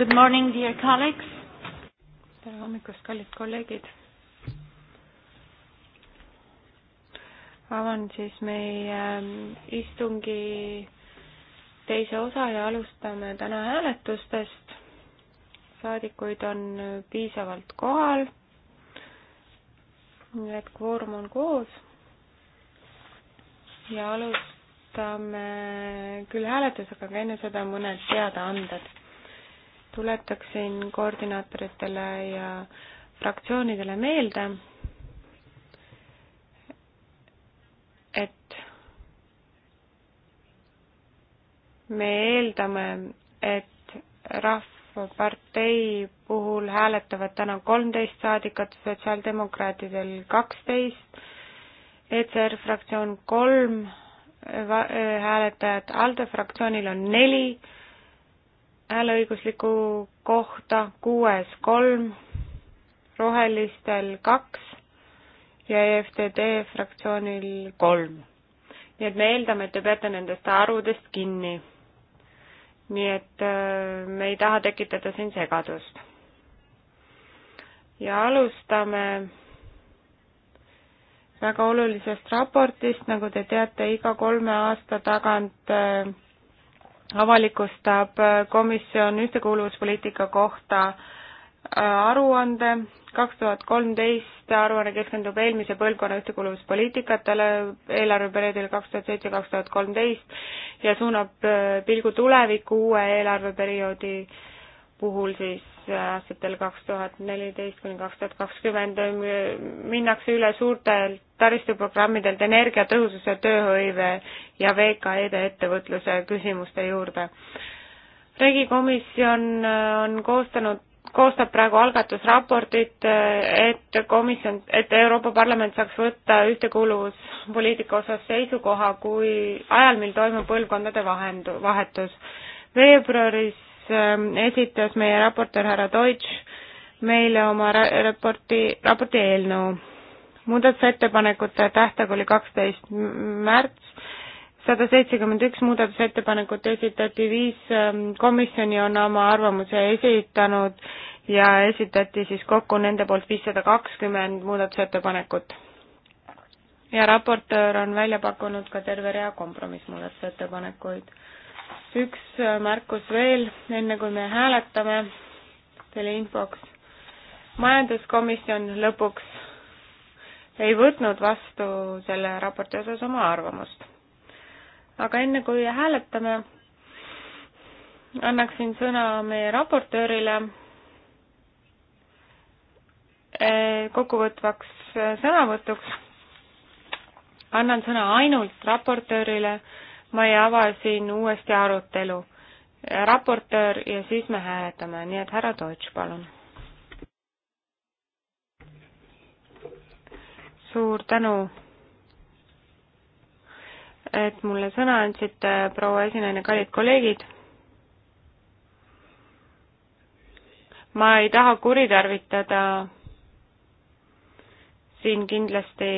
Good morning, dear colleagues. tere hommikust, kallid kolleegid. avan siis meie ähm, istungi teise osa ja alustame täna hääletustest. saadikuid on piisavalt kohal. nii et kvoorum on koos. ja alustame küll hääletusega, aga enne seda mõned teadaanded tuletaksin koordinaatoritele ja fraktsioonidele meelde, et me eeldame, et Rahvapartei puhul hääletavad täna kolmteist saadikat, sotsiaaldemokraatidel kaksteist, ECR fraktsioon kolm hääletajat, ALDE fraktsioonil on neli hääleõiguslikku kohta, kuues kolm, rohelistel kaks ja EFTD fraktsioonil kolm. nii et me eeldame, et te peate nendest arvudest kinni. nii et äh, me ei taha tekitada siin segadust. ja alustame väga olulisest raportist, nagu te teate, iga kolme aasta tagant äh, avalikustab äh, komisjon ühtekuuluvuspoliitika kohta äh, aruande, kaks tuhat kolmteist aruanne keskendub eelmise põlvkonna ühtekuuluvuspoliitikatele eelarveperioodil kaks tuhat seitse, kaks tuhat kolmteist ja suunab äh, pilgu tulevikku uue eelarveperioodi puhul siis aastatel kaks tuhat neliteist kuni kaks tuhat kakskümmend minnakse üle suurtelt taristuprogrammidelt energiatõhususe, tööhõive ja VKE-de ettevõtluse küsimuste juurde. regikomisjon on koostanud koostab praegu algatusraportit, et komisjon, et Euroopa Parlament saaks võtta ühtekuuluvuspoliitika osas seisukoha, kui ajal, mil toimub põlvkondade vahend, vahetus. veebruaris Ähm, esitas meie raportöör härra Deutsch meile oma raporti, raporti eelnõu. muudatusettepanekute tähtaeg oli kaksteist märts, sada seitsekümmend üks muudatusettepanekut esitati, viis ähm, komisjoni on oma arvamuse esitanud ja esitati siis kokku nende poolt viissada kakskümmend muudatusettepanekut. ja raportöör on välja pakkunud ka terve rea kompromissmuudatusettepanekuid üks märkus veel, enne kui me hääletame teile infoks. majanduskomisjon lõpuks ei võtnud vastu selle raporti osas oma arvamust. aga enne kui hääletame, annaksin sõna meie raportöörile eh, kokkuvõtvaks sõnavõtuks. annan sõna ainult raportöörile ma ei ava siin uuesti arutelu. raportöör ja siis me hääletame, nii et härra Deutsch, palun. suur tänu, et mulle sõna andsite, proua esinaine, kallid kolleegid ma ei taha kuritarvitada siin kindlasti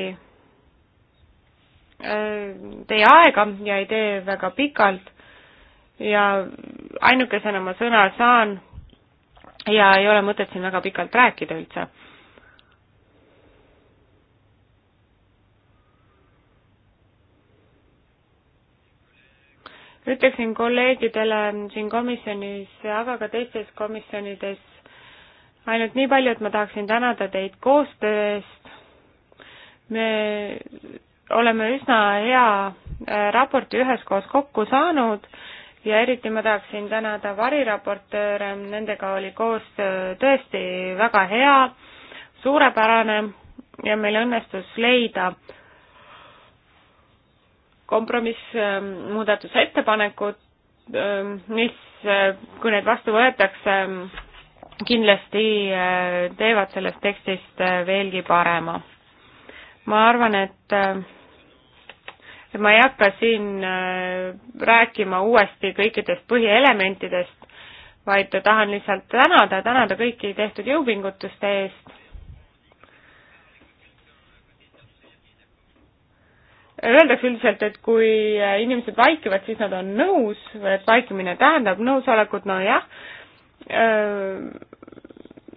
Äh, teie aega ja ei tee väga pikalt ja ainukesena ma sõna saan ja ei ole mõtet siin väga pikalt rääkida üldse. ütleksin kolleegidele siin komisjonis, aga ka teistes komisjonides ainult nii palju, et ma tahaksin tänada teid koostöö eest. me oleme üsna hea äh, raporti üheskoos kokku saanud ja eriti ma tahaksin tänada variraportööre, nendega oli koostöö tõesti väga hea, suurepärane ja meil õnnestus leida kompromissmuudatusettepanekud, ähm, ähm, mis, äh, kui need vastu võetakse, ähm, kindlasti äh, teevad sellest tekstist veelgi parema. ma arvan, et ma ei hakka siin äh, rääkima uuesti kõikidest põhielementidest, vaid tahan lihtsalt tänada, tänada kõiki tehtud jõupingutuste eest. Öeldakse üldiselt, et kui äh, inimesed vaikivad, siis nad on nõus, et vaikimine tähendab nõusolekut, nojah. Äh,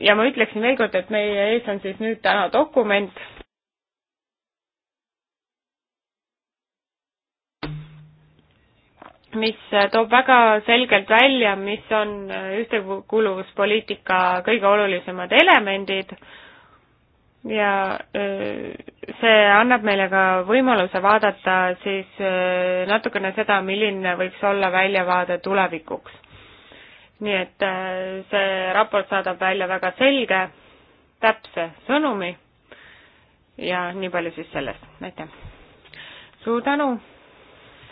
ja ma ütleksin veel kord, et meie ees on siis nüüd täna dokument mis toob väga selgelt välja, mis on ühtekuuluvuspoliitika kõige olulisemad elemendid ja äh, see annab meile ka võimaluse vaadata siis äh, natukene seda, milline võiks olla väljavaade tulevikuks. nii et äh, see raport saadab välja väga selge, täpse sõnumi ja nii palju siis sellest, aitäh! suur tänu!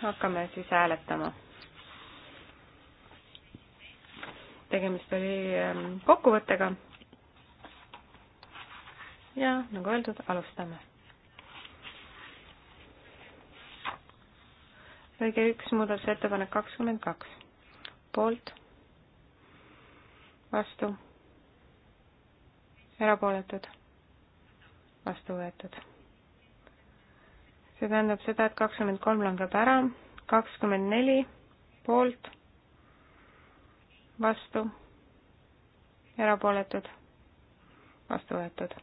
hakkame siis hääletama. tegemist oli ähm, kokkuvõttega. ja nagu öeldud, alustame. lõige üks, muudatusettepanek kakskümmend kaks. poolt, vastu, erapooletud, vastu võetud see tähendab seda, et kakskümmend kolm langeb ära, kakskümmend neli poolt, vastu, erapooletud, vastu võetud.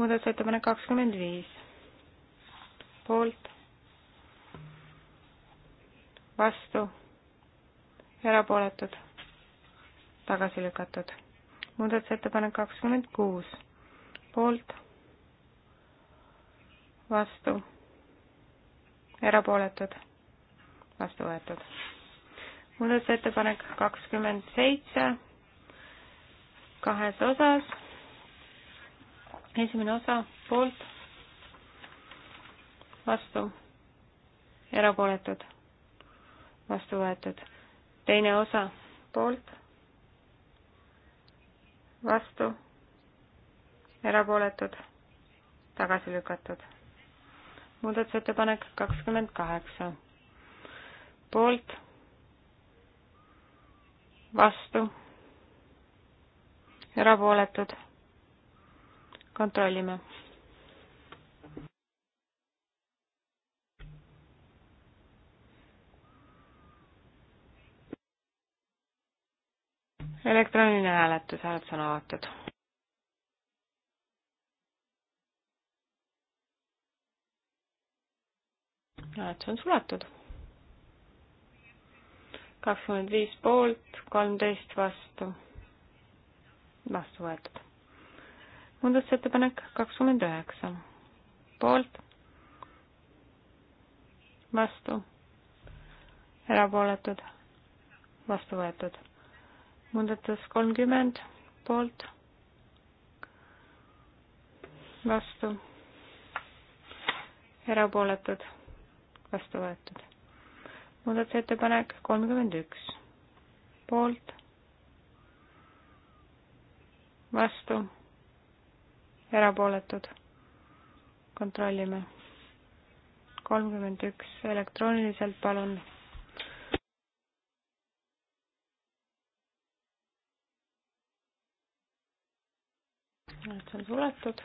muudatusettepanek kakskümmend viis poolt, vastu, erapooletud, tagasi lükatud. muudatusettepanek kakskümmend kuus poolt, vastu erapooletud, vastu võetud. muudatusettepanek kakskümmend seitse kahes osas. esimene osa poolt, vastu, erapooletud, vastu võetud. teine osa poolt, vastu, erapooletud, tagasi lükatud muudatusettepanek kakskümmend kaheksa. poolt, vastu, erapooletud, kontrollime. elektrooniline hääletus, hääletus on avatud hääletus on suletud. kakskümmend viis poolt, kolmteist vastu, vastu võetud. muudatusettepanek kakskümmend üheksa, poolt, vastu, erapooletud, vastu võetud. muudatus kolmkümmend, poolt, vastu erapooletud vastu võetud. muudatusettepanek kolmkümmend üks, poolt, vastu, erapooletud, kontrollime. kolmkümmend üks, elektrooniliselt palun et see on suletud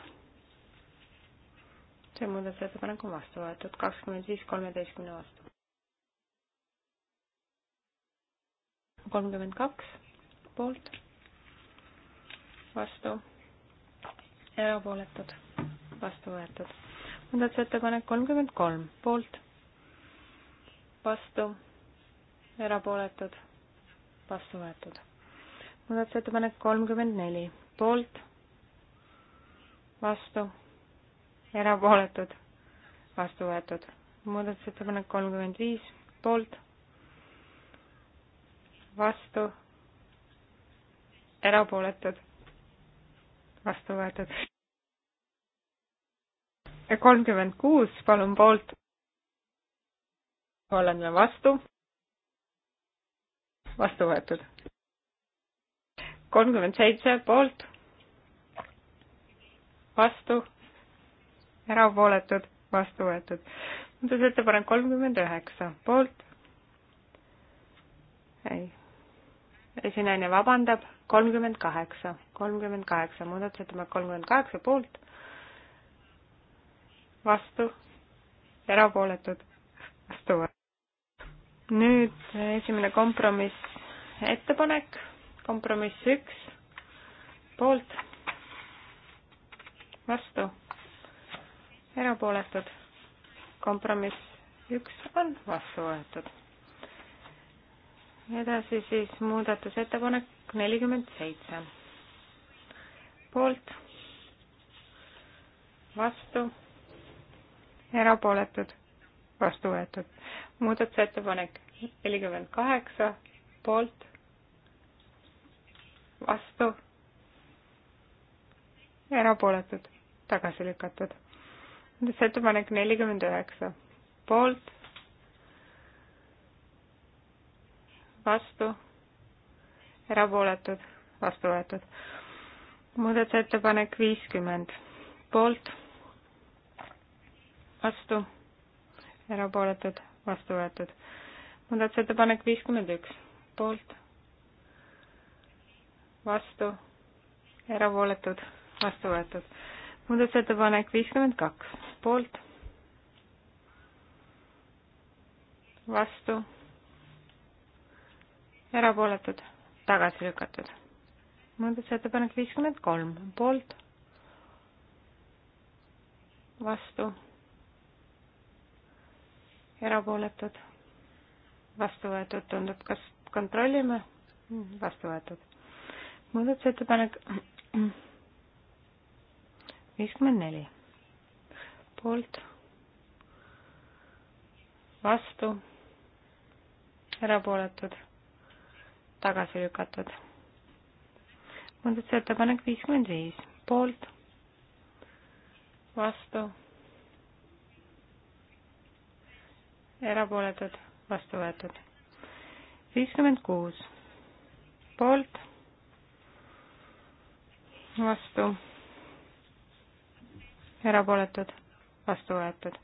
see muudatusettepanek on vastu võetud, kakskümmend viis kolmeteistkümne vastu. kolmkümmend kaks poolt, vastu, erapooletud, vastu võetud. muudatusettepanek kolmkümmend kolm poolt, vastu, erapooletud, vastu võetud. muudatusettepanek kolmkümmend neli poolt, vastu erapooletud, vastu võetud. muudatusettepanek kolmkümmend viis, poolt, vastu, erapooletud, vastu võetud. kolmkümmend kuus, palun poolt. oleme vastu, vastu võetud. kolmkümmend seitse, poolt, vastu erapooletud, vastu võetud. muudatusettepanek kolmkümmend üheksa, poolt? ei. esinaine vabandab, kolmkümmend kaheksa, kolmkümmend kaheksa, muudatusettepanek kolmkümmend kaheksa, poolt? vastu? erapooletud? vastu võetud. nüüd esimene kompromiss, ettepanek, kompromiss üks, poolt? vastu? erapooletud, kompromiss üks on vastu võetud. edasi siis muudatusettepanek nelikümmend seitse. poolt, vastu, erapooletud, vastu võetud. muudatusettepanek nelikümmend kaheksa, poolt, vastu, erapooletud, tagasi lükatud muudatusettepanek nelikümmend üheksa, poolt, vastu, erapooletud, vastu võetud. muudatusettepanek viiskümmend, poolt, vastu, erapooletud, vastu võetud. muudatusettepanek viiskümmend üks, poolt, vastu, erapooletud, vastu võetud muudatusettepanek viiskümmend kaks, poolt, vastu, erapooletud, tagasi lükatud. muudatusettepanek viiskümmend kolm, poolt, vastu, erapooletud, vastu võetud, tundub, kas kontrollime, vastu võetud. muudatusettepanek viiskümmend neli poolt, vastu, erapooletud, tagasi lükatud. muudatusettepanek viiskümmend viis poolt, vastu, erapooletud, vastu võetud. viiskümmend kuus poolt, vastu erapooletud, vastu võetud.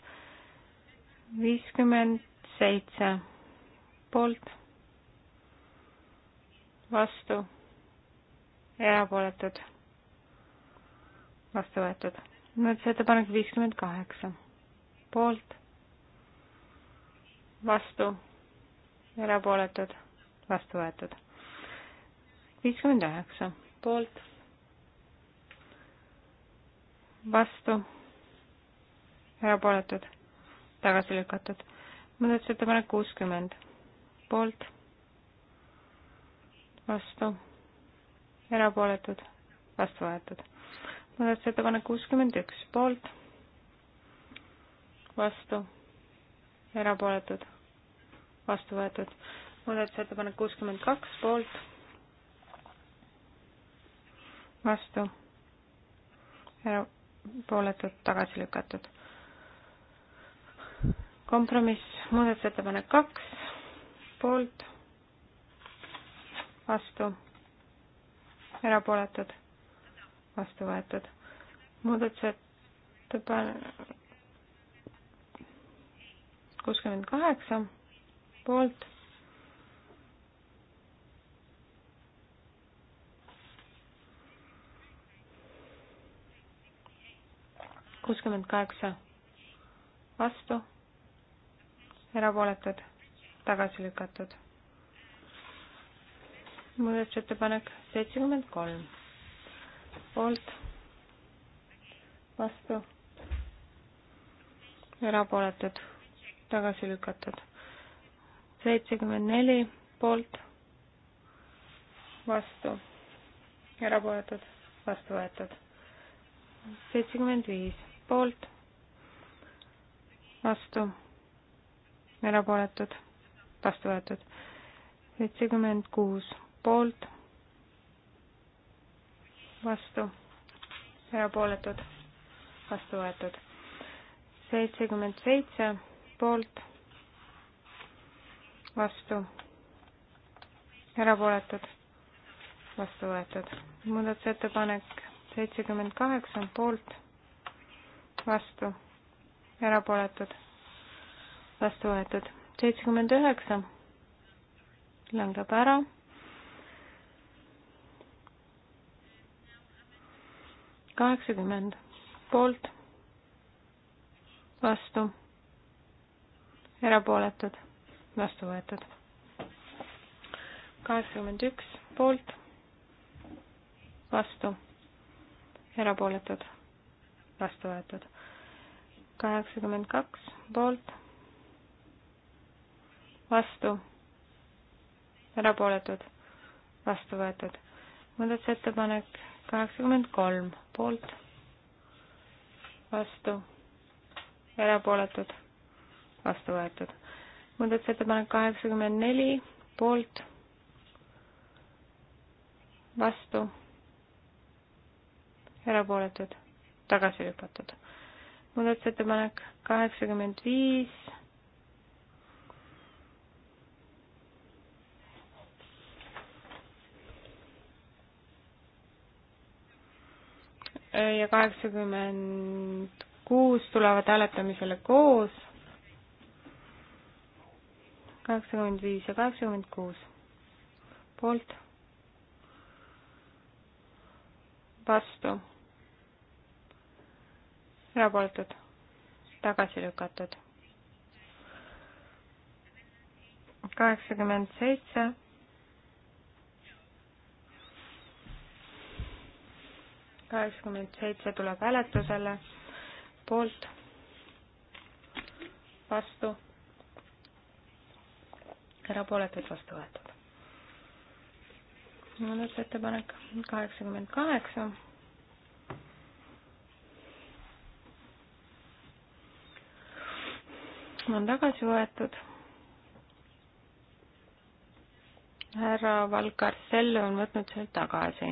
viiskümmend seitse poolt, vastu, erapooletud, vastu võetud. muudatusettepanek viiskümmend kaheksa poolt, vastu, erapooletud, vastu võetud. viiskümmend üheksa poolt vastu, erapooletud, tagasi lükatud. muudatusettepanek kuuskümmend, poolt, vastu, erapooletud, vastu võetud. muudatusettepanek kuuskümmend üks, poolt, vastu, erapooletud, vastu võetud. muudatusettepanek kuuskümmend kaks, poolt, vastu, era-, erapooletud, tagasi lükatud. kompromiss, muudatusettepanek kaks, poolt, vastu, erapooletud, vastu võetud. muudatusettepanek kuuskümmend kaheksa, poolt kuuskümmend kaheksa vastu, erapooletud, tagasi lükatud. muudatusettepanek seitsekümmend kolm, poolt, vastu, erapooletud, tagasi lükatud. seitsekümmend neli, poolt, vastu, erapooletud, vastu võetud. seitsekümmend viis poolt, vastu, erapooletud, vastu võetud. seitsekümmend kuus poolt, vastu, erapooletud, vastu võetud. seitsekümmend seitse poolt, vastu, erapooletud, vastu võetud. muudatusettepanek seitsekümmend kaheksa poolt vastu, erapooletud, vastu võetud. seitsekümmend üheksa langeb ära. kaheksakümmend poolt, vastu, erapooletud, vastu võetud. kaheksakümmend üks poolt, vastu, erapooletud, vastu võetud kaheksakümmend kaks poolt, vastu, erapooletud, vastu võetud. muudatusettepanek kaheksakümmend kolm poolt, vastu, erapooletud, vastu võetud. muudatusettepanek kaheksakümmend neli poolt, vastu, erapooletud, tagasi lükatud muudatusettepanek kaheksakümmend viis. ja kaheksakümmend kuus tulevad hääletamisele koos. kaheksakümmend viis ja kaheksakümmend kuus poolt, vastu erapooletud, tagasi lükatud. kaheksakümmend seitse. kaheksakümmend seitse tuleb hääletusele, poolt, vastu, erapooletud, vastu võetud. muudatusettepanek kaheksakümmend kaheksa on tagasi võetud. härra Valkarsell on võtnud selle tagasi.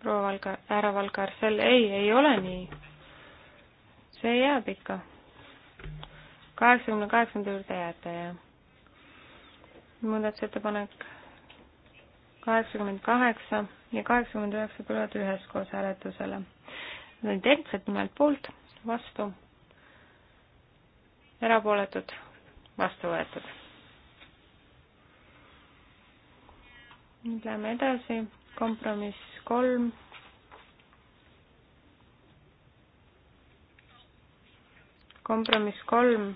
proua Valka-, härra Valkarsell, ei, ei ole nii. see jääb ikka. kaheksakümne kaheksanda juurde jääte, jah? muudatusettepanek kaheksakümmend kaheksa ja kaheksakümmend üheksa tulevad üheskoos hääletusele. Need on identsed nimelt poolt vastu, erapooletud, vastu võetud. nüüd läheme edasi, kompromiss kolm. kompromiss kolm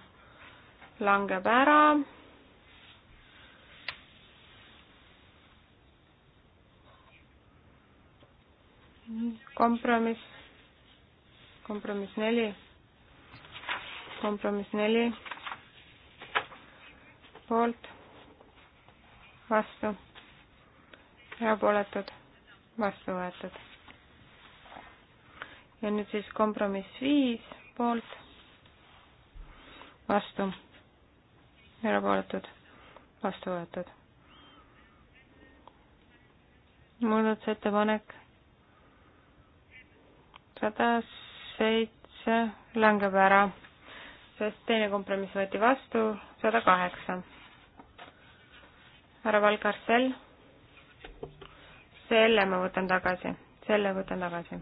langeb ära kompromiss kompromiss neli, kompromiss neli, poolt, vastu, erapooletud, vastu võetud. ja nüüd siis kompromiss viis, poolt, vastu, erapooletud, vastu võetud. muudatusettepanek sadas seitse langeb ära, sest teine kompromiss võeti vastu, sada kaheksa. härra Valgarsell, selle ma võtan tagasi, selle võtan tagasi.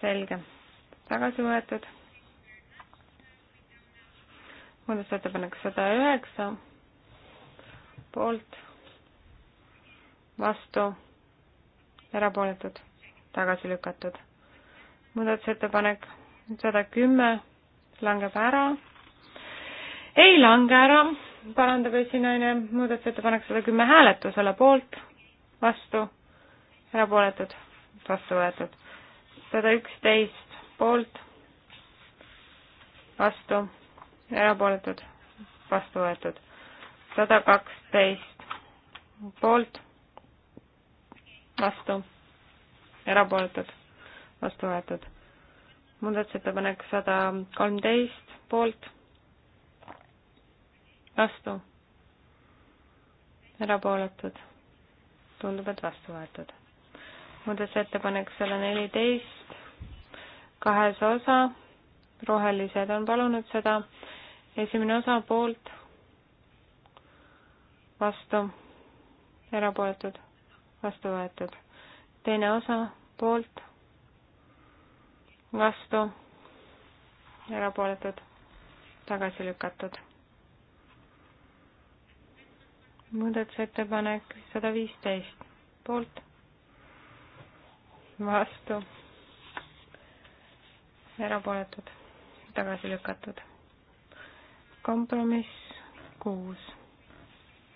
selge, tagasi võetud. muudatusettepanek sada üheksa, poolt, vastu erapooletud, tagasi lükatud muudatusettepanek sada kümme langeb ära. ei lange ära, parandab esinaine, muudatusettepanek sada kümme hääletusele poolt, vastu, erapooletud, vastu võetud. sada üksteist poolt, vastu, erapooletud, vastu võetud. sada kaksteist poolt, vastu, erapooletud vastu võetud. muudatusettepanek sada kolmteist poolt, vastu, erapooletud, tundub, et vastu võetud. muudatusettepanek sada neliteist, kahes osa, rohelised on palunud seda, esimene osa poolt, vastu, erapooletud, vastu võetud. teine osa poolt, vastu, erapooletud, tagasi lükatud. muudatusettepanek sada viisteist, poolt, vastu, erapooletud, tagasi lükatud. kompromiss kuus,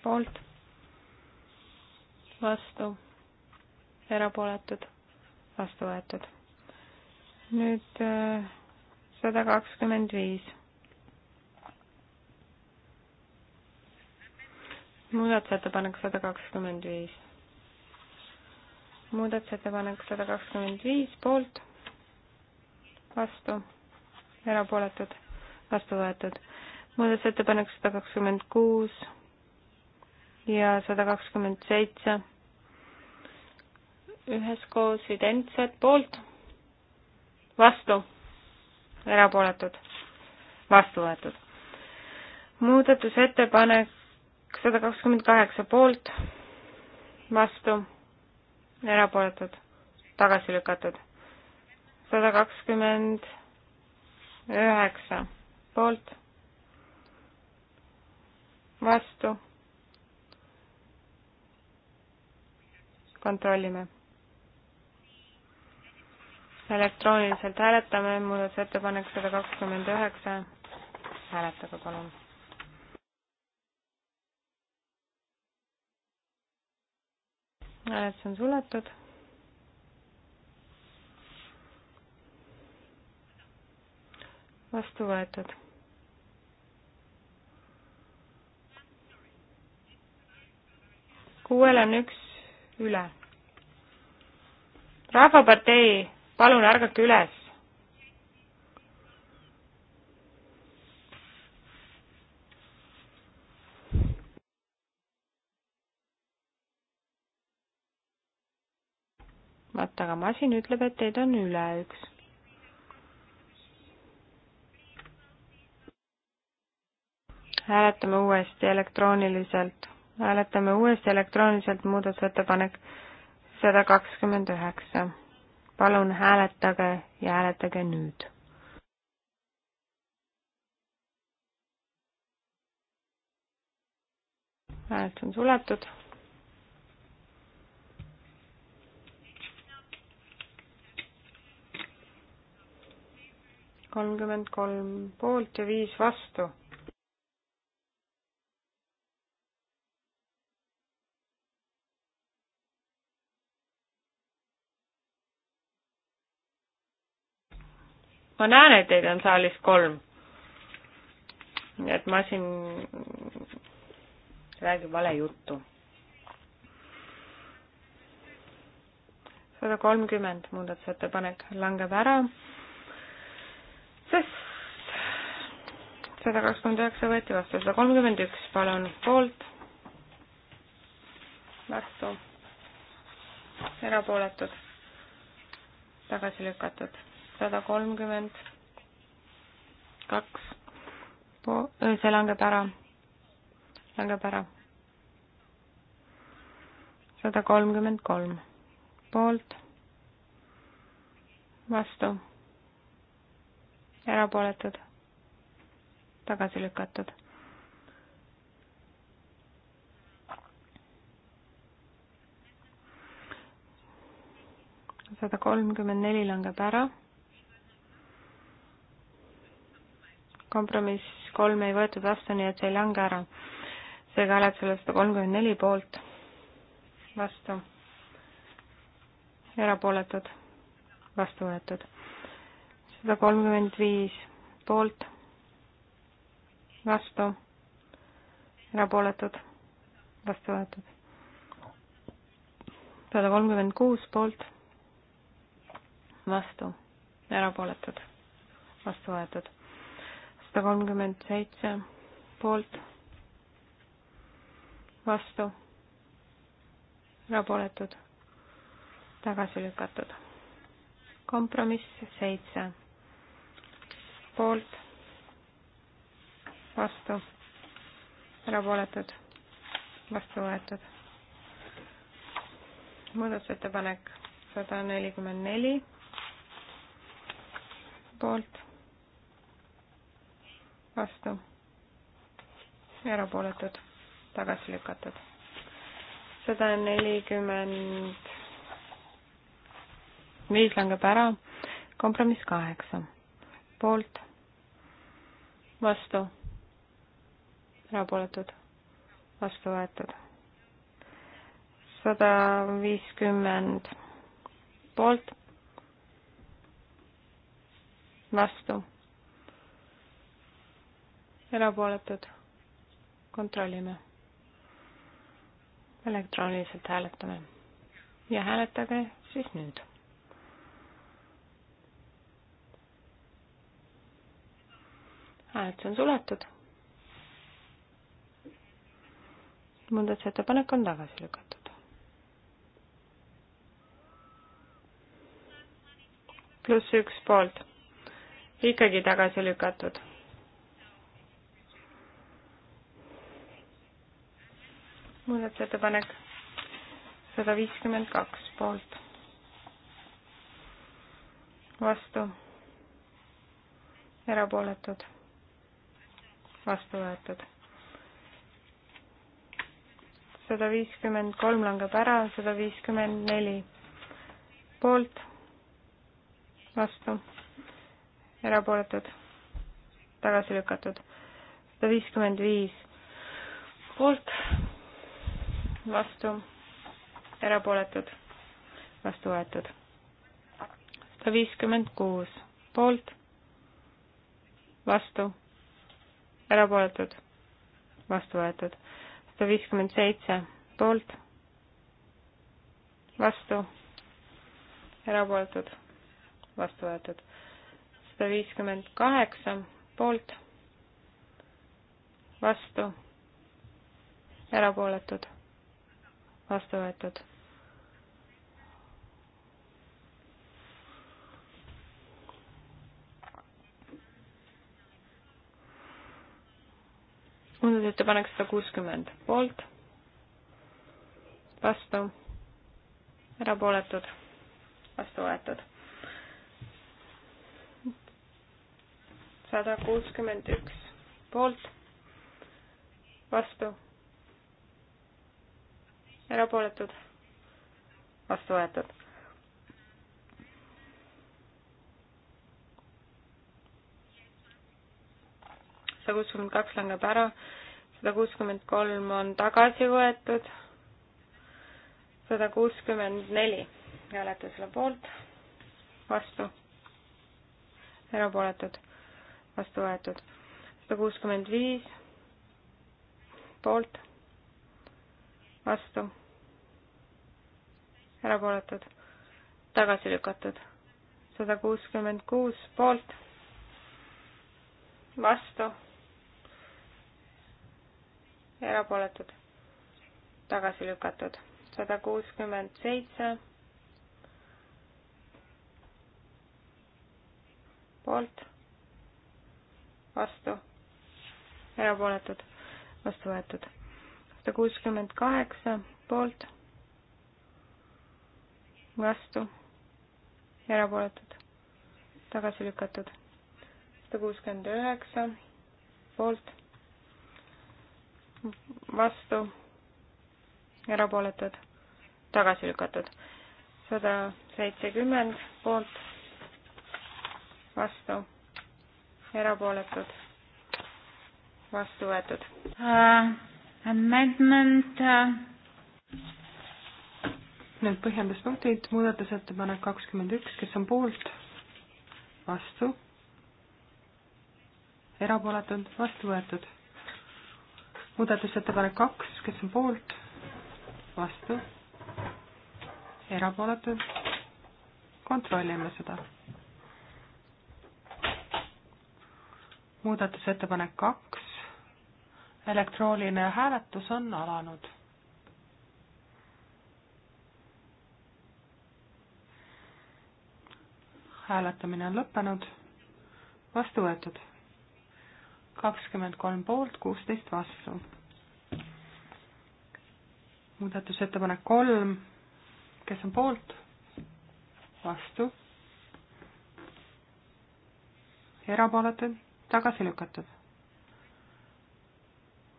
poolt, vastu, erapooletud, vastu võetud nüüd äh, sada kakskümmend viis. muudatusettepanek sada kakskümmend viis. muudatusettepanek sada kakskümmend viis poolt, vastu, erapooletud, vastu võetud. muudatusettepanek sada kakskümmend kuus ja sada kakskümmend seitse üheskoos identsed poolt vastu, erapooletud, vastu võetud. muudatusettepanek sada kakskümmend kaheksa poolt, vastu, erapooletud, tagasi lükatud. sada kakskümmend üheksa poolt, vastu, kontrollime elektrooniliselt hääletame, muudatusettepanek sada kakskümmend üheksa, hääletage palun. hääletus on suletud. vastu võetud. kuuel on üks üle. rahvapartei palun ärgake üles. vaata, aga masin ütleb, et teid on üle üks. hääletame uuesti elektrooniliselt, hääletame uuesti elektrooniliselt muudatusettepanek sada kakskümmend üheksa palun hääletage ja hääletage nüüd. hääled on suletud. kolmkümmend kolm poolt ja viis vastu ma näen, et teid on saalis kolm. nii et ma siin räägin vale juttu. sada kolmkümmend muudatusettepanek langeb ära, sest sada kakskümmend üheksa võeti vastu, sada kolmkümmend üks, palun poolt, vastu, erapooletud, tagasi lükatud sada kolmkümmend kaks, see langeb ära, langeb ära. sada kolmkümmend kolm poolt, vastu, erapooletud, tagasi lükatud. sada kolmkümmend neli langeb ära kompromiss kolm ei võetud vastu, nii et see ei lange ära. seega hääletusele sada kolmkümmend neli poolt, vastu, erapooletud, vastu võetud. sada kolmkümmend viis poolt, vastu, erapooletud, vastu võetud. sada kolmkümmend kuus poolt, vastu, erapooletud, vastu võetud kakssada kolmkümmend seitse poolt, vastu, erapooletud, tagasi lükatud. kompromiss seitse, poolt, vastu, erapooletud, vastu võetud. muudatusettepanek sada nelikümmend neli, poolt vastu, erapooletud, tagasi lükatud. sada nelikümmend viis langeb ära, kompromiss kaheksa, poolt, vastu, erapooletud, vastu võetud. sada viiskümmend poolt, vastu erapooletud, kontrollime. elektrooniliselt hääletame ja hääletage siis nüüd. hääletus on suletud. muudatusettepanek on tagasi lükatud. pluss üks poolt, ikkagi tagasi lükatud muudatusettepanek sada viiskümmend kaks poolt, vastu, erapooletud, vastu võetud. sada viiskümmend kolm langeb ära, sada viiskümmend neli poolt, vastu, erapooletud, tagasi lükatud, sada viiskümmend viis poolt vastu, erapooletud, vastu võetud. sada viiskümmend kuus poolt, vastu, erapooletud, vastu võetud. sada viiskümmend seitse poolt, vastu, erapooletud, vastu võetud. sada viiskümmend kaheksa poolt, vastu, erapooletud vastu võetud. muudatusettepanek sada kuuskümmend poolt, vastu, erapooletud, vastu võetud. sada kuuskümmend üks poolt, vastu erapooletud, vastu võetud. sada kuuskümmend kaks langeb ära, sada kuuskümmend kolm on tagasi võetud, sada kuuskümmend neli hääletusele poolt, vastu, erapooletud, vastu võetud, sada kuuskümmend viis poolt, vastu erapooletud, tagasi lükatud. sada kuuskümmend kuus poolt, vastu, erapooletud, tagasi lükatud. sada kuuskümmend seitse poolt, vastu, erapooletud, vastu võetud. sada kuuskümmend kaheksa poolt vastu, erapooletud, tagasi lükatud. sada kuuskümmend üheksa poolt, vastu, erapooletud, tagasi lükatud. sada seitsekümmend poolt, vastu, erapooletud, vastu võetud uh,. Amendment uh nüüd põhjenduspunktid, muudatusettepanek kakskümmend üks, kes on poolt, vastu, erapooletud, vastu võetud. muudatusettepanek kaks, kes on poolt, vastu, erapooletud, kontrollime seda. muudatusettepanek kaks, elektrooniline hääletus on alanud hääletamine on lõppenud, vastu võetud. kakskümmend kolm poolt, kuusteist vastu. muudatusettepanek kolm, kes on poolt, vastu, erapooletud, tagasi lükatud.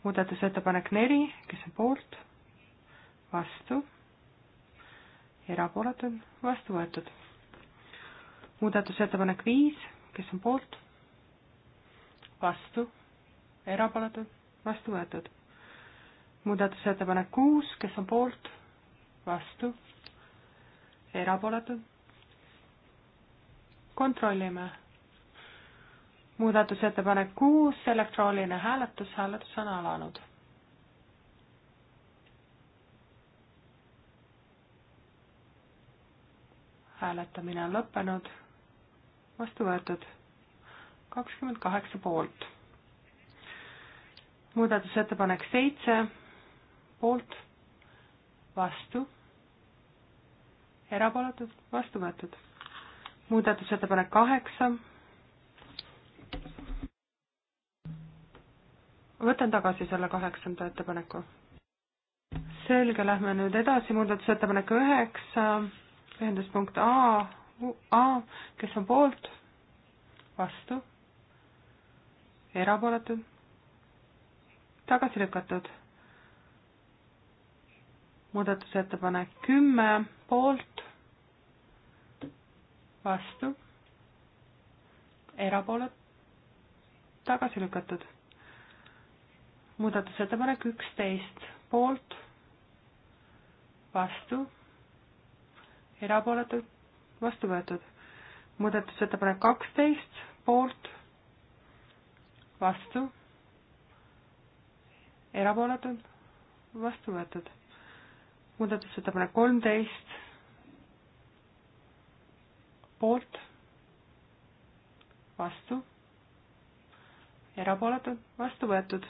muudatusettepanek neli, kes on poolt, vastu, erapooletud, vastu võetud muudatusettepanek viis, kes on poolt, vastu, erapooletud, vastu võetud. muudatusettepanek kuus, kes on poolt, vastu, erapooletud. kontrollime. muudatusettepanek kuus, elektrooniline hääletus, hääletus on alanud hääletamine on lõppenud vastu võetud. kakskümmend kaheksa poolt. muudatusettepanek seitse, poolt, vastu, erapooletud, vastu võetud. muudatusettepanek kaheksa. võtan tagasi selle kaheksanda ettepaneku. selge, lähme nüüd edasi, muudatusettepanek üheksa, ühenduspunkt A A, kes on poolt, vastu, erapooletud, tagasi lükatud. muudatusettepanek kümme, poolt, vastu, erapooletud, tagasi lükatud. muudatusettepanek üksteist, poolt, vastu, erapooletud vastu võetud. muudatusettepanek kaksteist, poolt, vastu, erapooletud, vastu võetud. muudatusettepanek kolmteist, poolt, vastu, erapooletud, vastu võetud.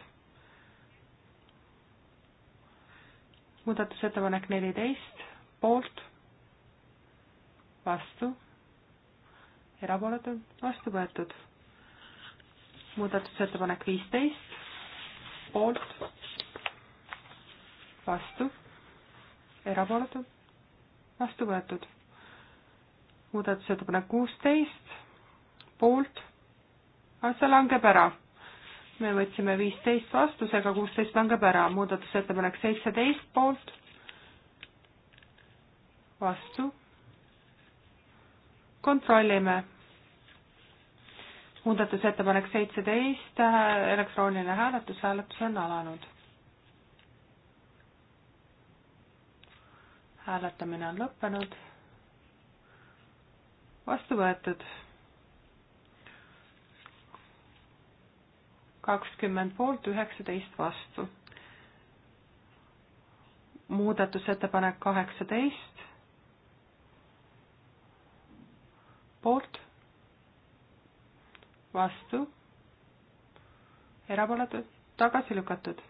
muudatusettepanek neliteist, poolt vastu, erapooletud, vastu võetud. muudatusettepanek viisteist, poolt, vastu, erapooletud, vastu võetud. muudatusettepanek kuusteist, poolt, ah, see langeb ära me võtsime viisteist vastusega, kuusteist langeb ära, muudatusettepanek seitseteist poolt, vastu kontrollime. muudatusettepanek seitseteist, elektrooniline hääletus, hääletus on alanud. hääletamine on lõppenud. vastu võetud. kakskümmend poolt, üheksateist vastu. muudatusettepanek kaheksateist poolt, vastu, erapooletud, tagasi lükatud.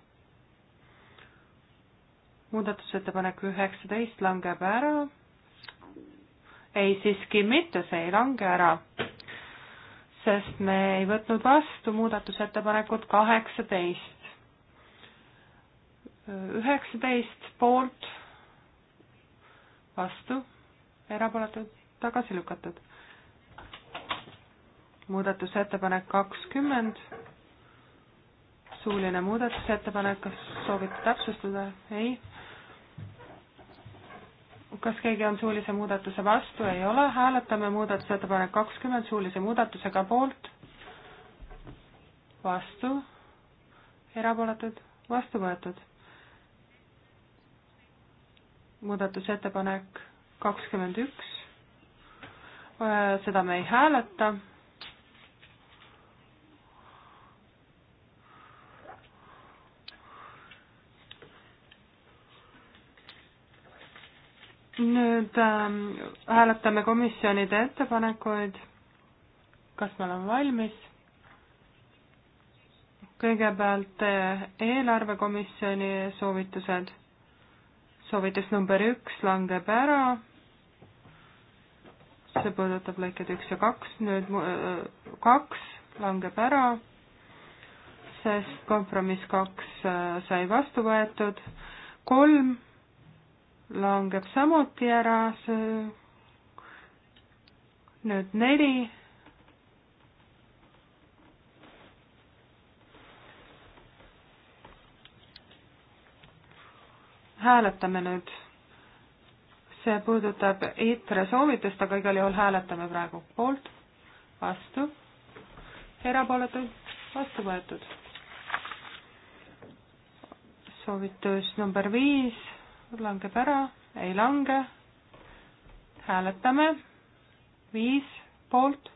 muudatusettepanek üheksateist langeb ära. ei, siiski mitte, see ei lange ära, sest me ei võtnud vastu muudatusettepanekut kaheksateist. üheksateist poolt, vastu, erapooletud, tagasi lükatud muudatusettepanek kakskümmend, suuline muudatusettepanek, kas soovite täpsustada? ei. kas keegi on suulise muudatuse vastu? ei ole, hääletame muudatusettepanek kakskümmend suulise muudatusega poolt, vastu, erapooletud, vastu võetud. muudatusettepanek kakskümmend üks, äh, seda me ei hääleta nüüd äh, hääletame komisjonide ettepanekuid. kas me oleme valmis? kõigepealt äh, eelarvekomisjoni soovitused. soovitus number üks langeb ära. see puudutab lõiked üks ja kaks, nüüd äh, kaks langeb ära, sest kompromiss kaks äh, sai vastu võetud. kolm langeb samuti ära, see nüüd neli. hääletame nüüd, see puudutab ITRE soovitust, aga igal juhul hääletame praegu poolt, vastu, erapooletud, vastu võetud. soovitus number viis langeb ära, ei lange. hääletame. viis poolt,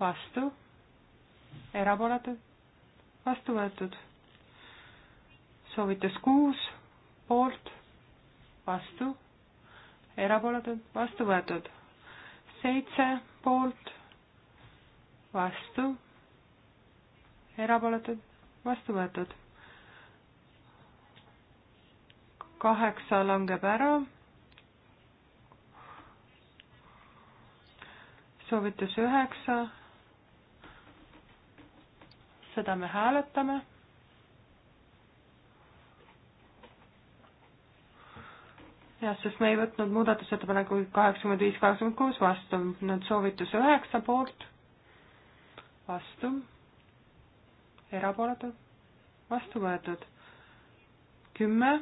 vastu, erapooletud, vastu võetud. soovitus kuus poolt, vastu, erapooletud, vastu võetud. seitse poolt, vastu, erapooletud, vastu võetud kaheksa langeb ära. soovitus üheksa. seda me hääletame. jah, sest me ei võtnud muudatusettepanekuid kaheksakümmend viis, kaheksakümmend kuus vastu, nüüd soovitus üheksa poolt, vastu, erapooletud, vastu võetud, kümme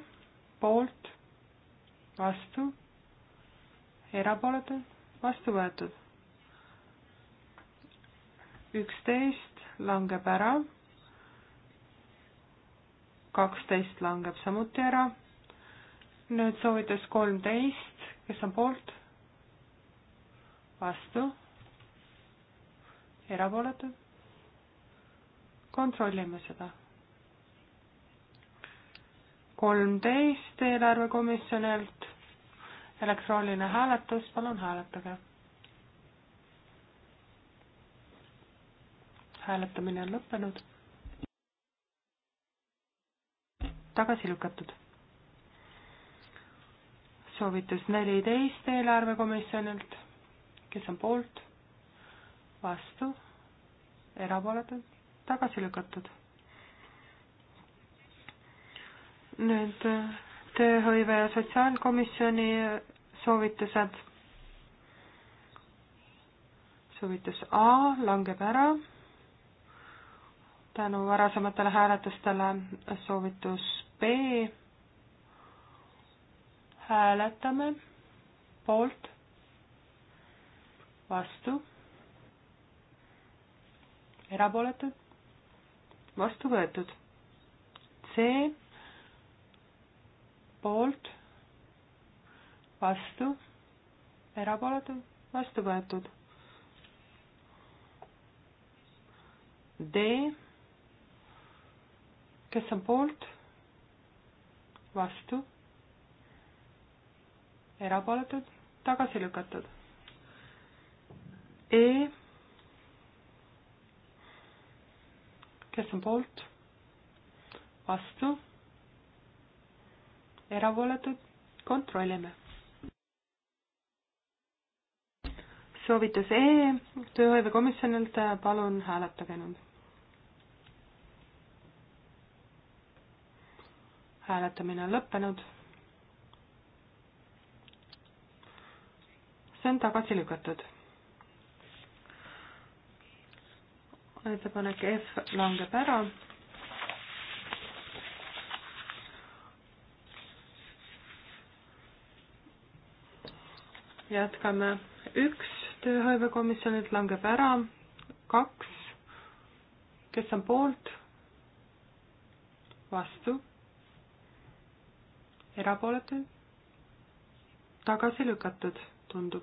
poolt, vastu, erapooletud, vastu võetud. üksteist langeb ära, kaksteist langeb samuti ära, nüüd soovitas kolmteist, kes on poolt, vastu, erapooletud, kontrollime seda kolmteist eelarvekomisjonilt, elektrooniline hääletus, palun hääletage. hääletamine on lõppenud. tagasi lükatud. soovitus neliteist eelarvekomisjonilt, kes on poolt, vastu, erapooletud, tagasi lükatud nüüd äh, tööhõive ja sotsiaalkomisjoni äh, soovitused. soovitus A langeb ära tänu varasematele hääletustele, soovitus B hääletame poolt, vastu, erapooletud, vastu võetud. C poolt, vastu, erapooletud, vastu võetud. D, kes on poolt, vastu, erapooletud, tagasi lükatud. E, kes on poolt, vastu erapooletud, kontrollime. soovitus E tööhõivekomisjonilt, palun hääletage nüüd. hääletamine on lõppenud. see on tagasi lükatud. ettepanek F langeb ära jätkame. üks tööhõivekomisjonilt langeb ära, kaks, kes on poolt, vastu, erapooletu, tagasi lükatud, tundub.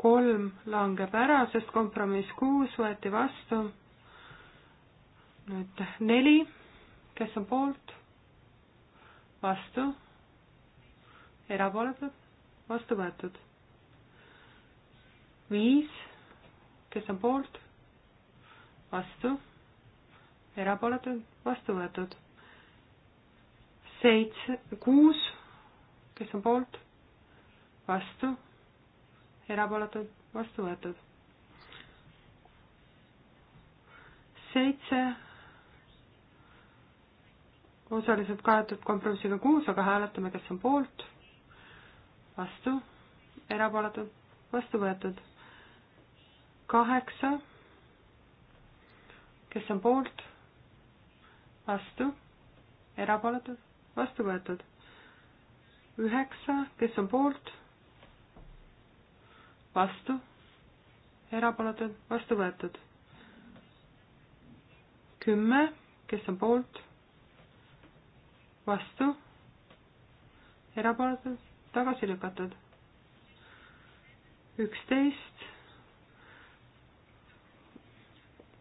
kolm langeb ära, sest kompromiss kuus võeti vastu. nüüd neli, kes on poolt, vastu erapooletud, vastu võetud. viis, kes on poolt, vastu, erapooletud, vastu võetud. seitse, kuus, kes on poolt, vastu, erapooletud, vastu võetud. seitse osaliselt kaetud kompromissiga kuus, aga hääletame, kes on poolt vastu, erapooletud, vastu võetud. kaheksa, kes on poolt, vastu, erapooletud, vastu võetud. üheksa, kes on poolt, vastu, erapooletud, vastu võetud. kümme, kes on poolt, vastu erapooletud, tagasi lükatud. üksteist.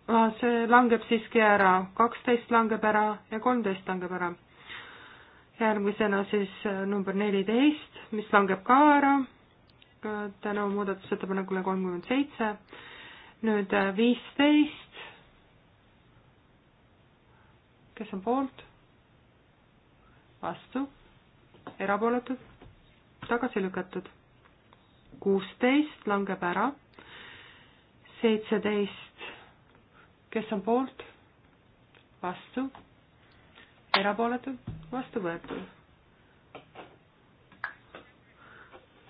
Ah, see langeb siiski ära, kaksteist langeb ära ja kolmteist langeb ära. järgmisena siis äh, number neliteist, mis langeb ka ära tänu muudatusettepanekule kolmkümmend seitse. nüüd äh, viisteist. kes on poolt? vastu? erapooletud? tagasi lükatud. kuusteist langeb ära. seitseteist, kes on poolt? vastu. erapooletud? vastu võetud.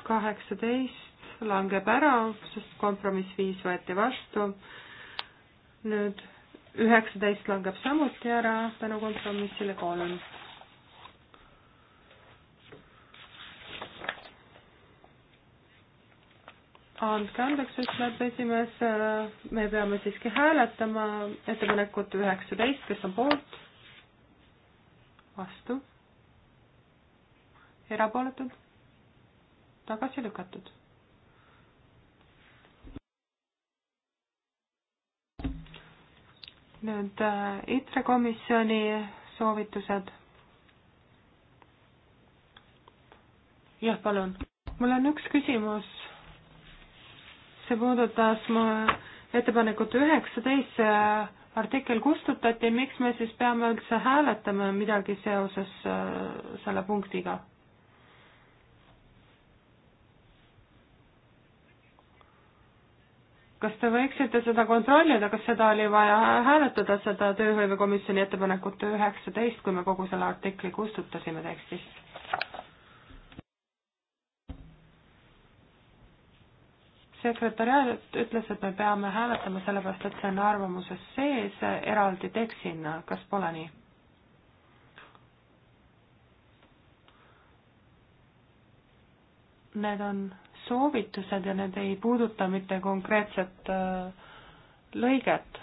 kaheksateist langeb ära, sest kompromiss viis võeti vastu. nüüd üheksateist langeb samuti ära tänu kompromissile kolm andke andeks, ütleb esimees, me peame siiski hääletama ettepanekut üheksateist, kes on poolt, vastu, erapooletud, tagasi lükatud. nüüd äh, ITRE komisjoni soovitused. jah, palun. mul on üks küsimus see puudutas mu ettepanekut üheksateist, see artikkel kustutati, miks me siis peame üldse hääletama midagi seoses äh, selle punktiga? kas te võiksite seda kontrollida, kas seda oli vaja hääletada, seda tööhõivekomisjoni ettepanekut üheksateist, kui me kogu selle artikli kustutasime tekstist? sekretäriaat ütles, et me peame hääletama sellepärast, et see on arvamuses sees eraldi tekstina, kas pole nii? Need on soovitused ja need ei puuduta mitte konkreetset äh, lõiget.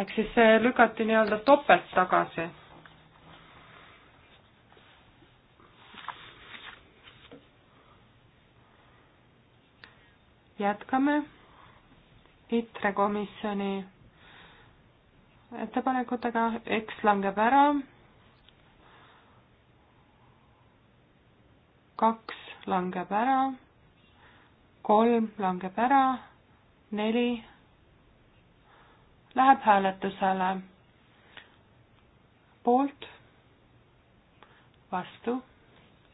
ehk siis see lükati nii-öelda topelt tagasi jätkame ITRE komisjoni ettepanekutega, X langeb ära, kaks langeb ära, kolm langeb ära, neli läheb hääletusele poolt, vastu,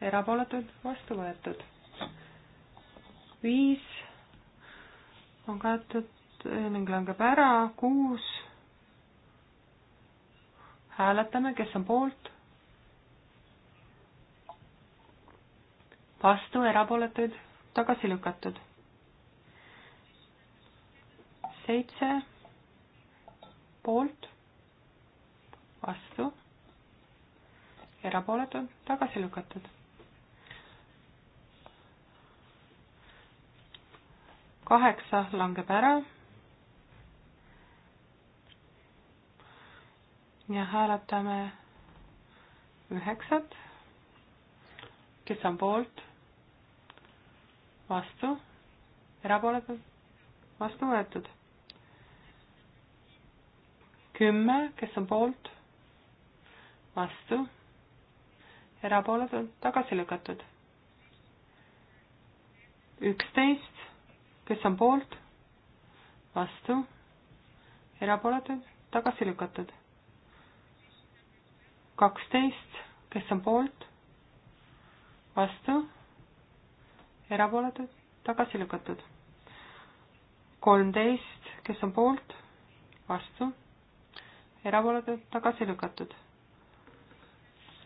erapooletud, vastu võetud. viis on kaetud eh, ning langeb ära, kuus. hääletame, kes on poolt. vastu, erapooletuid, tagasi lükatud. seitse, poolt, vastu, erapooletud, tagasi lükatud kaheksa langeb ära. ja hääletame üheksat. kes on poolt? vastu? erapooletud? vastu võetud. kümme, kes on poolt? vastu? erapooletud? tagasi lükatud. üksteist, kes on poolt, vastu, erapooletud, tagasi lükatud. kaksteist, kes on poolt, vastu, erapooletud, tagasi lükatud. kolmteist, kes on poolt, vastu, erapooletud, tagasi lükatud.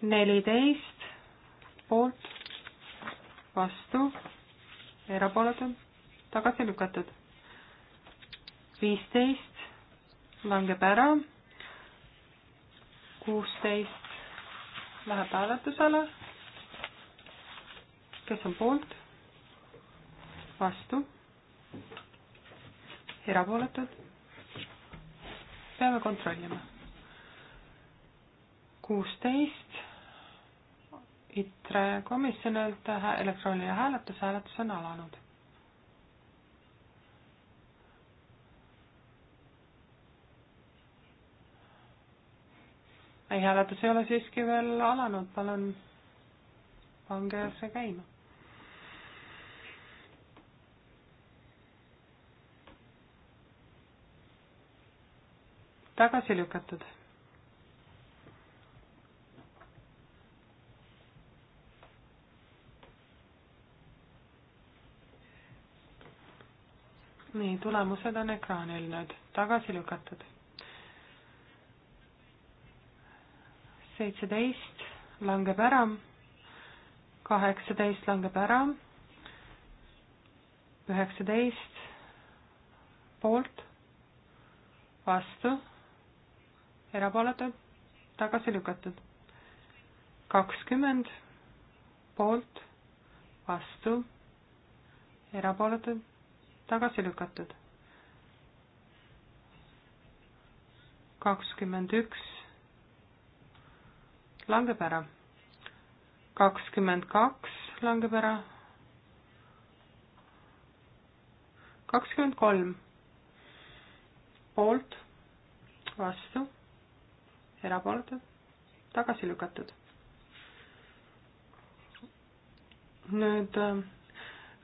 neliteist, poolt, vastu, erapooletud tagasi lükatud. viisteist langeb ära, kuusteist läheb hääletusele, kes on poolt, vastu, erapooletud, peame kontrollima. kuusteist ITRE komisjonilt elektrooniline hääletus, hääletus on alanud ei, hääletus ei ole siiski veel alanud, palun pange see käima. tagasi lükatud. nii, tulemused on ekraanil nüüd, tagasi lükatud seitseteist langeb ära, kaheksateist langeb ära, üheksateist poolt, vastu, erapooletud, tagasi lükatud. kakskümmend poolt, vastu, erapooletud, tagasi lükatud. kakskümmend üks langeb ära. kakskümmend kaks langeb ära. kakskümmend kolm poolt, vastu, erapooletud, tagasi lükatud. nüüd äh,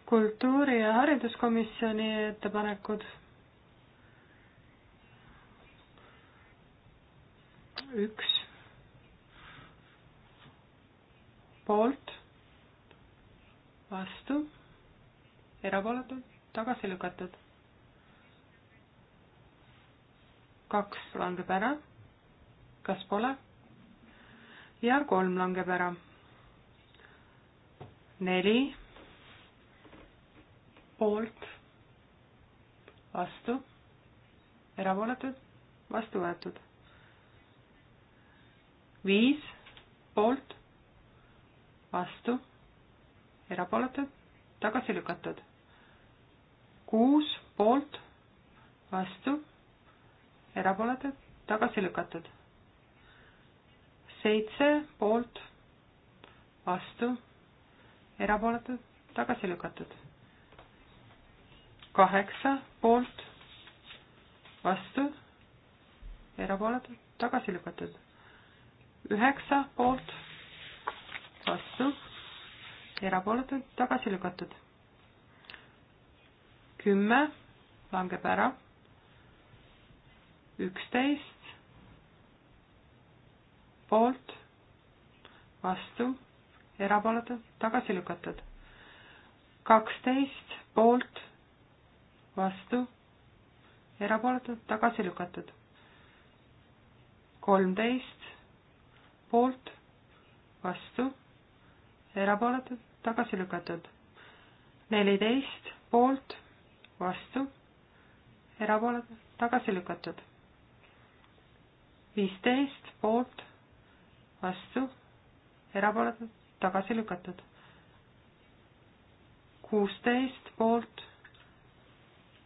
kultuuri- ja hariduskomisjoni ettepanekud. üks poolt, vastu, erapooletud, tagasi lükatud. kaks langeb ära, kas pole? ja kolm langeb ära. neli poolt, vastu, erapooletud, vastu võetud. viis poolt vastu, erapooletud, tagasi lükatud. kuus poolt, vastu, erapooletud, tagasi lükatud. seitse poolt, vastu, erapooletud, tagasi lükatud. kaheksa poolt, vastu, erapooletud, tagasi lükatud. üheksa poolt vastu, erapooletud, tagasi lükatud. kümme langeb ära, üksteist poolt, vastu, erapooletud, tagasi lükatud. kaksteist poolt, vastu, erapooletud, tagasi lükatud. kolmteist poolt, vastu erapooletud, tagasi lükatud. neliteist poolt, vastu, erapooletud, tagasi lükatud. viisteist poolt, vastu, erapooletud, tagasi lükatud. kuusteist poolt,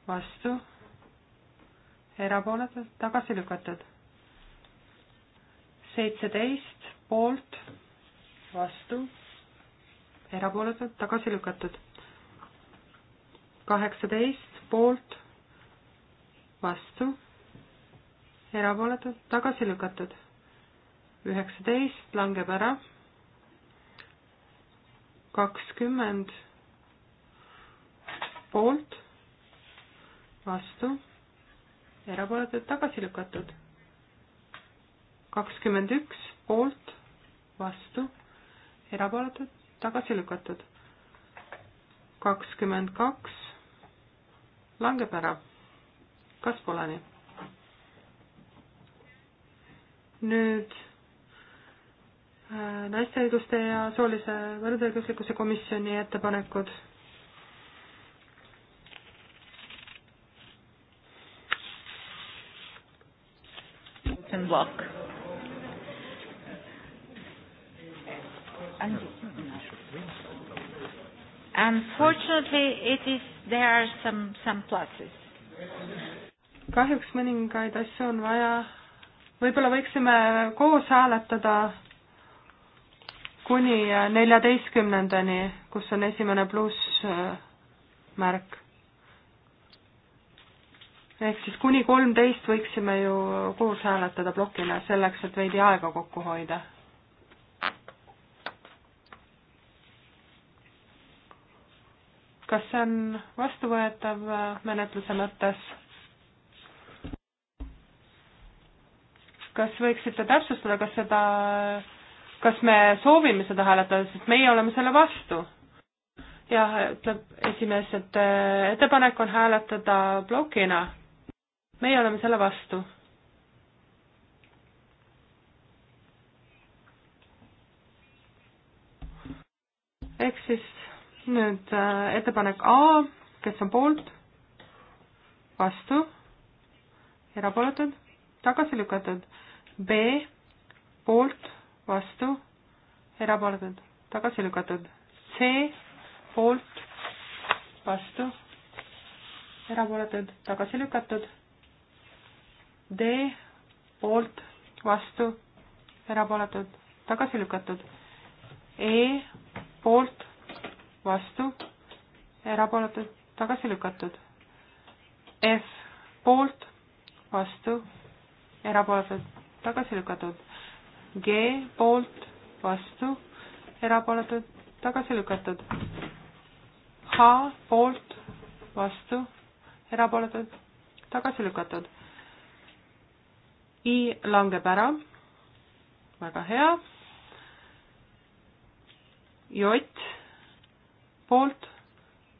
vastu, erapooletud, tagasi lükatud. seitseteist poolt, vastu erapooletud, tagasi lükatud. kaheksateist poolt, vastu, erapooletud, tagasi lükatud. üheksateist langeb ära. kakskümmend poolt, vastu, erapooletud, tagasi lükatud. kakskümmend üks poolt, vastu, erapooletud, tagasi lükatud. kakskümmend kaks langeb ära. kas pole nii? nüüd äh, naiste õiguste ja soolise võrdõiguslikkuse komisjoni ettepanekud. block. And Unfortunately, it is, there are some, some pluses. kahjuks mõningaid asju on vaja, võib-olla võiksime koos hääletada kuni neljateistkümnendani, kus on esimene plussmärk. ehk siis kuni kolmteist võiksime ju koos hääletada plokina, selleks et veidi aega kokku hoida kas see on vastuvõetav äh, menetluse mõttes? kas võiksite täpsustada, kas seda, kas me soovime seda hääletada, sest meie oleme selle vastu? jah, ütleb esimees, et äh, ettepanek on hääletada plokina. meie oleme selle vastu ehk siis nüüd äh, ettepanek A, kes on poolt, vastu, erapooletud, tagasi lükatud. B, poolt, vastu, erapooletud, tagasi lükatud. C, poolt, vastu, erapooletud, tagasi lükatud. D, poolt, vastu, erapooletud, tagasi lükatud. E, poolt vastu, erapooletud, tagasi lükatud. F poolt, vastu, erapooletud, tagasi lükatud. G poolt, vastu, erapooletud, tagasi lükatud. H poolt, vastu, erapooletud, tagasi lükatud. I langeb ära, väga hea. J poolt,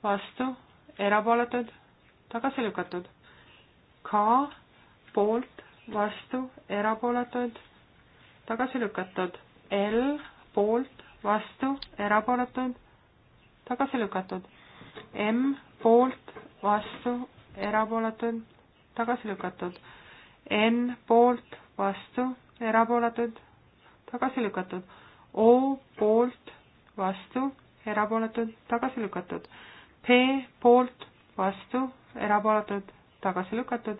vastu, erapooletud, tagasi lükatud. K poolt, vastu, erapooletud, tagasi lükatud. L poolt, vastu, erapooletud, tagasi lükatud. M poolt, vastu, erapooletud, tagasi lükatud. N poolt, vastu, erapooletud, tagasi lükatud. O poolt, vastu, erapooletud, tagasi lükatud. P poolt, vastu, erapooletud, tagasi lükatud.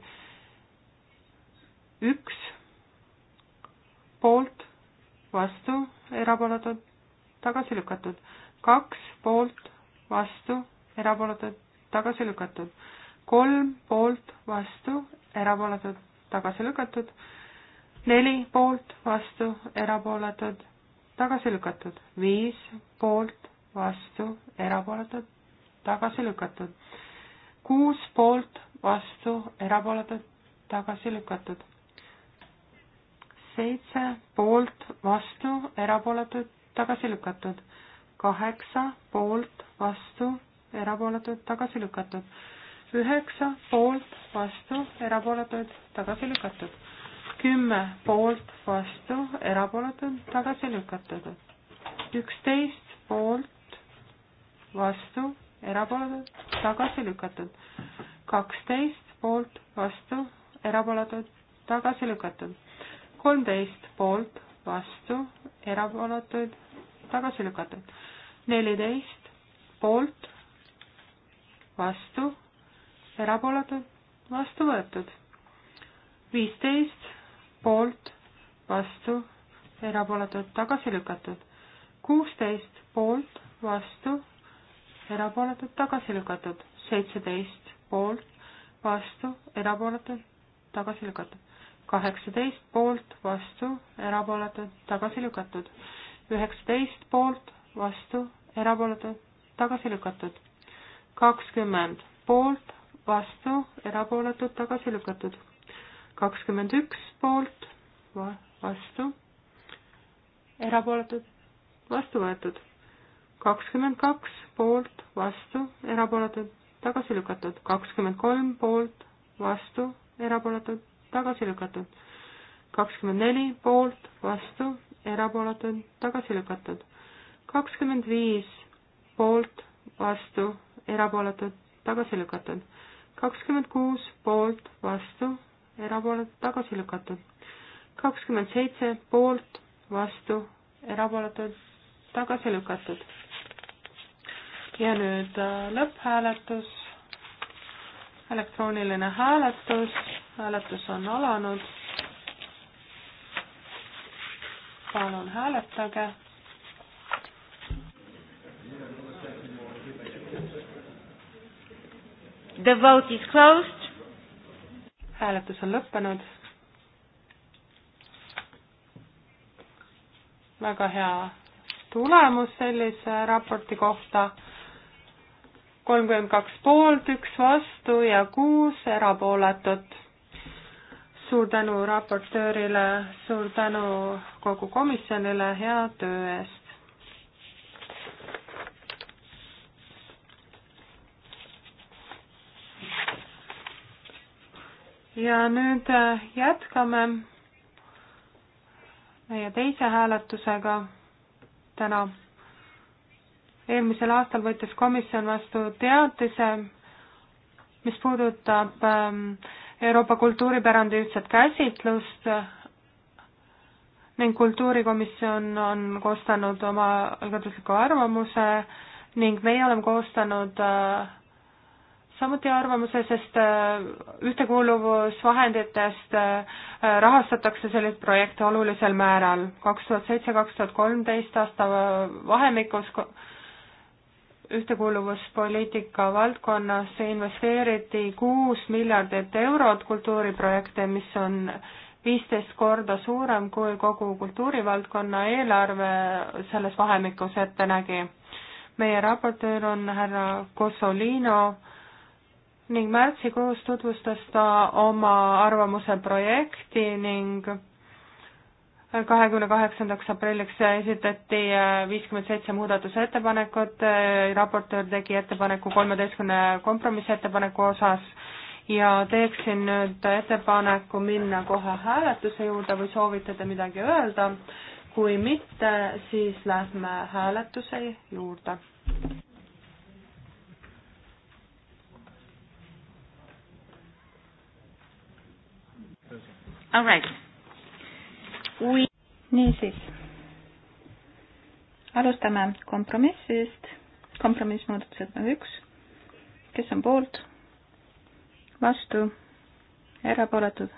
üks poolt, vastu, erapooletud, tagasi lükatud. kaks poolt, vastu, erapooletud, tagasi lükatud. kolm poolt, vastu, erapooletud, tagasi lükatud. neli poolt, vastu, erapooletud, tagasi lükatud. viis poolt, vastu, erapooletud, tagasi lükatud. kuus poolt, vastu, erapooletud, tagasi lükatud. seitse poolt, vastu, erapooletud, tagasi lükatud. kaheksa poolt, vastu, erapooletud, tagasi lükatud. üheksa poolt, vastu, erapooletud, tagasi lükatud. kümme poolt, vastu, erapooletud, tagasi lükatud. üksteist poolt, vastu, erapooletud, tagasi lükatud. kaksteist poolt, vastu, erapooletud, tagasi lükatud. kolmteist poolt, vastu, erapooletuid, tagasi lükatud. neliteist poolt, vastu, erapooletud, vastu võetud. viisteist poolt, vastu, erapooletud, tagasi lükatud. kuusteist poolt, vastu, erapooletud, tagasi lükatud, seitseteist poolt, vastu, erapooletud, tagasi lükatud, kaheksateist poolt, vastu, erapooletud, tagasi lükatud, üheksateist poolt, vastu, erapooletud, tagasi lükatud, kakskümmend poolt, vastu, erapooletud, tagasi lükatud, kakskümmend üks poolt, vastu, erapooletud, vastu võetud kakskümmend kaks poolt, vastu, erapooletud, tagasi lükatud, kakskümmend kolm poolt, vastu, erapooletud, tagasi lükatud, kakskümmend neli poolt, vastu, erapooletud, tagasi lükatud, kakskümmend viis poolt, vastu, erapooletud, tagasi lükatud, kakskümmend kuus poolt, vastu, erapooletud, tagasi lükatud, kakskümmend seitse poolt, vastu, erapooletud, tagasi lükatud ja nüüd äh, lõpphääletus, elektrooniline hääletus, hääletus on alanud. palun hääletage The vote is closed. hääletus on lõppenud. väga hea tulemus sellise raporti kohta kolmkümmend kaks poolt, üks vastu ja kuus erapooletut. suur tänu raportöörile, suur tänu kogu komisjonile hea töö eest. ja nüüd äh, jätkame meie teise hääletusega täna eelmisel aastal võttis komisjon vastu teatise, mis puudutab ähm, Euroopa kultuuripärandi ühtset käsitlust ning kultuurikomisjon on koostanud oma algatusliku arvamuse ning meie oleme koostanud äh, samuti arvamuse, sest äh, ühtekuuluvusvahenditest äh, rahastatakse selliseid projekte olulisel määral. kaks tuhat seitse, kaks tuhat kolmteist aasta vahemikus ühtekuuluvuspoliitika valdkonnas investeeriti kuus miljardit eurot kultuuriprojekte, mis on viisteist korda suurem, kui kogu kultuurivaldkonna eelarve selles vahemikus ette nägi. meie raportöör on härra Cosolino ning märtsikuus tutvustas ta oma arvamuse projekti ning kahekümne kaheksandaks aprilliks esitati äh, viiskümmend seitse muudatusettepanekut, äh, raportöör tegi ettepaneku kolmeteistkümne kompromissettepaneku osas ja teeksin nüüd ettepaneku minna kohe hääletuse juurde või soovite te midagi öelda? kui mitte, siis lähme hääletuse juurde. All right. We niisiis, alustame kompromissist, kompromiss muudatusettepanek üks, kes on poolt, vastu, erapooletud,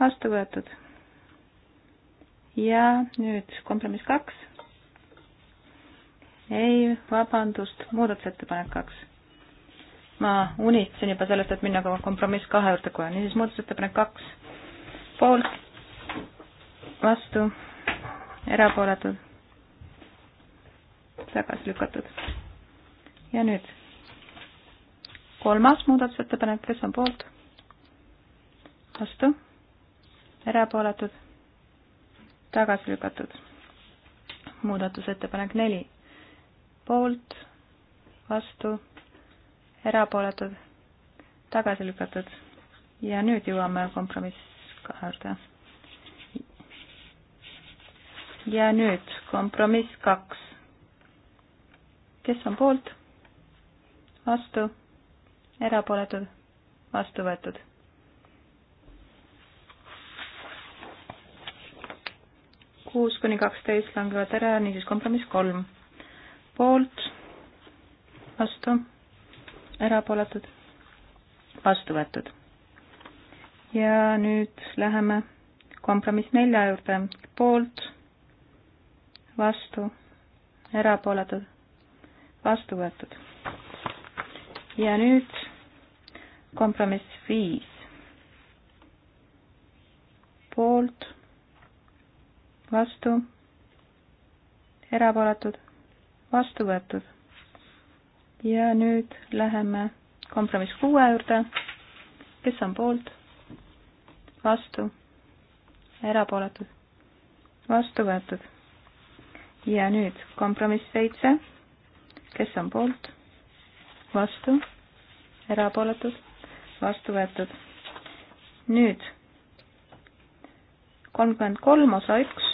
vastu võetud. ja nüüd kompromiss kaks. ei, vabandust, muudatusettepanek kaks ma unistasin juba sellest, et minna kompromiss kahe juurde kohe, niisiis muudatusettepanek kaks, poolt, vastu, erapooletud, tagasi lükatud. ja nüüd kolmas muudatusettepanek, kes on poolt, vastu, erapooletud, tagasi lükatud. muudatusettepanek neli, poolt, vastu, erapooletud, tagasi lükatud. ja nüüd jõuame kompromiss kaarde ja nüüd kompromiss kaks. kes on poolt? vastu? erapooletud? vastu võetud? kuus kuni kaksteist langevad ära, niisiis kompromiss kolm. poolt, vastu, erapooletud, vastu võetud. ja nüüd läheme kompromiss nelja juurde, poolt vastu, erapooletud, vastu võetud. ja nüüd kompromiss viis. poolt, vastu, erapooletud, vastu võetud. ja nüüd läheme kompromiss kuue juurde. kes on poolt, vastu, erapooletud, vastu võetud ja nüüd kompromiss seitse, kes on poolt, vastu, erapooletud, vastu võetud. nüüd kolmkümmend kolm osa üks.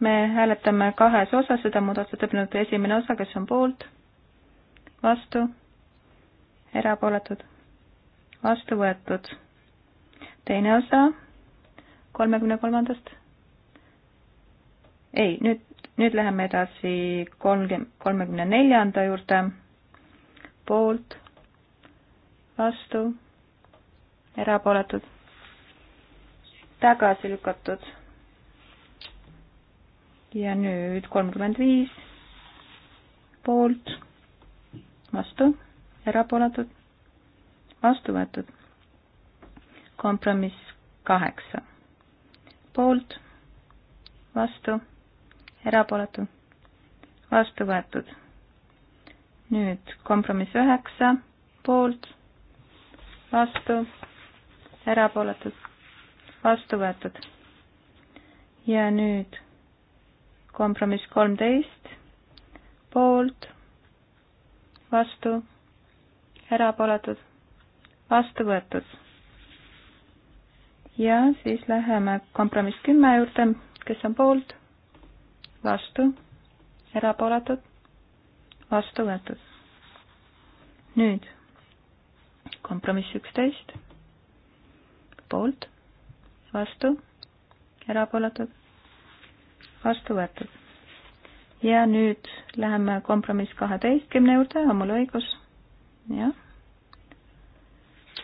me hääletame kahes osas seda muudatusettepanekut, esimene osa, kes on poolt, vastu, erapooletud, vastu võetud. teine osa kolmekümne kolmandast ei, nüüd, nüüd läheme edasi kolmkümmend, kolmekümne neljanda juurde. poolt, vastu, erapooletud, tagasi lükatud. ja nüüd kolmkümmend viis, poolt, vastu, erapooletud, vastu võetud. kompromiss kaheksa, poolt, vastu erapooletu, vastu võetud. nüüd kompromiss üheksa, poolt, vastu, erapooletud, vastu võetud. ja nüüd kompromiss kolmteist, poolt, vastu, erapooletud, vastu võetud. ja siis läheme kompromiss kümme juurde, kes on poolt vastu, erapooletud, vastu võetud. nüüd kompromiss üksteist, poolt, vastu, erapooletud, vastu võetud. ja nüüd läheme kompromiss kaheteistkümne juurde, on mul õigus? jah.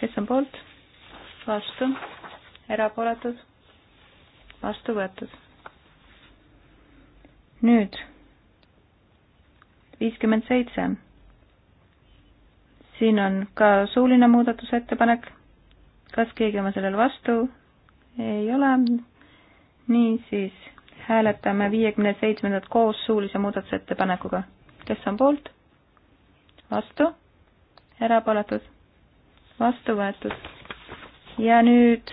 kes on poolt, vastu, erapooletud, vastu võetud nüüd viiskümmend seitse. siin on ka suuline muudatusettepanek. kas keegi on sellele vastu? ei ole. niisiis hääletame viiekümne seitsmendat koos suulise muudatusettepanekuga. kes on poolt? vastu? erapooletud? vastu võetud. ja nüüd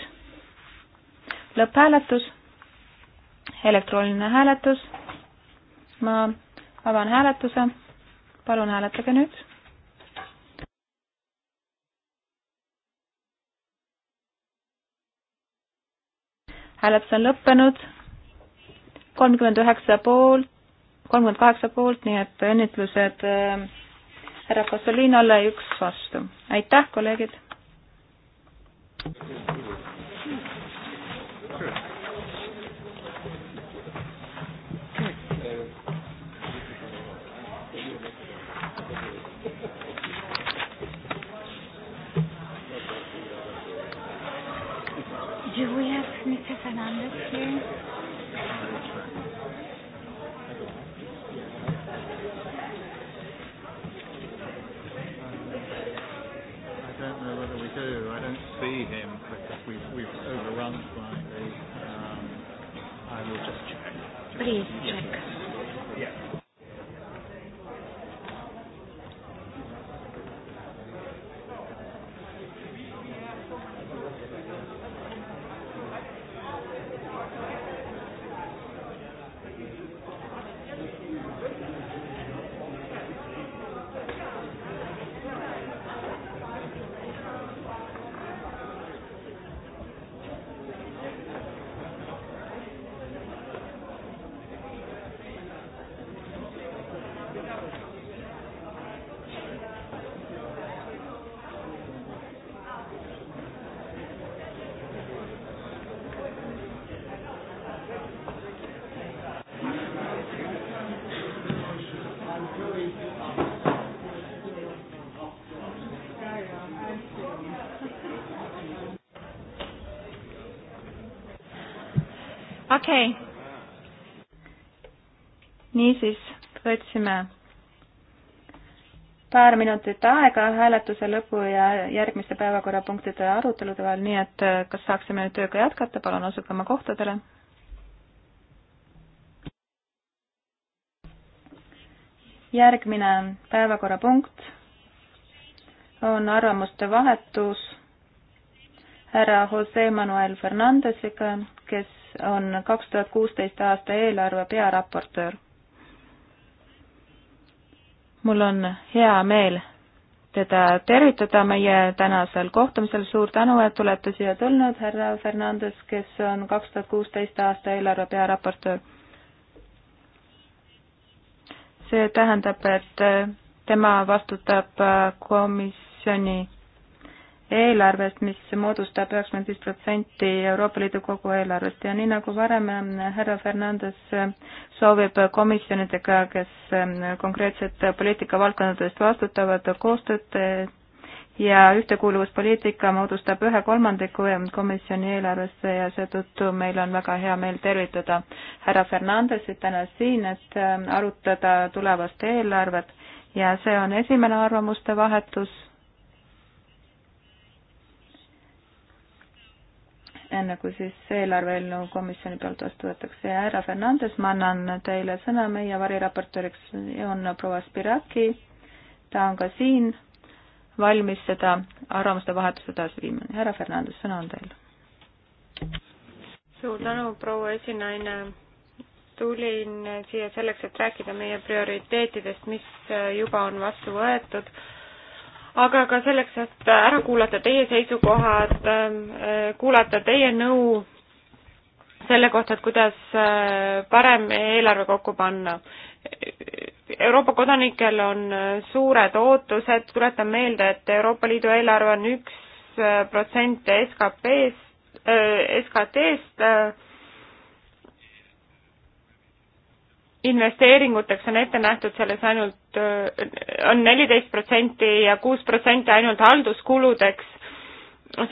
lõpphääletus, elektrooniline hääletus ma avan hääletuse. palun hääletage nüüd. hääletus on lõppenud. kolmkümmend üheksa poolt, kolmkümmend kaheksa poolt, nii et õnnitlused äh, härra Kossolinale, üks vastu. aitäh, kolleegid! Do we have Mr. Fernandez here? I don't know whether we do. I don't see him because we've, we've overrun slightly. Um, I will just check. Please check. Yeah. okei okay.. niisiis võtsime paar minutit aega hääletuse lõpu ja järgmiste päevakorrapunktide arutelude vahel, nii et äh, kas saaksime nüüd tööga jätkata, palun asuge oma kohtadele. järgmine päevakorrapunkt on arvamuste vahetus härra Jose Manuel Fernandesiga, kes on kaks tuhat kuusteist aasta eelarve pearaportöör. mul on hea meel teda tervitada meie tänasel kohtumisel, suur tänu, et olete siia tulnud, härra Fernandes, kes on kaks tuhat kuusteist aasta eelarve pearaportöör. see tähendab, et tema vastutab komisjoni eelarvest, mis moodustab üheksakümmend viis protsenti Euroopa Liidu kogu eelarvest ja nii nagu varem härra Fernandes soovib komisjonidega, kes ähm, konkreetsete poliitikavaldkondade eest vastutavad, koostööd äh, ja ühtekuuluvuspoliitika moodustab ühe kolmandiku ähm, komisjoni eelarvesse ja seetõttu meil on väga hea meel tervitada härra Fernandesit täna siin, et ähm, arutada tulevast eelarvet ja see on esimene arvamuste vahetus enne kui siis eelarve eelnõu komisjoni poolt vastu võetakse. ja härra Fernandes, ma annan teile sõna, meie variraportööriks on proua Spiraki, ta on ka siin valmis seda arvamuste vahetust edasi viima. härra Fernandes, sõna on teil. suur tänu, proua esinaine. tulin siia selleks, et rääkida meie prioriteetidest, mis juba on vastu võetud aga ka selleks, et ära kuulata teie seisukohad, ähm, äh, kuulata teie nõu selle kohta, et kuidas äh, parem eelarve kokku panna. Euroopa kodanikel on äh, suured ootused, tuletan meelde, et Euroopa Liidu eelarve on üks protsent SKP-st, SKT-st, investeeringuteks on ette nähtud selles ainult Äh, on neliteist protsenti ja kuus protsenti ainult halduskuludeks.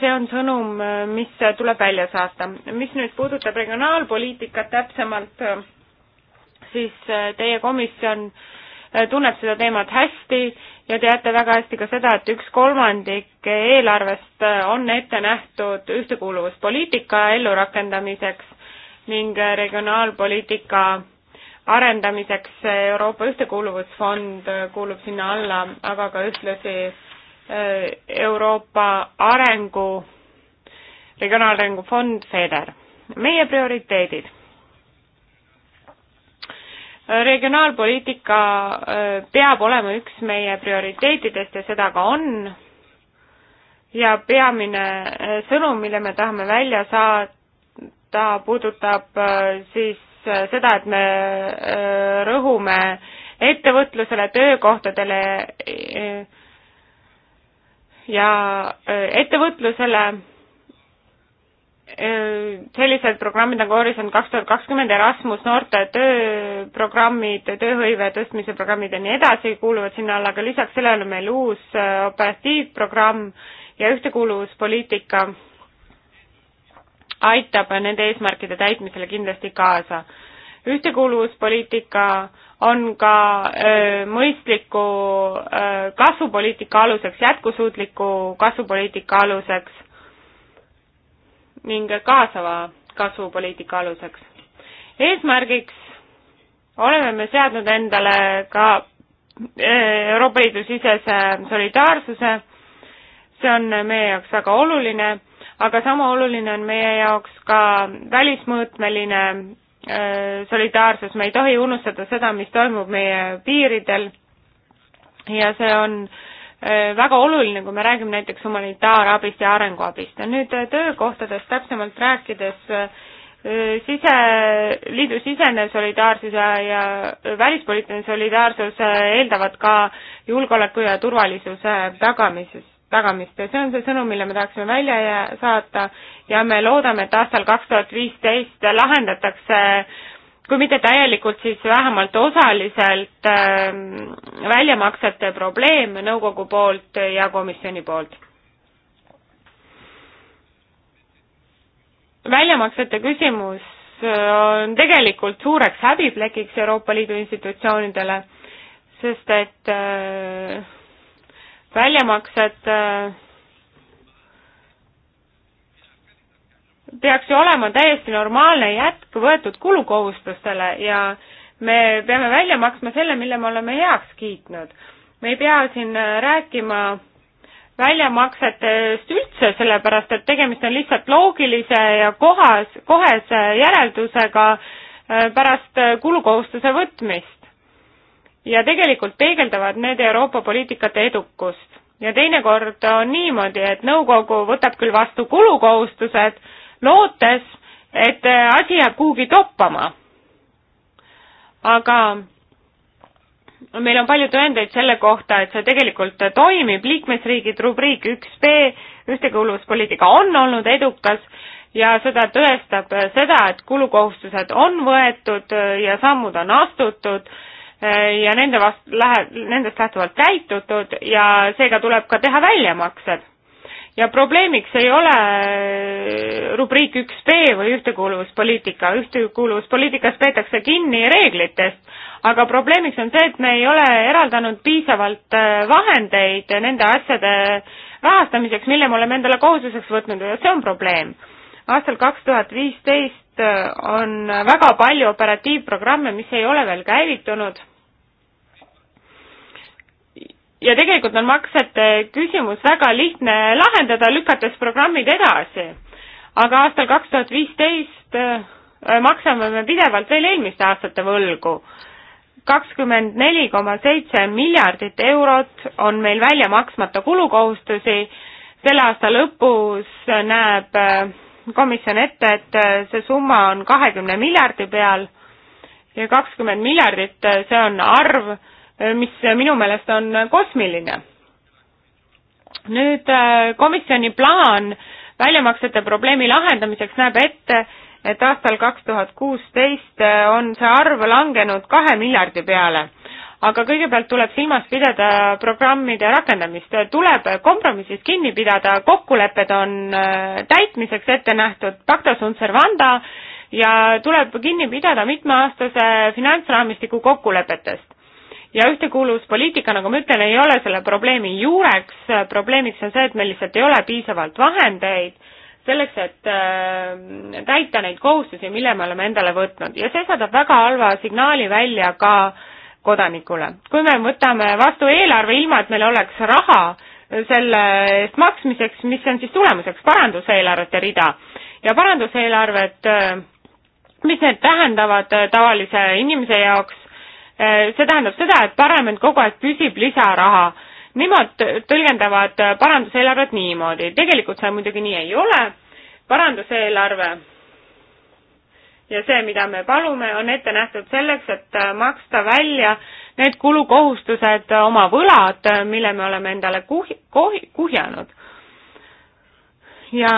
see on sõnum, mis tuleb välja saata. mis nüüd puudutab regionaalpoliitikat täpsemalt, siis äh, teie komisjon äh, tunneb seda teemat hästi ja teate väga hästi ka seda, et üks kolmandik eelarvest on ette nähtud ühtekuuluvuspoliitika ellurakendamiseks ning regionaalpoliitika arendamiseks Euroopa Ühtekuuluvusfond kuulub sinna alla, aga ka ühtlasi eh, Euroopa Arengu, Regionaalarengu Fond, FEDER. meie prioriteedid. regionaalpoliitika eh, peab olema üks meie prioriteetidest ja seda ka on ja peamine eh, sõnum, mille me tahame välja saada, puudutab siis seda, et me äh, rõhume ettevõtlusele, töökohtadele äh, ja äh, ettevõtlusele sellised programmid nagu Horisont kaks tuhat kakskümmend, Erasmus, noorte tööprogrammid, tööhõive tõstmise programmid ja nii edasi kuuluvad sinna alla, aga lisaks sellele on meil uus operatiivprogramm ja ühtekuuluvuspoliitika aitab nende eesmärkide täitmisele kindlasti kaasa. ühtekuuluvuspoliitika on ka öö, mõistliku öö, kasvupoliitika aluseks, jätkusuutliku kasvupoliitika aluseks ning kaasava kasvupoliitika aluseks. eesmärgiks oleme me seadnud endale ka Euroopa Liidu sisese solidaarsuse, see on meie jaoks väga oluline aga sama oluline on meie jaoks ka välismõõtmeline äh, solidaarsus, me ei tohi unustada seda, mis toimub meie piiridel ja see on äh, väga oluline, kui me räägime näiteks humanitaarabist ja arenguabist. nüüd äh, töökohtadest täpsemalt rääkides, sise, liidu sisene solidaarsus ja, ja välispoliitiline solidaarsus eeldavad ka julgeoleku ja turvalisuse tagamises, tagamist ja see on see sõnum, mille me tahaksime välja saata ja me loodame, et aastal kaks tuhat viisteist lahendatakse kui mitte täielikult, siis vähemalt osaliselt ähm, väljamaksete probleem nõukogu poolt ja komisjoni poolt. väljamaksete küsimus äh, on tegelikult suureks häbiplekiks Euroopa Liidu institutsioonidele, sest et äh, väljamaksed äh, peaks ju olema täiesti normaalne jätk võetud kulukohustustele ja me peame välja maksma selle, mille me oleme heaks kiitnud. me ei pea siin äh, rääkima väljamaksetest üldse, sellepärast et tegemist on lihtsalt loogilise ja kohas, kohese äh, järeldusega pärast kulukohustuse võtmist ja tegelikult peegeldavad need Euroopa poliitikate edukust. ja teinekord on niimoodi, et nõukogu võtab küll vastu kulukohustused, lootes, et asi jääb kuhugi toppama. aga meil on palju tõendeid selle kohta, et see tegelikult toimib, liikmesriigid rubriik üks B, ühtekuuluvuspoliitika on olnud edukas ja seda tõestab seda, et kulukohustused on võetud ja sammud on astutud Äh, ja nende vast-, lähe-, nendest lähtuvalt käitutud ja seega tuleb ka teha väljamaksed. ja probleemiks ei ole äh, rubriik üks B või ühtekuuluvuspoliitika, ühtekuuluvuspoliitikas peetakse kinni reeglitest, aga probleemiks on see, et me ei ole eraldanud piisavalt äh, vahendeid nende asjade rahastamiseks, mille me oleme endale kohustuseks võtnud ja see on probleem. aastal kaks tuhat viisteist on väga palju operatiivprogramme, mis ei ole veel käivitunud ja tegelikult on maksete küsimus väga lihtne lahendada, lükates programmid edasi. aga aastal kaks tuhat viisteist äh, maksame me pidevalt veel eelmiste aastate võlgu. kakskümmend neli koma seitse miljardit eurot on meil välja maksmata kulukohustusi, selle aasta lõpus näeb äh, komisjon ette, et äh, see summa on kahekümne miljardi peal ja kakskümmend miljardit, see on arv, mis minu meelest on kosmiline. nüüd äh, komisjoni plaan väljamaksete probleemi lahendamiseks näeb ette, et aastal kaks tuhat kuusteist äh, on see arv langenud kahe miljardi peale. aga kõigepealt tuleb silmas pidada programmide rakendamist, tuleb kompromissist kinni pidada, kokkulepped on äh, täitmiseks ette nähtud, pacta sunt servanda, ja tuleb kinni pidada mitmeaastase finantsraamistiku kokkulepetest ja ühtekuuluvuspoliitika, nagu ma ütlen, ei ole selle probleemi juureks, probleemiks on see, et meil lihtsalt ei ole piisavalt vahendeid selleks, et äh, täita neid kohustusi, mille me oleme endale võtnud ja see saadab väga halva signaali välja ka kodanikule. kui me võtame vastu eelarve ilma, et meil oleks raha selle eest maksmiseks, mis on siis tulemuseks, paranduseelarvete rida ja paranduseelarved äh, mis need tähendavad äh, tavalise inimese jaoks, Äh, see tähendab seda, et parlament kogu aeg püsib lisaraha. Nemad tõlgendavad äh, paranduseelarvet niimoodi, tegelikult see muidugi nii ei ole, paranduseelarve ja see, mida me palume, on ette nähtud selleks, et äh, maksta välja need kulukohustused, oma võlad, mille me oleme endale kuh-, kuh-, kuhjanud. ja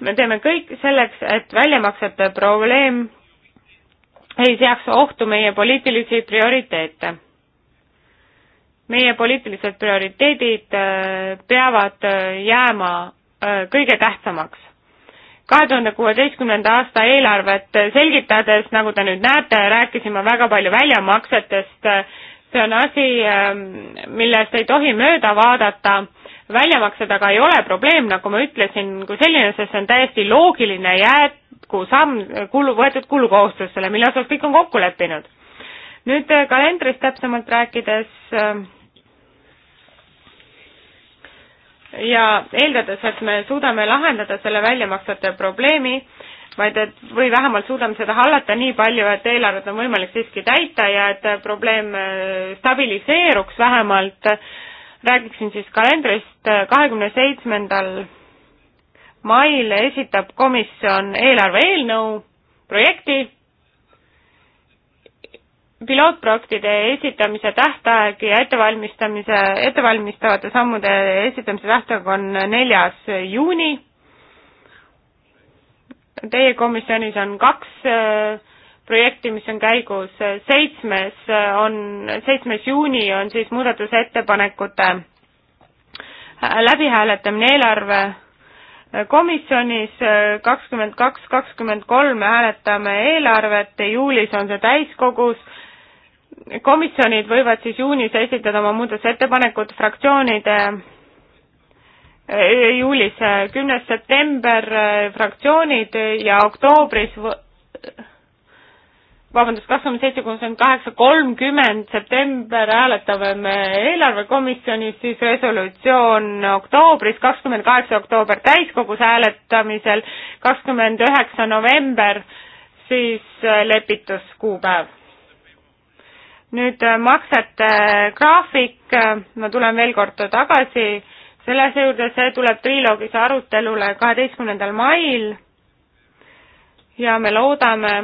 me teeme kõik selleks, et väljamaksete probleem ei seaks ohtu meie poliitilisi prioriteete. meie poliitilised prioriteedid äh, peavad äh, jääma äh, kõige tähtsamaks. kahe tuhande kuueteistkümnenda aasta eelarvet selgitades, nagu te nüüd näete, rääkisin ma väga palju väljamaksetest, see on asi, ähm, millest ei tohi mööda vaadata, väljamaksed aga ei ole probleem, nagu ma ütlesin, kui selline, sest see on täiesti loogiline jää-, kokku samm, kulu, võetud kulukohustustele, mille osas kõik on kokku leppinud. nüüd äh, kalendrist täpsemalt rääkides äh, ja eeldades, et me suudame lahendada selle väljamaksete probleemi, vaid et või vähemalt suudame seda hallata nii palju, et eelarvet on võimalik siiski täita ja et probleem äh, stabiliseeruks vähemalt, räägiksin siis kalendrist kahekümne seitsmendal mail esitab komisjon eelarve eelnõu projekti. pilootprojektide esitamise tähtaeg ja ettevalmistamise, ettevalmistavate sammude esitamise tähtaeg on neljas juuni. Teie komisjonis on kaks äh, projekti, mis on käigus, seitsmes äh, on, seitsmes juuni on siis muudatusettepanekute läbihääletamine eelarve komisjonis äh, kakskümmend kaks, kakskümmend kolm me hääletame eelarvet, juulis on see täiskogus, komisjonid võivad siis juunis esitada oma muudatusettepanekud fraktsioonide äh, juulis, äh, kümnes september fraktsioonid ja oktoobris võ vabandust, kakskümmend seitse, kolmkümmend kaheksa, kolmkümmend september hääletame me eelarvekomisjonis, siis resolutsioon oktoobris, kakskümmend kaheksa oktoober täiskogus hääletamisel, kakskümmend üheksa november siis äh, lepituskuupäev. nüüd äh, maksete graafik, äh, ma tulen veel kord tagasi selle juurde, see tuleb triloogis arutelule kaheteistkümnendal mail ja me loodame,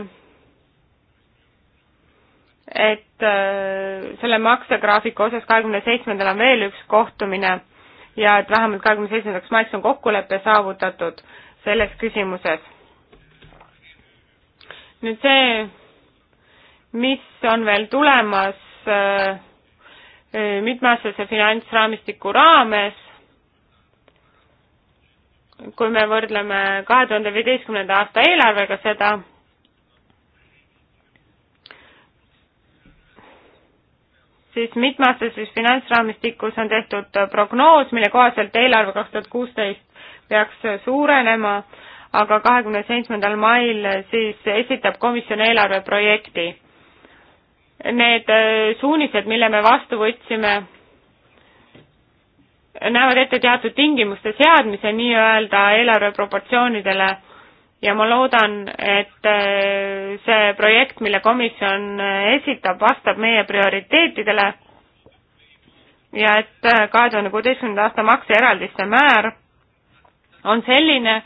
et äh, selle maksegraafiku osas kahekümne seitsmendal on veel üks kohtumine ja et vähemalt kahekümne seitsmendaks maiks on kokkulepe saavutatud selles küsimuses. nüüd see, mis on veel tulemas äh, äh, mitmeaastase finantsraamistiku raames, kui me võrdleme kahe tuhande viieteistkümnenda aasta eelarvega seda, siis mitmeaastases finantsraamistikus on tehtud äh, prognoos, mille kohaselt eelarve kaks tuhat kuusteist peaks äh, suurenema, aga kahekümne seitsmendal mail äh, siis esitab komisjon eelarveprojekti. Need suunised, mille me vastu võtsime, näevad ette teatud tingimuste seadmise nii-öelda eelarve proportsioonidele ja ma loodan, et äh, see projekt, mille komisjon äh, esitab, vastab meie prioriteetidele ja et äh, kahe tuhande kuueteistkümnenda aasta makseeraldiste määr on selline,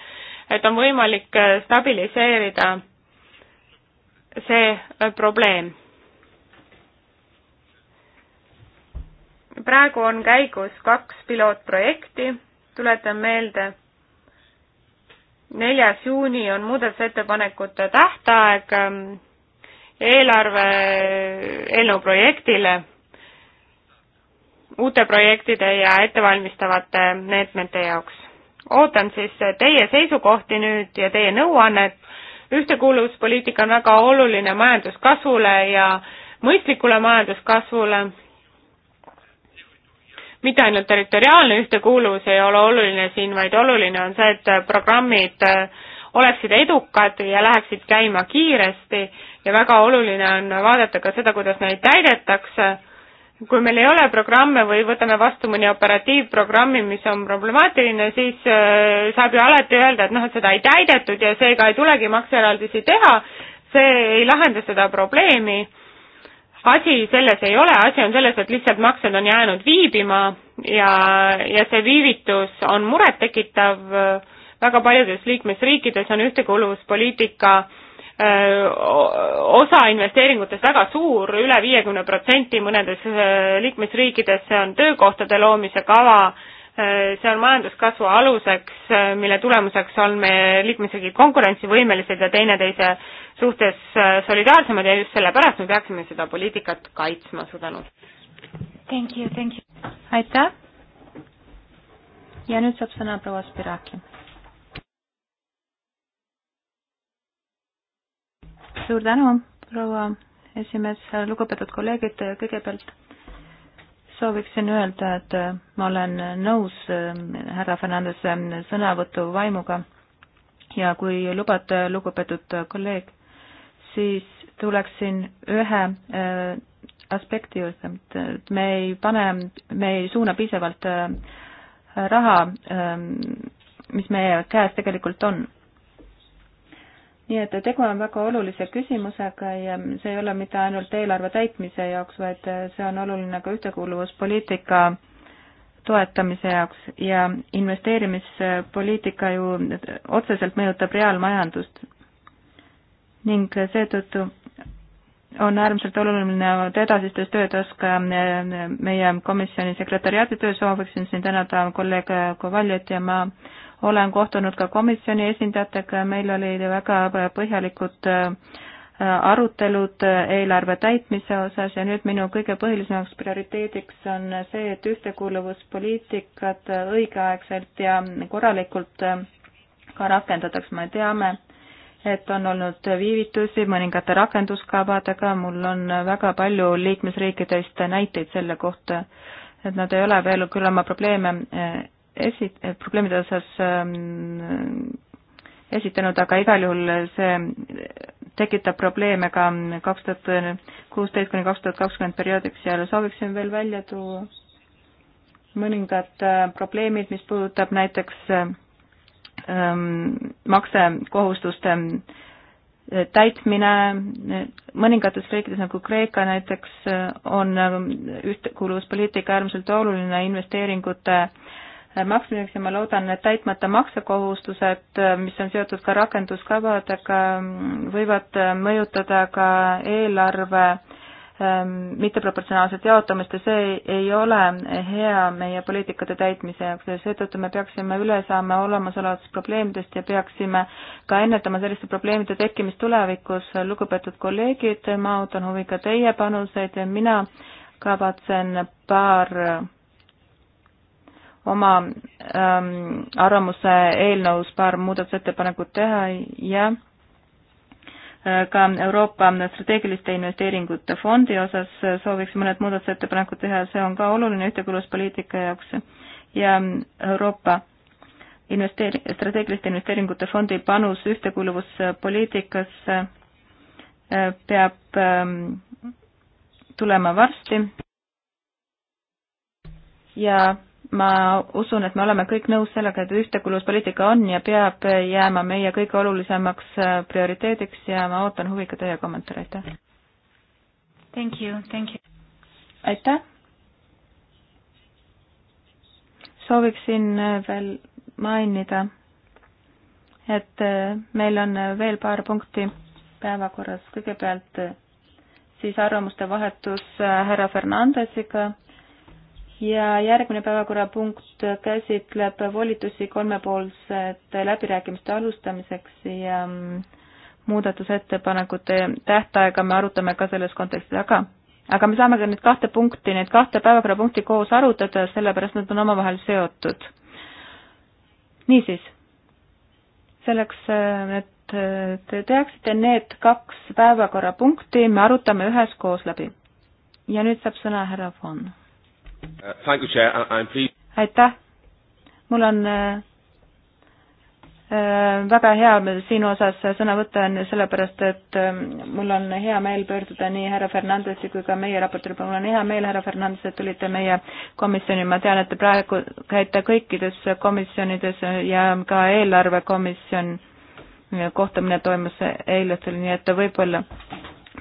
et on võimalik stabiliseerida see probleem. praegu on käigus kaks pilootprojekti, tuletan meelde neljas juuni on muudatusettepanekute tähtaeg ähm, eelarve eelnõu projektile, uute projektide ja ettevalmistavate meetmete jaoks. ootan siis teie seisukohti nüüd ja teie nõuannet, ühtekuuluvuspoliitika on väga oluline majanduskasvule ja mõistlikule majanduskasvule mitte ainult territoriaalne ühtekuuluvus ei ole oluline siin, vaid oluline on see, et programmid äh, oleksid edukad ja läheksid käima kiiresti ja väga oluline on vaadata ka seda, kuidas neid täidetakse. kui meil ei ole programme või võtame vastu mõni operatiivprogrammi, mis on problemaatiline, siis äh, saab ju alati öelda, et noh, et seda ei täidetud ja seega ei tulegi makseeraldisi teha, see ei lahenda seda probleemi asi selles ei ole, asi on selles, et lihtsalt maksed on jäänud viibima ja, ja see viivitus on murettekitav, väga paljudes liikmesriikides on ühtekuuluvuspoliitika osa investeeringutest väga suur üle, üle viiekümne protsenti mõnedes liikmesriikides, see on töökohtade loomise kava, Äh, see on majanduskasvu aluseks, äh, mille tulemuseks on meie liikmesriigid konkurentsivõimelised ja teineteise suhtes äh, solidaarsemad ja just sellepärast me peaksime seda poliitikat kaitsma, suur tänu. Thank you, thank you. aitäh. ja nüüd saab sõna proua Spiraki. suur tänu, proua esimees, lugupeetud kolleegid, kõigepealt sooviksin öelda, et äh, ma olen nõus äh, härra Fernandese äh, sõnavõtu vaimuga ja kui lubate, lugupeetud kolleeg, siis tuleksin ühe aspekti juurde, et me ei pane, me ei suuna piisavalt raha, mis meie käes tegelikult on nii et tegu on väga olulise küsimusega ja see ei ole mitte ainult eelarve täitmise jaoks, vaid see on oluline ka ühtekuuluvuspoliitika toetamise jaoks ja investeerimispoliitika ju otseselt mõjutab reaalmajandust. ning seetõttu on äärmiselt oluline edasistes töödes ka meie komisjoni sekretäriaadi töö, sooviksin siin tänada kolleeg Kovaljat ja ma olen kohtunud ka komisjoni esindajatega ja meil oli väga põhjalikud äh, arutelud äh, eelarve täitmise osas ja nüüd minu kõige põhilisemaks prioriteediks on see, et ühtekuuluvuspoliitikat äh, õigeaegselt ja korralikult ka rakendataks, me teame, et on olnud viivitusi mõningate rakenduskavadega, mul on väga palju liikmesriikidest näiteid selle kohta, et nad ei ole veel küll oma probleeme esi-, probleemide osas ähm, esitanud, aga igal juhul see tekitab probleeme ka kaks tuhat kuusteist kuni kaks tuhat kakskümmend perioodiks ja sooviksin veel välja tuua mõningad äh, probleemid, mis puudutab näiteks ähm, maksekohustuste äh, täitmine, mõningates riikides nagu Kreeka näiteks äh, on ähm, ühtekuuluvuspoliitika äärmiselt oluline investeeringute äh, Äh, maksmiseks ja ma loodan, et täitmata maksekohustused, äh, mis on seotud ka rakenduskavadega, mm, võivad äh, mõjutada ka eelarve ähm, mitteproportsionaalset jaotamist ja see ei ole hea meie poliitikate täitmise jaoks ja seetõttu me peaksime üle saama olemasolevatest probleemidest ja peaksime ka ennetama selliste probleemide tekkimist tulevikus. lugupeetud kolleegid, ma ootan huviga teie panuseid ja mina kavatsen paar oma ähm, arvamuse eelnõus paar muudatusettepanekut teha ja äh, ka Euroopa strateegiliste investeeringute fondi osas sooviks mõned muudatusettepanekud teha, see on ka oluline ühtekuuluvuspoliitika jaoks ja Euroopa investeeri-, strateegiliste investeeringute fondi panus ühtekuuluvuspoliitikasse äh, peab ähm, tulema varsti ja ma usun, et me oleme kõik nõus sellega, et ühtekuuluvuspoliitika on ja peab jääma meie kõige olulisemaks äh, prioriteediks ja ma ootan huviga teie kommentaare, aitäh! Thank you, thank you! aitäh! sooviksin äh, veel mainida, et äh, meil on veel paar punkti päevakorras, kõigepealt siis arvamuste vahetus härra Fernandesiga ja järgmine päevakorrapunkt käsitleb volitusi kolmepoolsete läbirääkimiste alustamiseks ja mm, muudatusettepanekute tähtaega me arutame ka selles kontekstis, aga aga me saame ka need kahte punkti, need kahte päevakorrapunkti koos arutada, sellepärast nad on omavahel seotud. niisiis, selleks, et te teaksite, need kaks päevakorrapunkti me arutame üheskoos läbi. ja nüüd saab sõna härra Von Uh, aitäh, mul on uh, uh, väga hea sinu osas sõna võtta, on sellepärast, et um, mul on hea meel pöörduda nii härra Fernandesi kui ka meie raportööri poole. mul on hea meel, härra Fernandes, et tulite meie komisjoni, ma tean, et te praegu käite kõikides komisjonides ja ka eelarvekomisjon kohtumine toimus eile, nii et võib-olla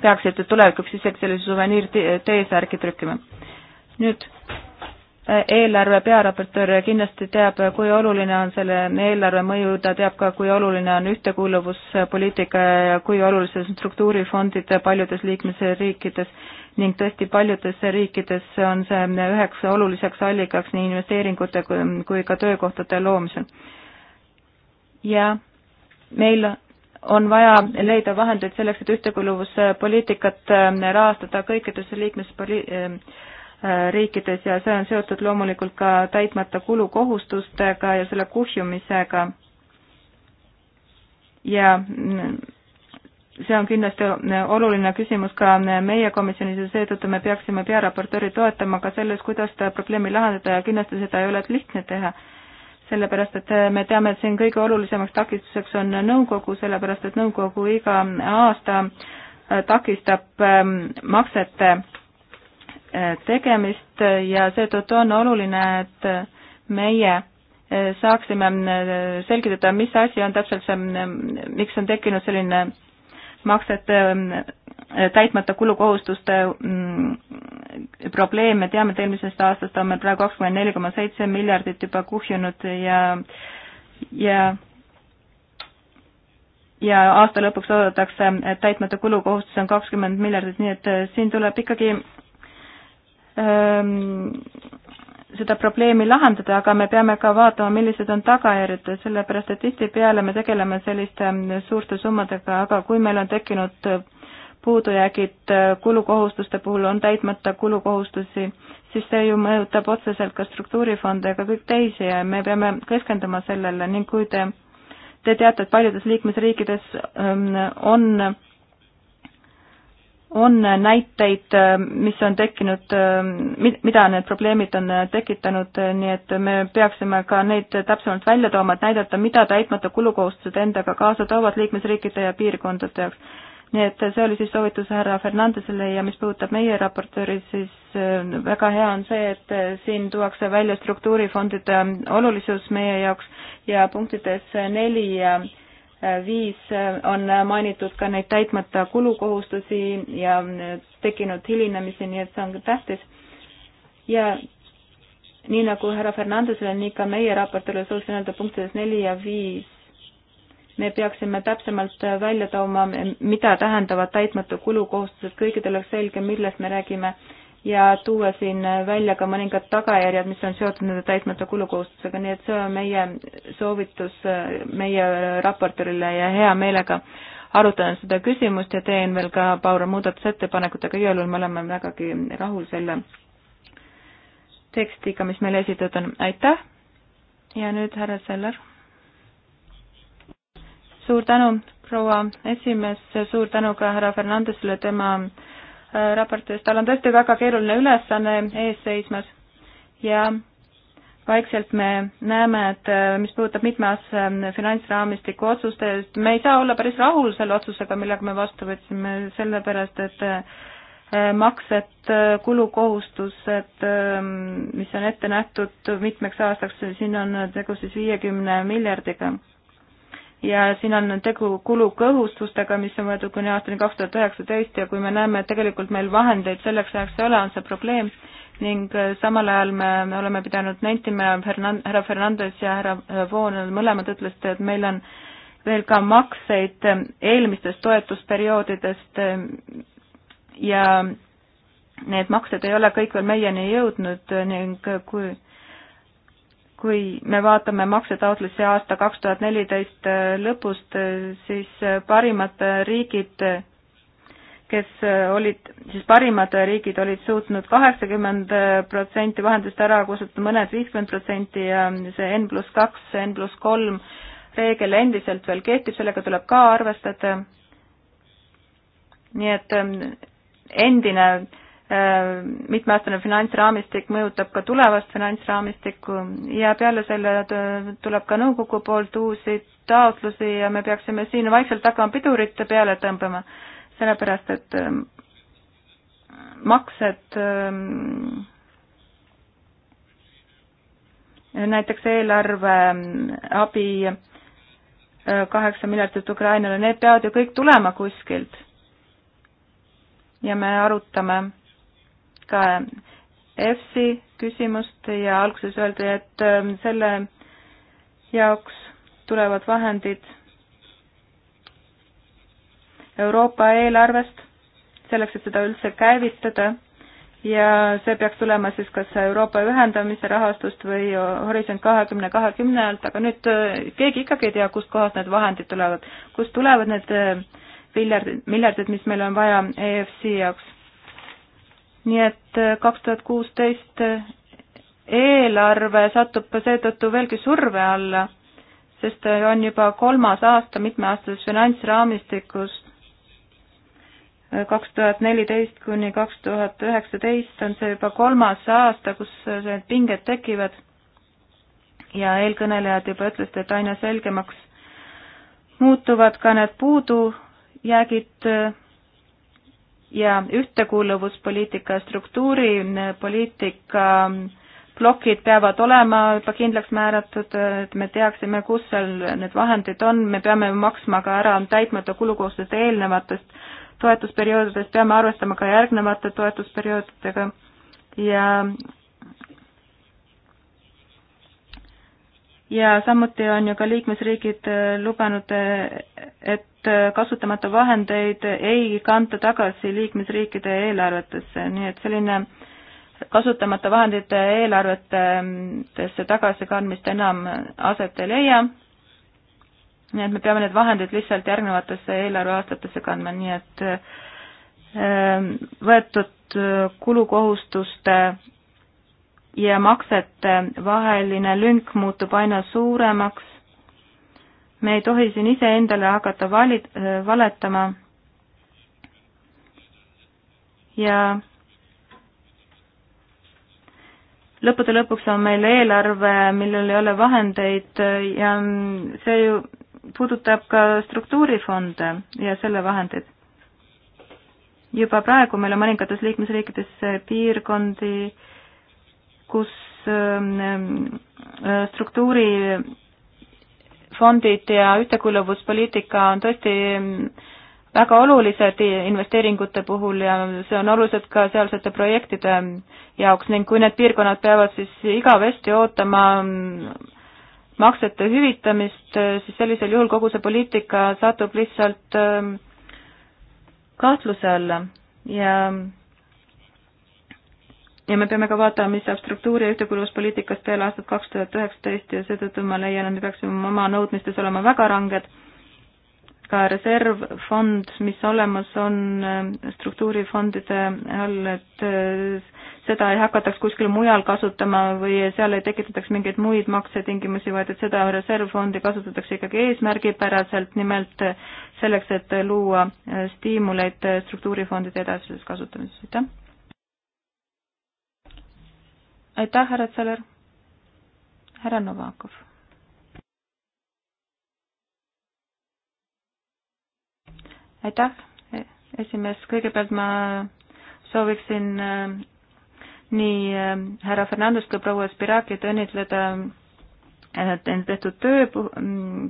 peaksite tulevikuks isegi sellise suveniirteesärgi trükkima. nüüd eelarve pearaportöör kindlasti teab, kui oluline on selle eelarve mõju, ta teab ka, kui oluline on ühtekuuluvuspoliitika ja kui olulised on struktuurifondid paljudes liikmesriikides ning tõesti paljudes riikides on see üheks oluliseks allikaks nii investeeringute kui ka töökohtade loomisel. ja meil on vaja leida vahendeid selleks, et ühtekuuluvuspoliitikat äh, rahastada kõikides liikmes- äh, riikides ja see on seotud loomulikult ka täitmata kulukohustustega ja selle kuhjumisega. ja see on kindlasti oluline küsimus ka meie komisjonis ja seetõttu me peaksime pearaportööri toetama ka selles, kuidas seda probleemi lahendada ja kindlasti seda ei ole lihtne teha. sellepärast, et me teame, et siin kõige olulisemaks takistuseks on nõukogu, sellepärast et nõukogu iga aasta takistab ähm, maksete Eh, tegemist ja seetõttu on oluline, et meie eh, saaksime eh, selgitada, mis asi on täpselt see, mm, miks on tekkinud selline maksete mm, täitmata kulukohustuste mm, probleem, me teame, et eelmisest aastast on meil praegu kakskümmend neli koma seitse miljardit juba kuhjunud ja, ja ja aasta lõpuks oodatakse, et täitmata kulukohustus on kakskümmend miljardit, nii et siin tuleb ikkagi Ähm, seda probleemi lahendada, aga me peame ka vaatama, millised on tagajärjed, sellepärast et tihtipeale me tegeleme selliste ähm, suurte summadega, aga kui meil on tekkinud äh, puudujäägid äh, kulukohustuste puhul, on täitmata kulukohustusi, siis see ju mõjutab otseselt ka struktuurifonde ega kõik teisi ja me peame keskenduma sellele ning kui te, te teate, et paljudes liikmesriikides ähm, on on näiteid, mis on tekkinud, mida need probleemid on tekitanud, nii et me peaksime ka neid täpsemalt välja tooma, et näidata, mida täitmata kulukohustused endaga kaasa toovad liikmesriikide ja piirkondade jaoks. nii et see oli siis soovitus härra Fernandesele ja mis puudutab meie raportööri, siis äh, väga hea on see, et äh, siin tuuakse välja struktuurifondide olulisus meie jaoks ja punktides neli 4 viis on mainitud ka neid täitmata kulukohustusi ja tekkinud hilinemisi, nii et see on tähtis. ja nii nagu härra Fernandesele, nii ka meie raportile soovisin öelda punktides neli ja viis, me peaksime täpsemalt välja tooma, mida tähendavad täitmata kulukohustused, kõigil oleks selge, millest me räägime ja tuua siin välja ka mõningad tagajärjed, mis on seotud nende täitmata kulukohustusega, nii et see on meie soovitus meie raportöörile ja hea meelega arutan seda küsimust ja teen veel ka paar muudatusettepanekut, aga igal juhul me oleme vägagi rahul selle tekstiga, mis meile esitatud on, aitäh! ja nüüd härra Seller. suur tänu, proua esimees, suur tänu ka härra Fernandesele tema äh, Äh, raportis, tal on tõesti väga keeruline ülesanne ees seismas ja vaikselt me näeme, et äh, mis puudutab mitmeas ähm, finantsraamistiku otsustest, me ei saa olla päris rahul selle otsusega, millega me vastu võtsime, sellepärast et äh, maksed, kulukohustused, ähm, mis on ette nähtud mitmeks aastaks, siin on tegu siis viiekümne miljardiga ja siin on tegu kulukohustustega, mis on võetud kuni aastani kaks tuhat üheksateist ja kui me näeme, et tegelikult meil vahendeid selleks ajaks ei ole, on see probleem ning äh, samal ajal me, me oleme pidanud nentima, härra Fernandes ja härra äh, Voon mõlemad ütlesid, et meil on veel ka makseid äh, eelmistest toetusperioodidest ja need maksed ei ole kõik veel meieni jõudnud ning kui kui me vaatame maksetaotlusi aasta kaks tuhat neliteist äh, lõpust, äh, siis äh, parimad riigid, kes olid, siis parimad riigid olid suutnud kaheksakümmend protsenti vahendust ära kustutada, mõned viiskümmend protsenti ja see N pluss kaks, N pluss kolm reegel endiselt veel kehtib, sellega tuleb ka arvestada. nii et ähm, endine Äh, mitmeaastane finantsraamistik mõjutab ka tulevast finantsraamistikku ja peale selle tuleb ka nõukogu poolt uusi taotlusi ja me peaksime siin vaikselt hakkama pidurite peale tõmbama, sellepärast et ähm, maksed ähm, näiteks eelarve ähm, abi äh, kaheksa miljardit Ukrainale, need peavad ju kõik tulema kuskilt. ja me arutame ka EFSI küsimust ja alguses öeldi, et ähm, selle jaoks tulevad vahendid Euroopa eelarvest, selleks, et seda üldse käivitada ja see peaks tulema siis kas Euroopa ühendamise rahastust või Horisont kahekümne kahekümne alt, aga nüüd äh, keegi ikkagi ei tea, kustkohast need vahendid tulevad, kust tulevad need äh, miljardid, miljardid, mis meil on vaja EFC jaoks nii et äh, kaks tuhat kuusteist äh, eelarve satub seetõttu veelgi surve alla, sest äh, on juba kolmas aasta mitmeaastases finantsraamistikus. kaks tuhat neliteist kuni kaks tuhat üheksateist on see juba kolmas aasta, kus need pinged tekivad ja eelkõnelejad juba ütlesid, et aina selgemaks muutuvad ka need puudujäägid ja ühtekuuluvuspoliitika, struktuuripoliitika plokid peavad olema juba kindlaks määratud, et me teaksime, kus seal need vahendid on, me peame maksma ka ära täitmata kulukohustused eelnevatest toetusperioodidest, peame arvestama ka järgnevate toetusperioodidega ja ja samuti on ju ka liikmesriigid lubanud, et et äh, kasutamata vahendeid ei kanta tagasi liikmesriikide eelarvetesse, nii et selline kasutamata vahendite eelarvetesse tagasikandmist enam aset ei leia. nii et me peame need vahendid lihtsalt järgnevatesse eelarveaastatesse kandma, nii et ähm, võetud äh, kulukohustuste ja maksete vaheline lünk muutub aina suuremaks me ei tohi siin iseendale hakata vali-, valetama ja lõppude lõpuks on meil eelarve, millel ei ole vahendeid ja see ju puudutab ka struktuurifonde ja selle vahendeid. juba praegu meil on mõningates liikmesriikides piirkondi, kus ähm, struktuuri fondid ja ühtekuuluvuspoliitika on tõesti väga olulised investeeringute puhul ja see on olulised ka sealsete projektide jaoks ning kui need piirkonnad peavad siis igavesti ootama maksete hüvitamist, siis sellisel juhul kogu see poliitika satub lihtsalt ähm, kahtluse alla ja ja me peame ka vaatama, mis saab struktuuri ja ühtekuuluvuspoliitikast peale aastat kaks tuhat üheksateist ja seetõttu ma leian, et me peaksime oma nõudmistes olema väga ranged. ka reservfond, mis olemas on struktuurifondide all, et äh, seda ei hakataks kuskil mujal kasutama või seal ei tekitataks mingeid muid maksetingimusi, vaid et seda reservfondi kasutatakse ikkagi eesmärgipäraselt, nimelt äh, selleks, et luua äh, stiimuleid struktuurifondide edasises kasutamises, aitäh aitäh, härra Tseller. härra Novakov. aitäh, esimees, kõigepealt ma sooviksin äh, nii äh, härra Fernandust kui proua Spirakit õnnitleda tehtud töö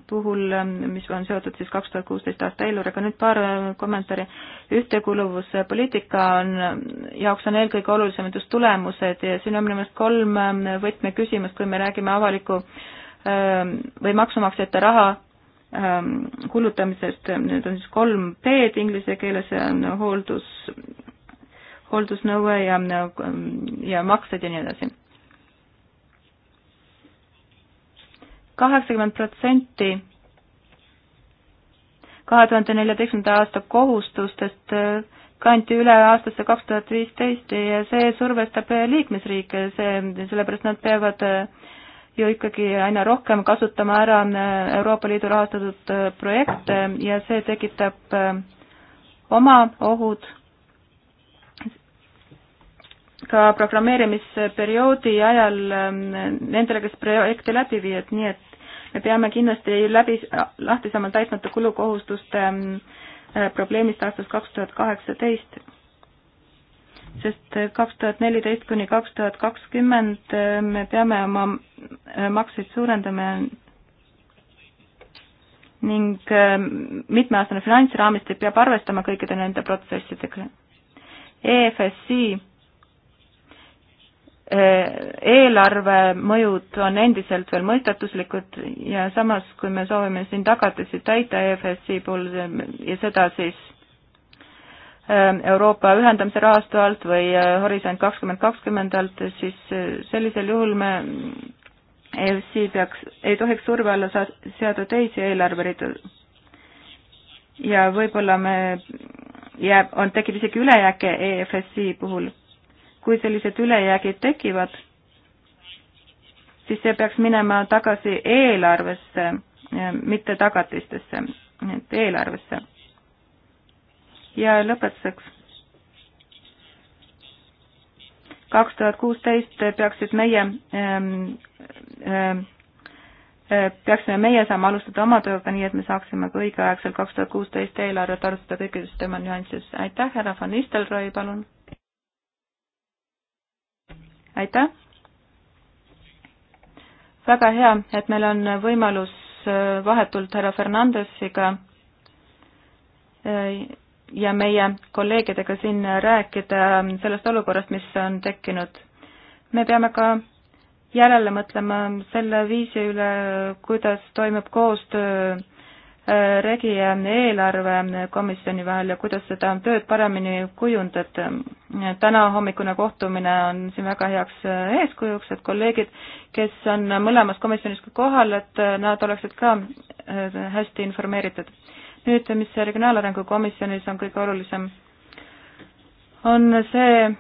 puhul, mis on seotud siis kaks tuhat kuusteist aasta eelarvega, nüüd paar äh, kommentaari. ühtekuluvuspoliitika on, jaoks on eelkõige olulisemad just tulemused ja siin on minu meelest kolm äh, võtmeküsimust, kui me räägime avaliku äh, või maksumaksjate raha ähm, kulutamisest, need on siis kolm P-d inglise keeles, hooldus, hooldusnõue ja, ja maksed ja nii edasi kaheksakümmend protsenti kahe tuhande neljateistkümnenda aasta kohustustest äh, kanti üle aastasse kaks tuhat viisteist ja see survestab äh, liikmesriike, see, sellepärast nad peavad äh, ju ikkagi aina rohkem kasutama ära Euroopa Liidu rahastatud projekte ja see tekitab oma ohud ka programmeerimisperioodi ajal nendele, kes projekte läbi viivad, nii et me peame kindlasti läbi, lahti saama täitmata kulukohustuste ähm, äh, probleemist aastast kaks tuhat kaheksateist, sest äh, kaks tuhat neliteist kuni kaks tuhat kakskümmend äh, me peame oma makseid suurendama ning ähm, mitmeaastane finantsraamistik peab arvestama kõikide nende protsessidega. EFSI eelarvemõjud on endiselt veel mõistatuslikud ja samas, kui me soovime siin tagatisi täita EFSi puhul ja seda siis ähm, Euroopa ühendamise rahastu alt või äh, Horisont kakskümmend kakskümmend alt, siis äh, sellisel juhul me EFC peaks, ei tohiks surve alla saa-, seada teisi eelarveridu. ja võib-olla me jääb, on, tekib isegi ülejääke EFSi puhul kui sellised ülejäägid tekivad, siis see peaks minema tagasi eelarvesse, mitte tagatistesse, et eelarvesse. ja lõpetuseks. kaks tuhat kuusteist peaksid meie ähm, ähm, äh, peaksime meie saama alustada oma tööga, nii et me saaksime ka õigeaegselt kaks tuhat kuusteist eelarvet arutada kõikides tema nüanssides. aitäh, härra von Nistelrooy, palun! aitäh! väga hea, et meil on võimalus äh, vahetult härra Fernandesiga äh, ja meie kolleegidega siin rääkida sellest olukorrast, mis on tekkinud. me peame ka järele mõtlema selle viisi üle, kuidas toimub koostöö regi ja eelarvekomisjoni vahel ja kuidas seda tööd paremini kujundada. tänahommikune kohtumine on siin väga heaks eeskujuks, et kolleegid, kes on mõlemas komisjonis ka kohal, et nad oleksid ka äh, hästi informeeritud. nüüd, mis Regionaalarengu komisjonis on kõige olulisem, on see,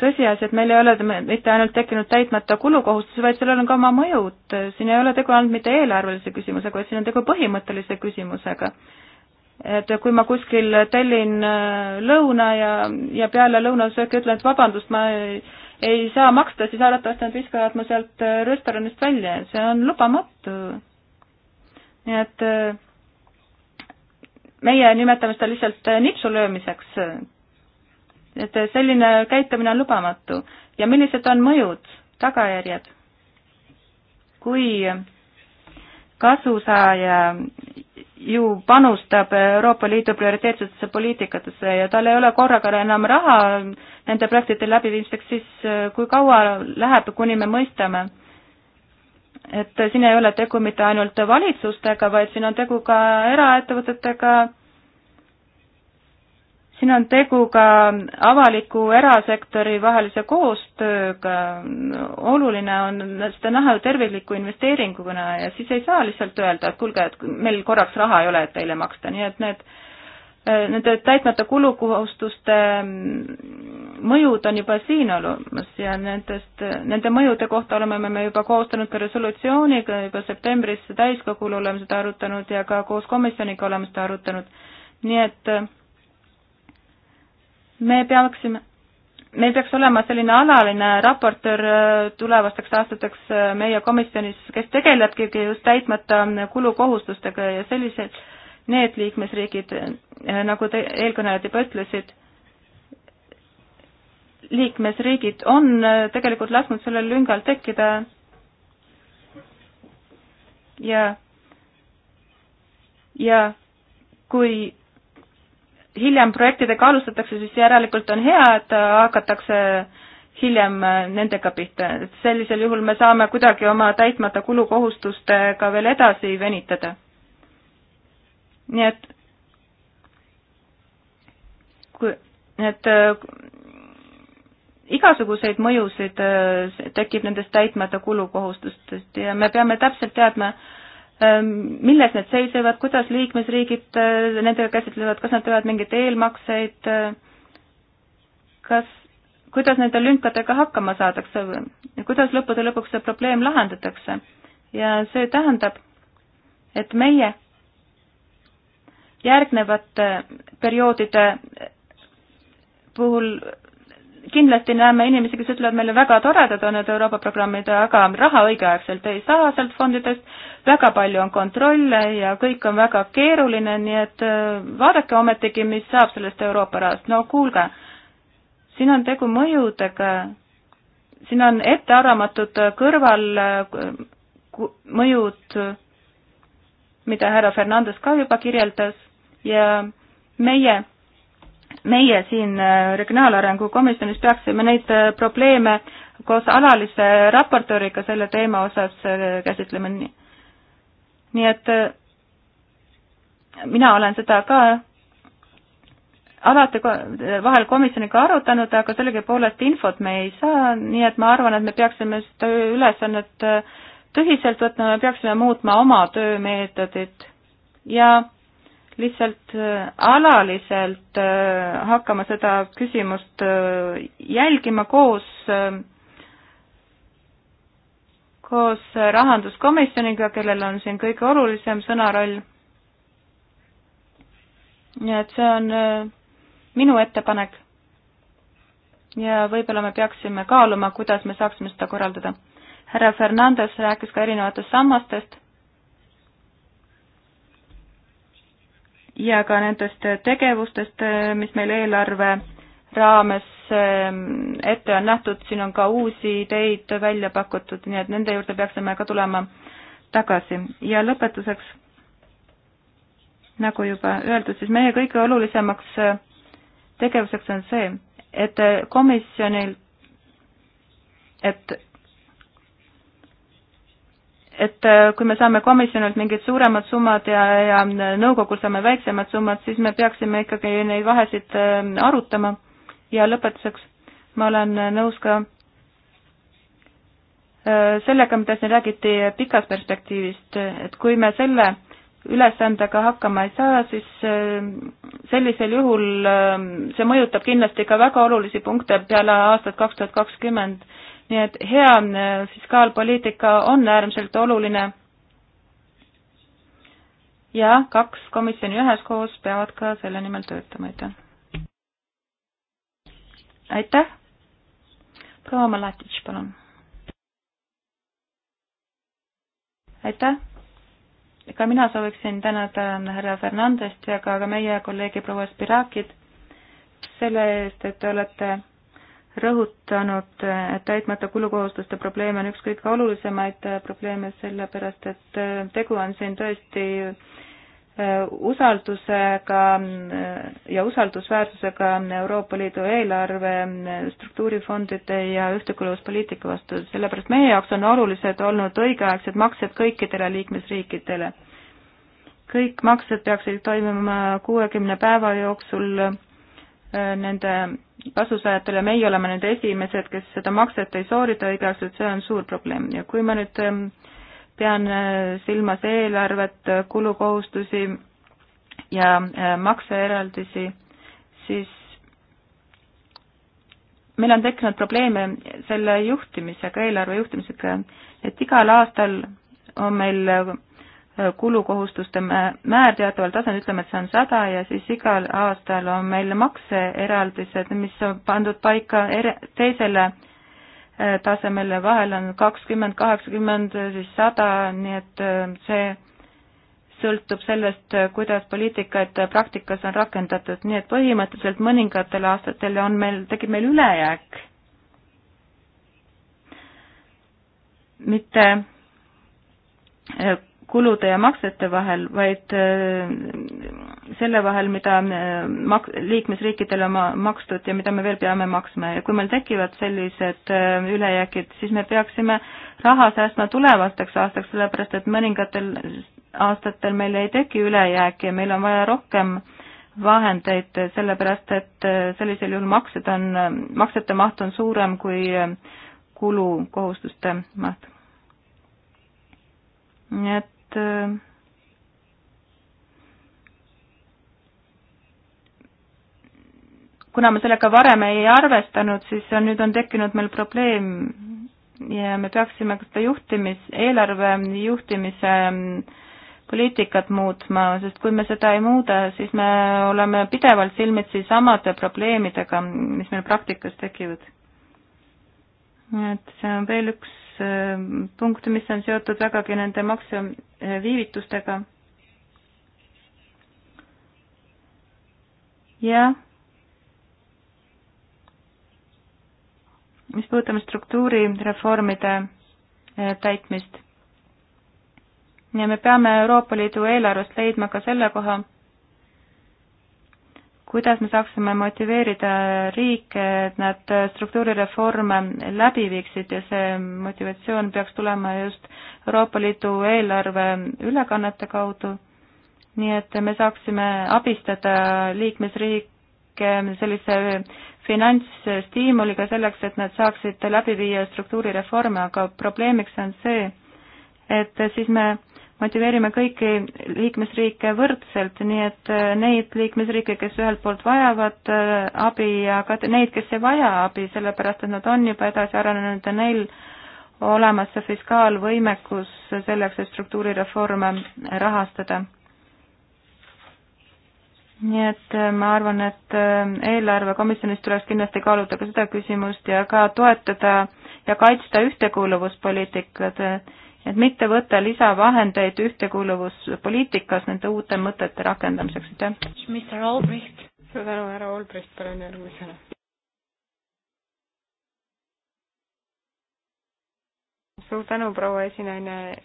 tõsiasi, et meil ei ole mitte ainult tekkinud täitmata kulukohustusi, vaid sellel on ka oma mõjud, siin ei ole tegu ainult mitte eelarvelise küsimusega, vaid siin on tegu põhimõttelise küsimusega. et kui ma kuskil tellin äh, lõuna ja, ja peale lõunasööki ütlen, et vabandust, ma ei, ei saa maksta, siis arvatavasti nad viskavad mu sealt äh, restoranist välja ja see on lubamatu. nii et äh, meie nimetame seda lihtsalt nipsu löömiseks et selline käitumine on lubamatu ja millised on mõjud, tagajärjed? kui kasusaaja ju panustab Euroopa Liidu prioriteetsetesse poliitikatesse ja tal ei ole korraga enam raha nende projektide läbiviimiseks, siis äh, kui kaua läheb, kuni me mõistame, et siin ei ole tegu mitte ainult valitsustega, vaid siin on tegu ka eraettevõtetega, siin on tegu ka avaliku erasektori vahelise koostööga, oluline on seda näha ju tervikliku investeeringuna ja siis ei saa lihtsalt öelda, et kuulge, et meil korraks raha ei ole, et teile maksta, nii et need nende täitmata kulukohustuste mõjud on juba siin olemas ja nendest, nende mõjude kohta oleme me juba koostanud ka resolutsiooni, juba septembris täiskogul oleme seda arutanud ja ka koos komisjoniga oleme seda arutanud, nii et äh, me peaksime, meil peaks olema selline alaline raportöör äh, tulevasteks aastateks äh, meie komisjonis, kes tegelebki just täitmata äh, kulukohustustega ja sellised, need liikmesriigid, nagu te eelkõnelejad juba ütlesid, liikmesriigid on tegelikult lasknud sellel lüngal tekkida ja, ja kui hiljem projektidega alustatakse, siis järelikult on hea, et äh, hakatakse hiljem äh, nendega pihta, et sellisel juhul me saame kuidagi oma täitmata kulukohustustega veel edasi venitada. nii et kui, et äh, igasuguseid mõjusid tekib nendest täitmata kulukohustustest ja me peame täpselt teadma, milles need seisnevad, kuidas liikmesriigid äh, nendega käsitlevad, kas nad teevad mingeid eelmakseid, äh, kas, kuidas nende lünkadega hakkama saadakse või kuidas lõppude lõpuks see probleem lahendatakse. ja see tähendab, et meie järgnevate perioodide puhul kindlasti näeme inimesi, kes ütlevad meile, väga toredad on need Euroopa programmid, aga raha õigeaegselt ei saa sealt fondidest, väga palju on kontrolle ja kõik on väga keeruline, nii et äh, vaadake ometigi, mis saab sellest Euroopa rahast, no kuulge, siin on tegu mõjudega, siin on ettearvamatud kõrvalmõjud, äh, mida härra Fernandes ka juba kirjeldas ja meie meie siin äh, Regionaalarengu Komisjonis peaksime neid äh, probleeme koos alalise raportööriga selle teema osas äh, käsitlema. nii et mina olen seda ka alati vahel komisjoniga arutanud, aga sellegipoolest infot me ei saa, nii et ma arvan, et me peaksime seda ülesannet tõsiselt võtma, me peaksime muutma oma töömeetodit ja lihtsalt äh, alaliselt äh, hakkama seda küsimust äh, jälgima koos, koos rahanduskomisjoniga, kellel on siin kõige olulisem sõnaroll. nii et see on minu ettepanek. ja võib-olla me peaksime kaaluma, kuidas me saaksime seda korraldada. härra Fernandes rääkis ka erinevatest sammastest ja ka nendest tegevustest, mis meil eelarve raames ehm, ette on nähtud, siin on ka uusi ideid välja pakutud, nii et nende juurde peaksime ka tulema tagasi. ja lõpetuseks, nagu juba öeldud, siis meie kõige olulisemaks eh, tegevuseks on see, et komisjonil, et et äh, kui me saame komisjonilt mingid suuremad summad ja, ja nõukogul saame väiksemad summad, siis me peaksime ikkagi neid vahesid äh, arutama. ja lõpetuseks, ma olen nõus ka äh, sellega, mida siin räägiti pikast perspektiivist, et kui me selle ülesandega hakkama ei saa, siis sellisel juhul see mõjutab kindlasti ka väga olulisi punkte peale aastat kaks tuhat kakskümmend nii et hea äh, fiskaalpoliitika on äärmiselt oluline. ja kaks komisjoni üheskoos peavad ka selle nimel töötama, aitäh. aitäh. proua Malatitš, palun. aitäh. ka mina sooviksin tänada härra Fernandest ja ka, ka meie kolleegi proua Spirakit selle eest, et te olete rõhutanud, et täitmata kulukohustuste probleem on üks kõige olulisemaid probleeme, sellepärast et äh, tegu on siin tõesti äh, usaldusega äh, ja usaldusväärsusega Euroopa Liidu eelarve, struktuurifondide ja ühtekuuluvuspoliitika vastu, sellepärast meie jaoks on olulised olnud õigeaegsed maksed kõikidele liikmesriikidele. kõik maksed peaksid toimuma kuuekümne päeva jooksul nende kasusaajatele, meie oleme nüüd esimesed, kes seda makset ei soorita õigeaegselt, see on suur probleem ja kui ma nüüd ähm, pean äh, silmas eelarvet, äh, kulukohustusi ja äh, makseeraldisi, siis meil on tekkinud probleeme selle juhtimisega, eelarve juhtimisega, et igal aastal on meil kulukohustuste määr teataval tasandil, ütleme, et see on sada ja siis igal aastal on meil makseeraldised, mis on pandud paika ere-, teisele äh, tasemele, vahel on kakskümmend, kaheksakümmend, siis sada, nii et äh, see sõltub sellest, äh, kuidas poliitikaid praktikas on rakendatud, nii et põhimõtteliselt mõningatel aastatel on meil, tekib meil ülejääk, mitte kulude ja maksete vahel, vaid äh, selle vahel, mida äh, mak-, liikmesriikidele oma makstud ja mida me veel peame maksma ja kui meil tekivad sellised äh, ülejäägid, siis me peaksime raha säästma tulevasteks aastaks, sellepärast et mõningatel aastatel meil ei teki ülejääki ja meil on vaja rohkem vahendeid, sellepärast et sellisel juhul maksed on, maksete maht on suurem kui kulukohustuste maht nii et et äh, kuna me sellega varem ei arvestanud, siis on, nüüd on tekkinud meil probleem ja me peaksime ka seda juhtimis, eelarve juhtimise ähm, poliitikat muutma, sest kui me seda ei muuda, siis me oleme pidevalt silmitsi samade probleemidega, mis meil praktikas tekivad. et see on veel üks üks äh, punkt, mis on seotud vägagi nende makseviivitustega. Äh, ja mis puudutab struktuurireformide äh, täitmist ja me peame Euroopa Liidu eelarvest leidma ka selle koha kuidas me saaksime motiveerida riike, et nad struktuurireforme läbi viiksid ja see motivatsioon peaks tulema just Euroopa Liidu eelarve ülekannete kaudu. nii et me saaksime abistada liikmesriike sellise finantsstiimuliga selleks, et nad saaksid läbi viia struktuurireforme, aga probleemiks on see, et siis me motiveerime kõiki liikmesriike võrdselt, nii et äh, neid liikmesriike, kes ühelt poolt vajavad äh, abi ja ka neid, kes ei vaja abi, sellepärast et nad on juba edasi arenenud ja neil olemas see fiskaalvõimekus selleks, et struktuurireforme rahastada. nii et äh, ma arvan, et eelarvekomisjonis tuleks kindlasti kaaluda ka seda küsimust ja ka toetada ja kaitsta ühtekuuluvuspoliitikat, et et mitte võtta lisavahendeid ühtekuuluvuspoliitikas nende uute mõtete rakendamiseks, aitäh. suur tänu, härra Olbrist, palun järgmisena. suur tänu, proua esinaine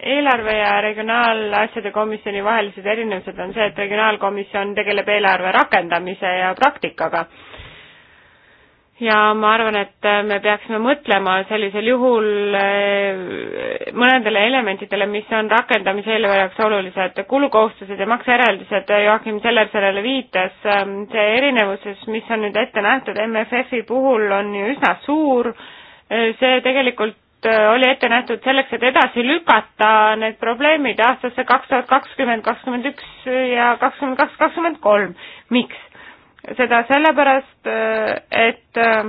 eelarve ja regionaalasjade komisjoni vahelised erinevused on see, et regionaalkomisjon tegeleb eelarve rakendamise ja praktikaga ja ma arvan, et me peaksime mõtlema sellisel juhul eh, mõnedele elementidele, mis on rakendamise eelarve jaoks olulised. kulukohustused ja makseeraldised, Joakim Seller sellele viitas, ähm, see erinevuses, mis on nüüd ette nähtud MFF-i puhul, on ju üsna suur, äh, see tegelikult äh, oli ette nähtud selleks, et edasi lükata need probleemid aastasse kaks tuhat kakskümmend, kakskümmend üks ja kakskümmend kaks, kakskümmend kolm. miks? seda sellepärast, et äh,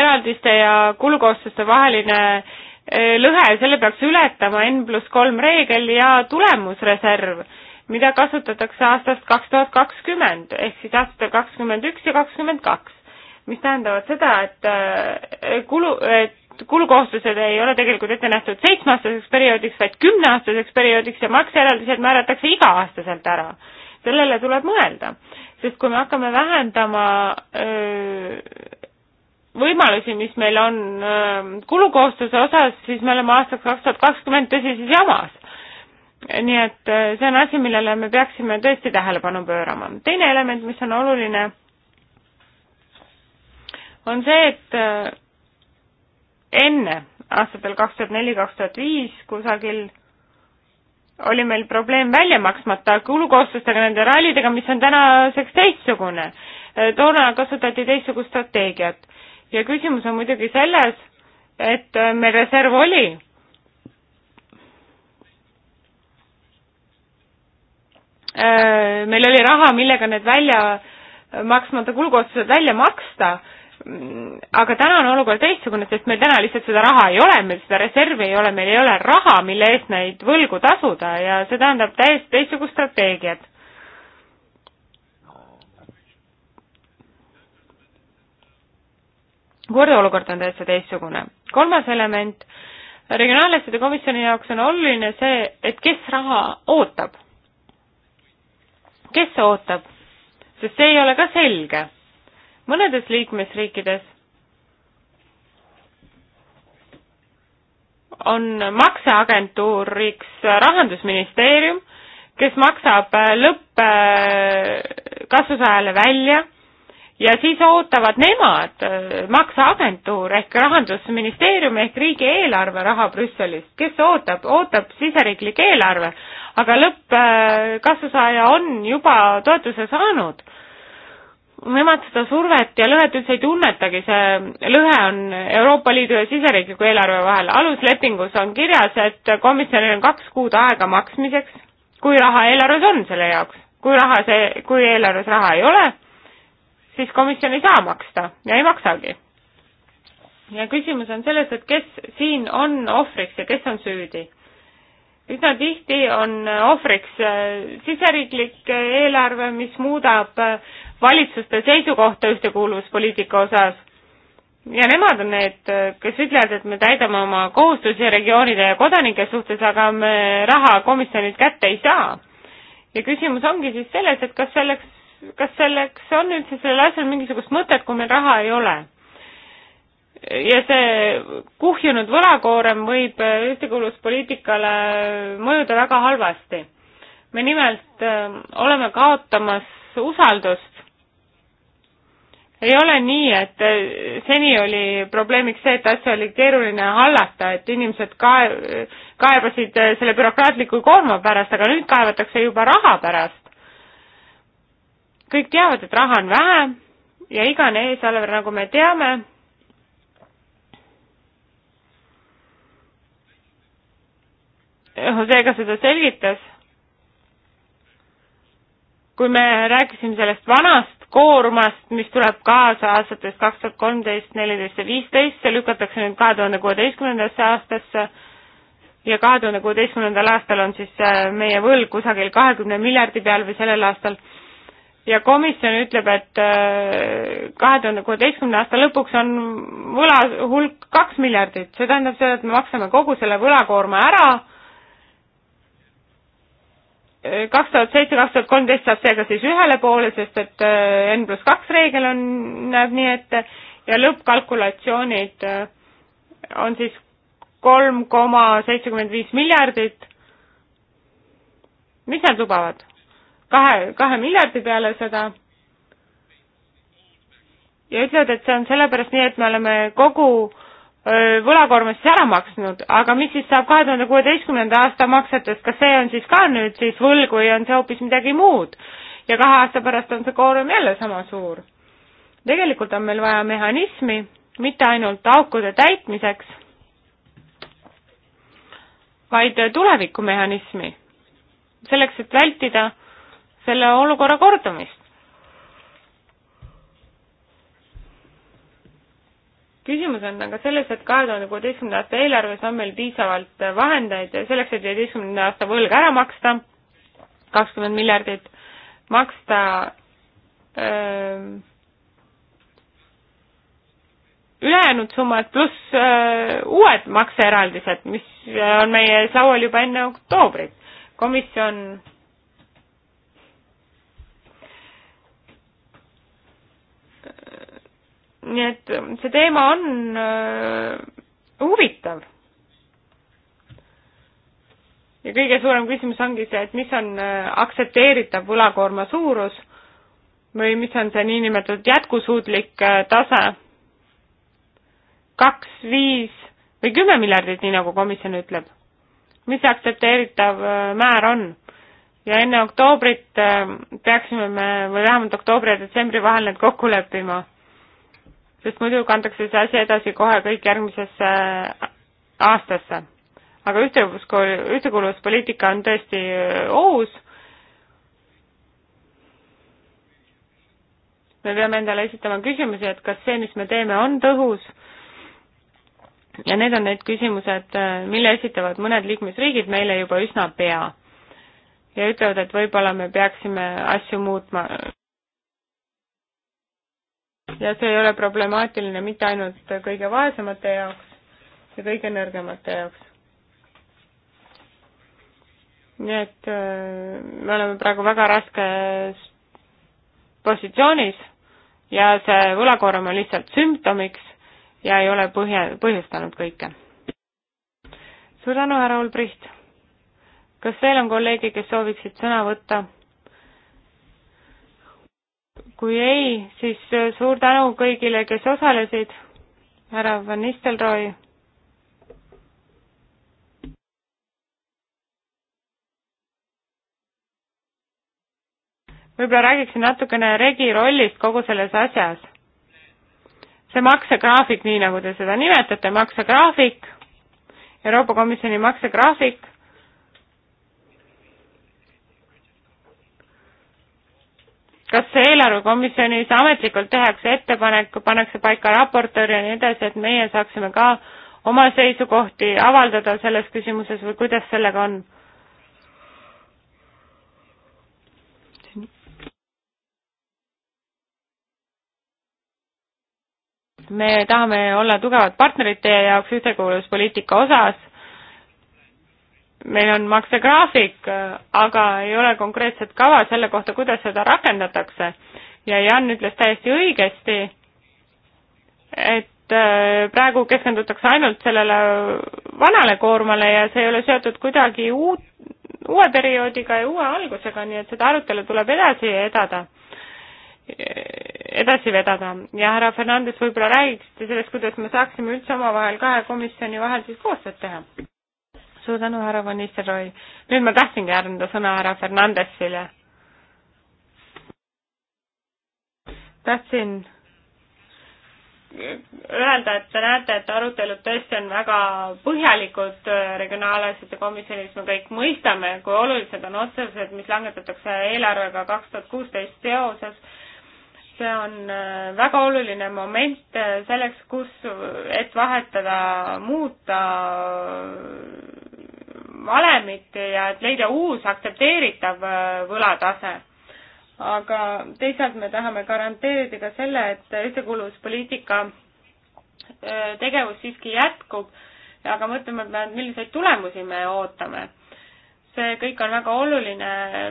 eraldiste ja kulukohustuste vaheline äh, lõhe, selle peaks ületama N pluss kolm reegel ja tulemusreserv, mida kasutatakse aastast kaks tuhat kakskümmend ehk siis aastatel kakskümmend üks ja kakskümmend kaks, mis tähendavad seda, et äh, kulu, et kulukohustused ei ole tegelikult ette nähtud seitsmeaastaseks perioodiks, vaid kümneaastaseks perioodiks ja makseeraldised määratakse iga-aastaselt ära sellele tuleb mõelda, sest kui me hakkame vähendama öö, võimalusi, mis meil on kulukohustuse osas, siis me oleme aastaks kaks tuhat kakskümmend tõsises jamas. nii et see on asi, millele me peaksime tõesti tähelepanu pöörama. teine element, mis on oluline, on see, et enne aastatel kaks tuhat neli, kaks tuhat viis kusagil oli meil probleem välja maksmata kulukohustustega, nende rallidega, mis on tänaseks teistsugune. toona kasutati teistsugust strateegiat ja küsimus on muidugi selles, et meil reserv oli äh, meil oli raha, millega need välja, maksmata kulukohustused välja maksta aga täna on olukord teistsugune, sest meil täna lihtsalt seda raha ei ole, meil seda reservi ei ole, meil ei ole raha, mille eest neid võlgu tasuda ja see tähendab täiesti teistsugust strateegiat. korda olukord on täiesti teistsugune. kolmas element, regionaalasjade komisjoni jaoks on oluline see, et kes raha ootab. kes ootab, sest see ei ole ka selge mõnedes liikmesriikides on makseagentuuriks rahandusministeerium, kes maksab lõpp äh, kasusaajale välja ja siis ootavad nemad, äh, makseagentuur ehk rahandusministeerium ehk riigieelarve raha Brüsselist, kes ootab, ootab siseriiklik eelarve, aga lõppkasusaaja äh, on juba toetuse saanud nemad seda survet ja lõhet üldse ei tunnetagi, see lõhe on Euroopa Liidu ja siseriikliku eelarve vahel. aluslepingus on kirjas, et komisjonil on kaks kuud aega maksmiseks, kui raha eelarves on selle jaoks. kui raha see, kui eelarves raha ei ole, siis komisjon ei saa maksta ja ei maksagi. ja küsimus on selles, et kes siin on ohvriks ja kes on süüdi üsna tihti on ohvriks siseriiklik eelarve, mis muudab valitsuste seisukohta ühtekuuluvuspoliitika osas. ja nemad on need, kes ütlevad, et me täidame oma kohustusi regioonide ja kodanike suhtes, aga me raha komisjonilt kätte ei saa. ja küsimus ongi siis selles, et kas selleks, kas selleks on üldse sellel asjal mingisugust mõtet, kui meil raha ei ole ja see kuhjunud võlakoorem võib ühtekuuluvuspoliitikale mõjuda väga halvasti. me nimelt äh, oleme kaotamas usaldust ei ole nii, et eh, seni oli probleemiks see, et asja oli keeruline hallata, et inimesed kae-, kaebasid eh, selle bürokraatliku koorma pärast, aga nüüd kaevatakse juba raha pärast. kõik teavad, et raha on vähe ja igane eesalver, nagu me teame, seega seda selgitas, kui me rääkisime sellest vanast koormast, mis tuleb kaasa aastatest kaks tuhat kolmteist, neliteist ja viisteist, see lükatakse nüüd kahe tuhande kuueteistkümnendasse aastasse ja kahe tuhande kuueteistkümnendal aastal on siis äh, meie võlg kusagil kahekümne miljardi peal või sellel aastal ja komisjon ütleb, et äh, kahe tuhande kuueteistkümne aasta lõpuks on võla hulk kaks miljardit, see tähendab seda, et me maksame kogu selle võlakoorma ära kaks tuhat seitse, kaks tuhat kolmteist saab seega siis ühele poole, sest et äh, N pluss kaks reegel on, näeb nii ette ja lõppkalkulatsioonid äh, on siis kolm koma seitsekümmend viis miljardit. mis nad lubavad? kahe, kahe miljardi peale seda. ja ütlevad, et see on sellepärast nii, et me oleme kogu võlakoormust ära maksnud, aga mis siis saab kahe tuhande kuueteistkümnenda aasta maksetest, kas see on siis ka nüüd siis võlg või on see hoopis midagi muud? ja kahe aasta pärast on see koorem jälle sama suur. tegelikult on meil vaja mehhanismi, mitte ainult aukude täitmiseks, vaid tulevikumehhanismi, selleks, et vältida selle olukorra kordumist. küsimus on aga selles, et kahe tuhande kuueteistkümnenda aasta eelarves on meil piisavalt äh, vahendeid selleks, et viieteistkümnenda aasta võlg ära maksta, kakskümmend miljardit, maksta öö, ähm, ülejäänud summad pluss öö, äh, uued makseeraldised, mis äh, on meie ees laual juba enne oktoobrit. komisjon nii et see teema on äh, huvitav. ja kõige suurem küsimus ongi see, et mis on äh, aktsepteeritav võlakoorma suurus või mis on see niinimetatud jätkusuutlik äh, tase, kaks, viis või kümme miljardit, nii nagu komisjon ütleb. mis see aktsepteeritav määr on? ja enne oktoobrit peaksime me või vähemalt oktoobri ja detsembri vahel need kokku leppima sest muidu kantakse see asi edasi kohe kõik järgmisesse äh, aastasse. aga ühtekuuluvuskooli, ühtekuuluvuspoliitika on tõesti äh, ohus. me peame endale esitama küsimusi, et kas see, mis me teeme, on tõhus ja need on need küsimused, äh, mille esitavad mõned liikmesriigid meile juba üsna pea ja ütlevad, et võib-olla me peaksime asju muutma ja see ei ole problemaatiline mitte ainult kõige vaesemate jaoks ja kõige nõrgemate jaoks. nii et äh, me oleme praegu väga raskes positsioonis ja see võlakoorem on lihtsalt sümptomiks ja ei ole põhja, põhjustanud kõike. suur tänu, härra Olbricht! kas veel on kolleege, kes sooviksid sõna võtta? kui ei, siis äh, suur tänu kõigile, kes osalesid, härra Van Nistelrooy. võib-olla räägiksin natukene regi rollist kogu selles asjas. see maksegraafik, nii nagu te seda nimetate, maksegraafik, Euroopa Komisjoni maksegraafik kas eelarvekomisjonis ametlikult tehakse ettepanek, pannakse paika raportöör ja nii edasi, et meie saaksime ka oma seisukohti avaldada selles küsimuses või kuidas sellega on? me tahame olla tugevad partnerid teie jaoks ühtekuuluvuspoliitika osas meil on maksegraafik, aga ei ole konkreetset kava selle kohta, kuidas seda rakendatakse. ja Jan ütles täiesti õigesti, et äh, praegu keskendutakse ainult sellele vanale koormale ja see ei ole seotud kuidagi uut, uue perioodiga ja uue algusega, nii et seda arutelu tuleb edasi edada, edasi vedada. ja härra Fernandes, võib-olla räägiksite sellest, kuidas me saaksime üldse omavahel kahe komisjoni vahel siis koostööd teha? suur tänu, härra Van Nistelrooy. nüüd ma tahtsingi anda sõna härra Fernandesile. tahtsin öelda, et te näete, et arutelud tõesti on väga põhjalikud äh, regionaalasjade komisjonis, me kõik mõistame, kui olulised on otsused, mis langetatakse eelarvega kaks tuhat kuusteist seoses. see on äh, väga oluline moment äh, selleks, kus, et vahetada, muuta valemit ja et leida uus aktsepteeritav äh, võlatase. aga teisalt me tahame garanteerida ka selle, et ühtekuuluvuspoliitika äh, tegevus siiski jätkub, aga mõtleme, et milliseid tulemusi me ootame. see kõik on väga oluline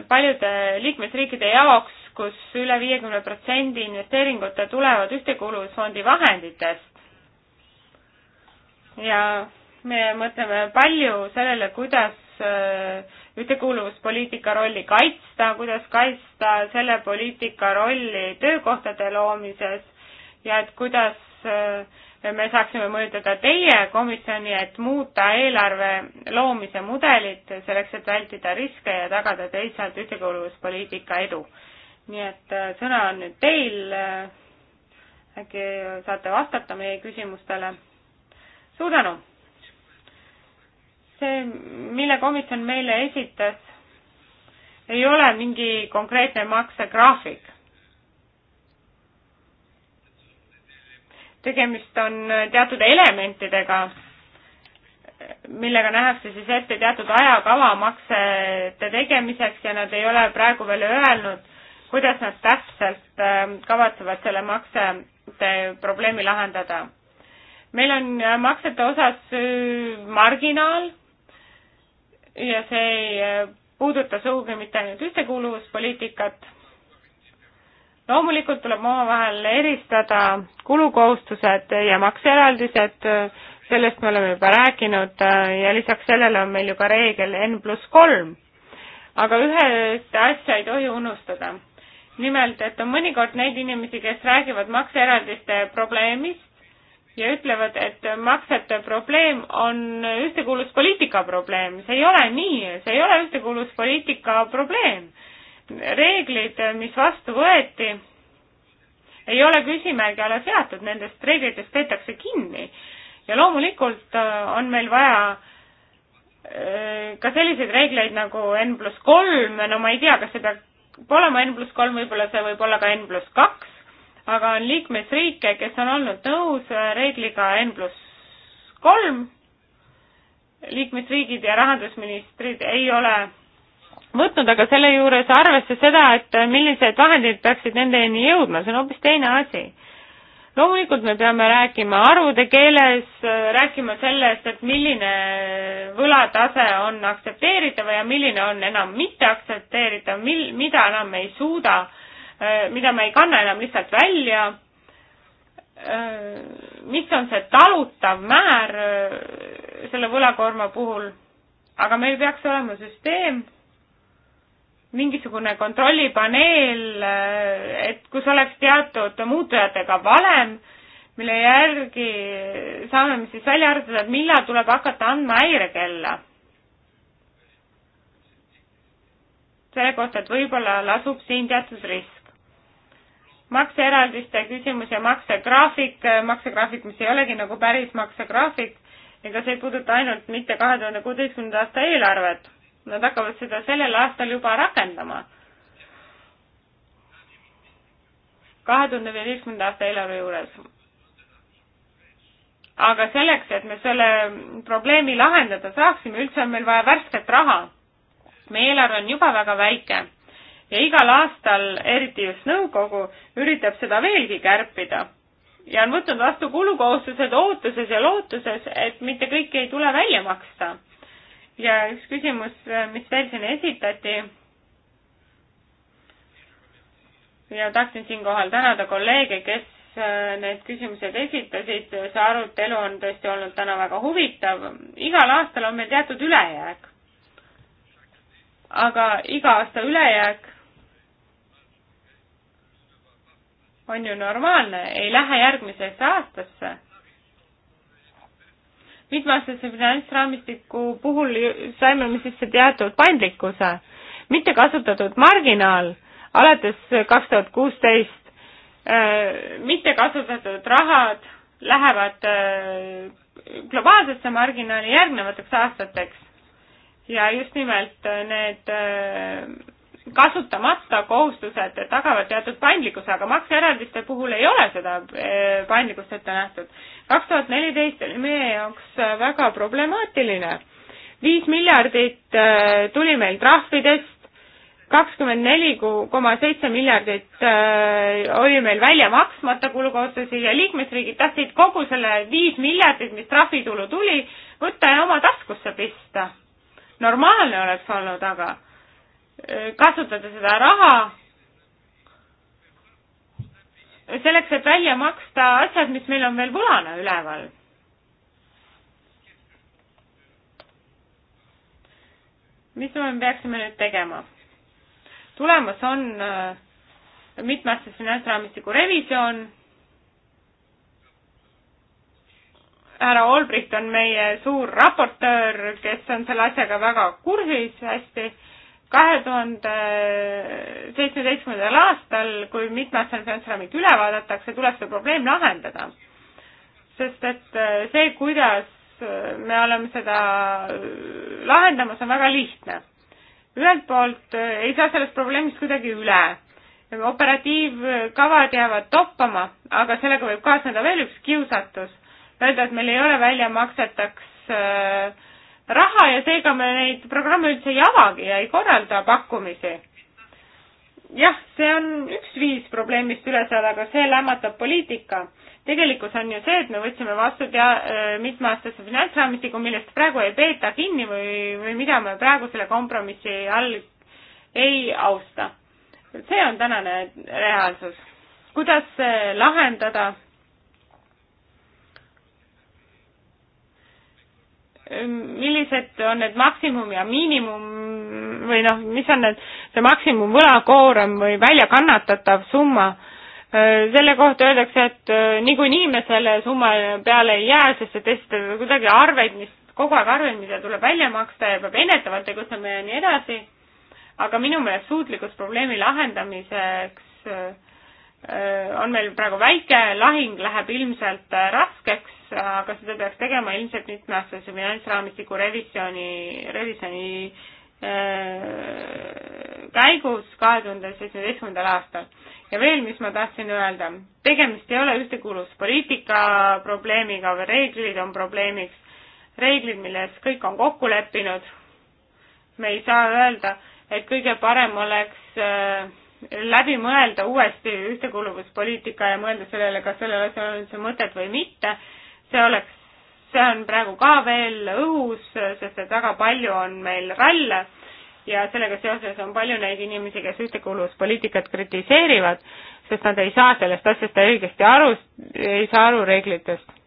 paljude liikmesriikide jaoks, kus üle viiekümne protsendi investeeringute tulevad ühtekuuluvusfondi vahenditest ja me mõtleme palju sellele, kuidas äh, ühtekuuluvuspoliitika rolli kaitsta, kuidas kaitsta selle poliitika rolli töökohtade loomises ja et kuidas äh, me saaksime mõjutada teie komisjoni, et muuta eelarve loomise mudelit selleks, et vältida riske ja tagada teisalt ühtekuuluvuspoliitika edu. nii et äh, sõna on nüüd teil. äkki saate vastata meie küsimustele? suur tänu see, mille komisjon meile esitas, ei ole mingi konkreetne maksegraafik. tegemist on teatud elementidega, millega nähakse siis ette teatud ajakava maksete tegemiseks ja nad ei ole praegu veel öelnud, kuidas nad täpselt äh, kavatsevad selle maksete probleemi lahendada meil on äh, maksete osas äh, marginaal, ja see ei äh, puuduta sugugi mitte ainult ühtekuuluvuspoliitikat. loomulikult tuleb omavahel eristada kulukohustused ja makseeraldised, äh, sellest me oleme juba rääkinud äh, ja lisaks sellele on meil ju ka reegel N pluss kolm. aga ühte asja ei tohi unustada. nimelt, et on mõnikord neid inimesi, kes räägivad makseeraldiste probleemist, ja ütlevad, et maksete probleem on ühtekuuluvuspoliitika probleem. see ei ole nii, see ei ole ühtekuuluvuspoliitika probleem. reeglid, mis vastu võeti, ei ole küsimärgi alla seatud, nendest reeglitest peetakse kinni. ja loomulikult äh, on meil vaja äh, ka selliseid reegleid nagu N pluss kolm, no ma ei tea, kas see peab olema N pluss kolm, võib-olla see võib olla ka N pluss kaks, aga on liikmesriike, kes on olnud nõus äh, reegliga N pluss kolm, liikmesriigid ja rahandusministrid ei ole võtnud aga selle juures arvesse seda, et äh, millised vahendid peaksid nendeni jõudma, see on hoopis teine asi. loomulikult me peame rääkima arvude keeles, äh, rääkima sellest, et milline võlatase on aktsepteeritav ja milline on enam mitte aktsepteeritav, mil-, mida enam ei suuda äh, Äh, mida me ei kanna enam lihtsalt välja. Äh, mis on see talutav määr äh, selle võlakoorma puhul? aga meil peaks olema süsteem, mingisugune kontrollipaneel, et kus oleks teatud muutujatega valem, mille järgi saame me siis välja arvutada, et millal tuleb hakata andma häirekella selle kohta, et võib-olla lasub siin teatud risk makseeraldiste küsimus ja maksegraafik, maksegraafik, mis ei olegi nagu päris maksegraafik, ega see ei puuduta ainult mitte kahe tuhande kuueteistkümnenda aasta eelarvet. Nad hakkavad seda sellel aastal juba rakendama. kahe tuhande viieteistkümnenda aasta eelarve juures. aga selleks, et me selle probleemi lahendada saaksime, üldse on meil vaja värsket raha. meie eelarve on juba väga väike ja igal aastal, eriti just nõukogu, üritab seda veelgi kärpida ja on võtnud vastu kulukohustused ootuses ja lootuses, et mitte kõiki ei tule välja maksta. ja üks küsimus, mis veel siin esitati ja tahtsin siinkohal tänada kolleege, kes äh, need küsimused esitasid, see arutelu on tõesti olnud täna väga huvitav. igal aastal on meil teatud ülejääk. aga iga aasta ülejääk on ju normaalne, ei lähe järgmisesse aastasse. mitmeaastase finantsraamistiku puhul saime me sisse teatud paindlikkuse, mitte kasutatud marginaal alates kaks tuhat kuusteist, äh, mitte kasutatud rahad lähevad äh, globaalsesse marginaali järgnevateks aastateks ja just nimelt äh, need kasutamata kohustused tagavad teatud paindlikkuse, aga makseeraldiste puhul ei ole seda eh, paindlikkust ette nähtud. kaks tuhat neliteist oli meie jaoks väga problemaatiline. viis miljardit eh, tuli meil trahvidest, kakskümmend neli koma seitse miljardit eh, oli meil välja maksmata kulukohustusi ja liikmesriigid tahtsid kogu selle viis miljardit, mis trahvitulu tuli, võtta ja oma taskusse pista. normaalne oleks olnud aga kasutada seda raha selleks, et välja maksta asjad, mis meil on veel võlana üleval. mis me peaksime nüüd tegema? tulemas on äh, mitmeaastase finantsraamistiku revisjon. härra Olbricht on meie suur raportöör, kes on selle asjaga väga kursis hästi kahe tuhande seitsmeteistkümnendal aastal, kui mitmeaastane finantsraamik üle vaadatakse, tuleb see probleem lahendada. sest et äh, see, kuidas äh, me oleme seda äh, lahendamas, on väga lihtne. ühelt poolt ei saa sellest probleemist kuidagi üle. operatiivkavad jäävad toppama, aga sellega võib kaasneda veel üks kiusatus. Öelda, et meil ei ole väljamaksetaks äh, raha ja seega me neid programme üldse ei avagi ja ei korralda pakkumisi. jah, see on üks viis probleemist üle saada, aga see lämmatab poliitika. tegelikkus on ju see, et me võtsime vastu tea-, äh, mitmeaastase finantsraamistiku, millest praegu ei peeta kinni või, või mida me praegu selle kompromissi all ei austa. see on tänane reaalsus. kuidas äh, lahendada millised on need maksimum ja miinimum või noh, mis on need, see maksimum võlakoorem või väljakannatatav summa, selle kohta öeldakse, et äh, niikuinii me selle summa peale ei jää, sest et esitatakse kuidagi arveid, mis, kogu aeg arveid, mida tuleb välja maksta ja peab ennetavalt tegutsema ja nii edasi, aga minu meelest suutlikkus probleemi lahendamiseks äh, äh, on meil praegu väike, lahing läheb ilmselt raskeks aga seda peaks tegema ilmselt mitmeaastase finantsraamistiku revisjoni, revisjoni äh, käigus kahe tuhande seitsmeteistkümnendal aastal. ja veel, mis ma tahtsin öelda, tegemist ei ole ühtekuuluvuspoliitika probleemiga või reeglid on probleemiks, reeglid, milles kõik on kokku leppinud, me ei saa öelda, et kõige parem oleks äh, läbi mõelda uuesti ühtekuuluvuspoliitika ja mõelda sellele, kas sellel asjal on üldse mõtet või mitte see oleks, see on praegu ka veel õhus, sest et väga palju on meil ralle ja sellega seoses on palju neid inimesi, kes ühtekuuluvuspoliitikat kritiseerivad, sest nad ei saa sellest asjast õigesti aru, ei saa aru reeglitest.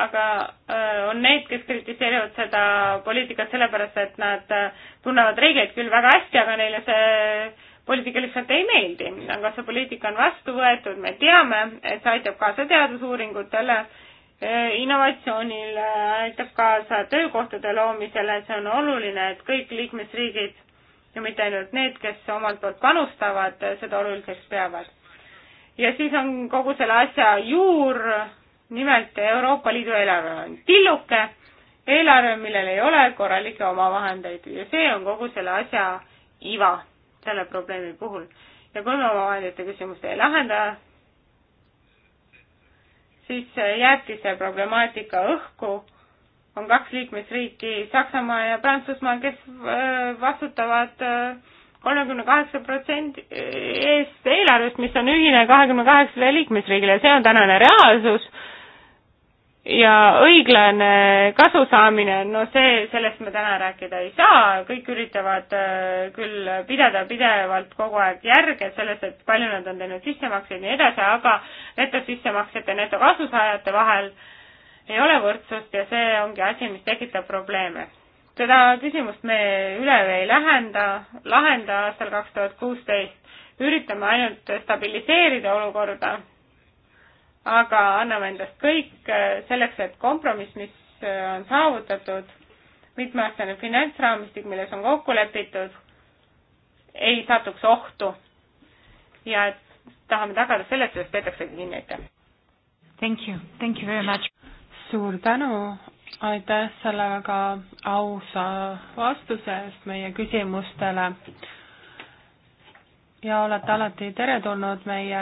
aga äh, on need, kes kritiseerivad seda poliitikat sellepärast, et nad äh, tunnevad reegleid küll väga hästi, aga neile see poliitika lihtsalt ei meeldi, aga see poliitika on vastu võetud, me teame, et see aitab kaasa teadusuuringutele, eh, innovatsioonile, aitab kaasa töökohtade loomisele, see on oluline, et kõik liikmesriigid ja mitte ainult need, kes omalt poolt panustavad, eh, seda oluliseks peavad. ja siis on kogu selle asja juur, nimelt Euroopa Liidu eelarve on tilluke, eelarve, millel ei ole korralikke omavahendeid ja see on kogu selle asja iva selle probleemi puhul. ja kui me omavahendite küsimust ei lahenda, siis jääbki see problemaatika õhku. on kaks liikmesriiki, Saksamaa ja Prantsusmaa, kes äh, vastutavad äh, kolmekümne kaheksa protsendi eest eelarvest, mis on ühine kahekümne kaheksale liikmesriigile, see on tänane reaalsus ja õiglane kasu saamine, no see, sellest me täna rääkida ei saa, kõik üritavad äh, küll pidada pidevalt kogu aeg järge selles, et palju nad on teinud sissemakseid ja nii edasi, aga netosissemaksjate, netokasusaajate vahel ei ole võrdsust ja see ongi asi, mis tekitab probleeme. seda küsimust me üleöö ei lähenda, lahenda aastal kaks tuhat kuusteist, üritame ainult stabiliseerida olukorda aga anname endast kõik äh, selleks, et kompromiss, mis äh, on saavutatud, mitmeaastane finantsraamistik, milles on kokku lepitud, ei satuks ohtu. ja et tahame tagada selle, et sellest peetaksegi kinni, aitäh. Thank you, thank you very much. suur tänu, aitäh selle väga ausa vastuse eest meie küsimustele ja olete alati teretulnud meie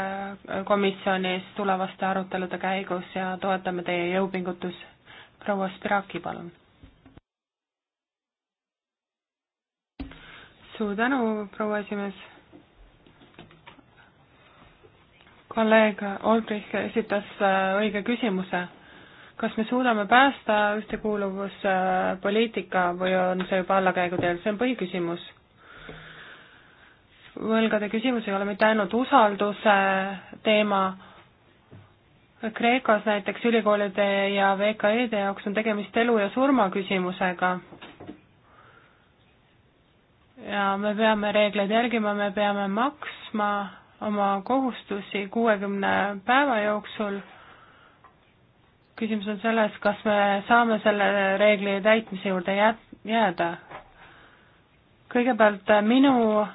komisjonis tulevaste arutelude käigus ja toetame teie jõupingutusi. proua Spiraki, palun. suur tänu, proua esimees. kolleeg Olbrich esitas äh, õige küsimuse. kas me suudame päästa ühtekuuluvuspoliitika või on see juba allakäiguteel, see on põhiküsimus võlgade küsimus ei ole mitte ainult usalduse teema, Kreekas näiteks ülikoolide ja VKE-de jaoks on tegemist elu ja surma küsimusega. ja me peame reegleid järgima, me peame maksma oma kohustusi kuuekümne päeva jooksul. küsimus on selles, kas me saame selle reegli täitmise juurde jääda. kõigepealt minu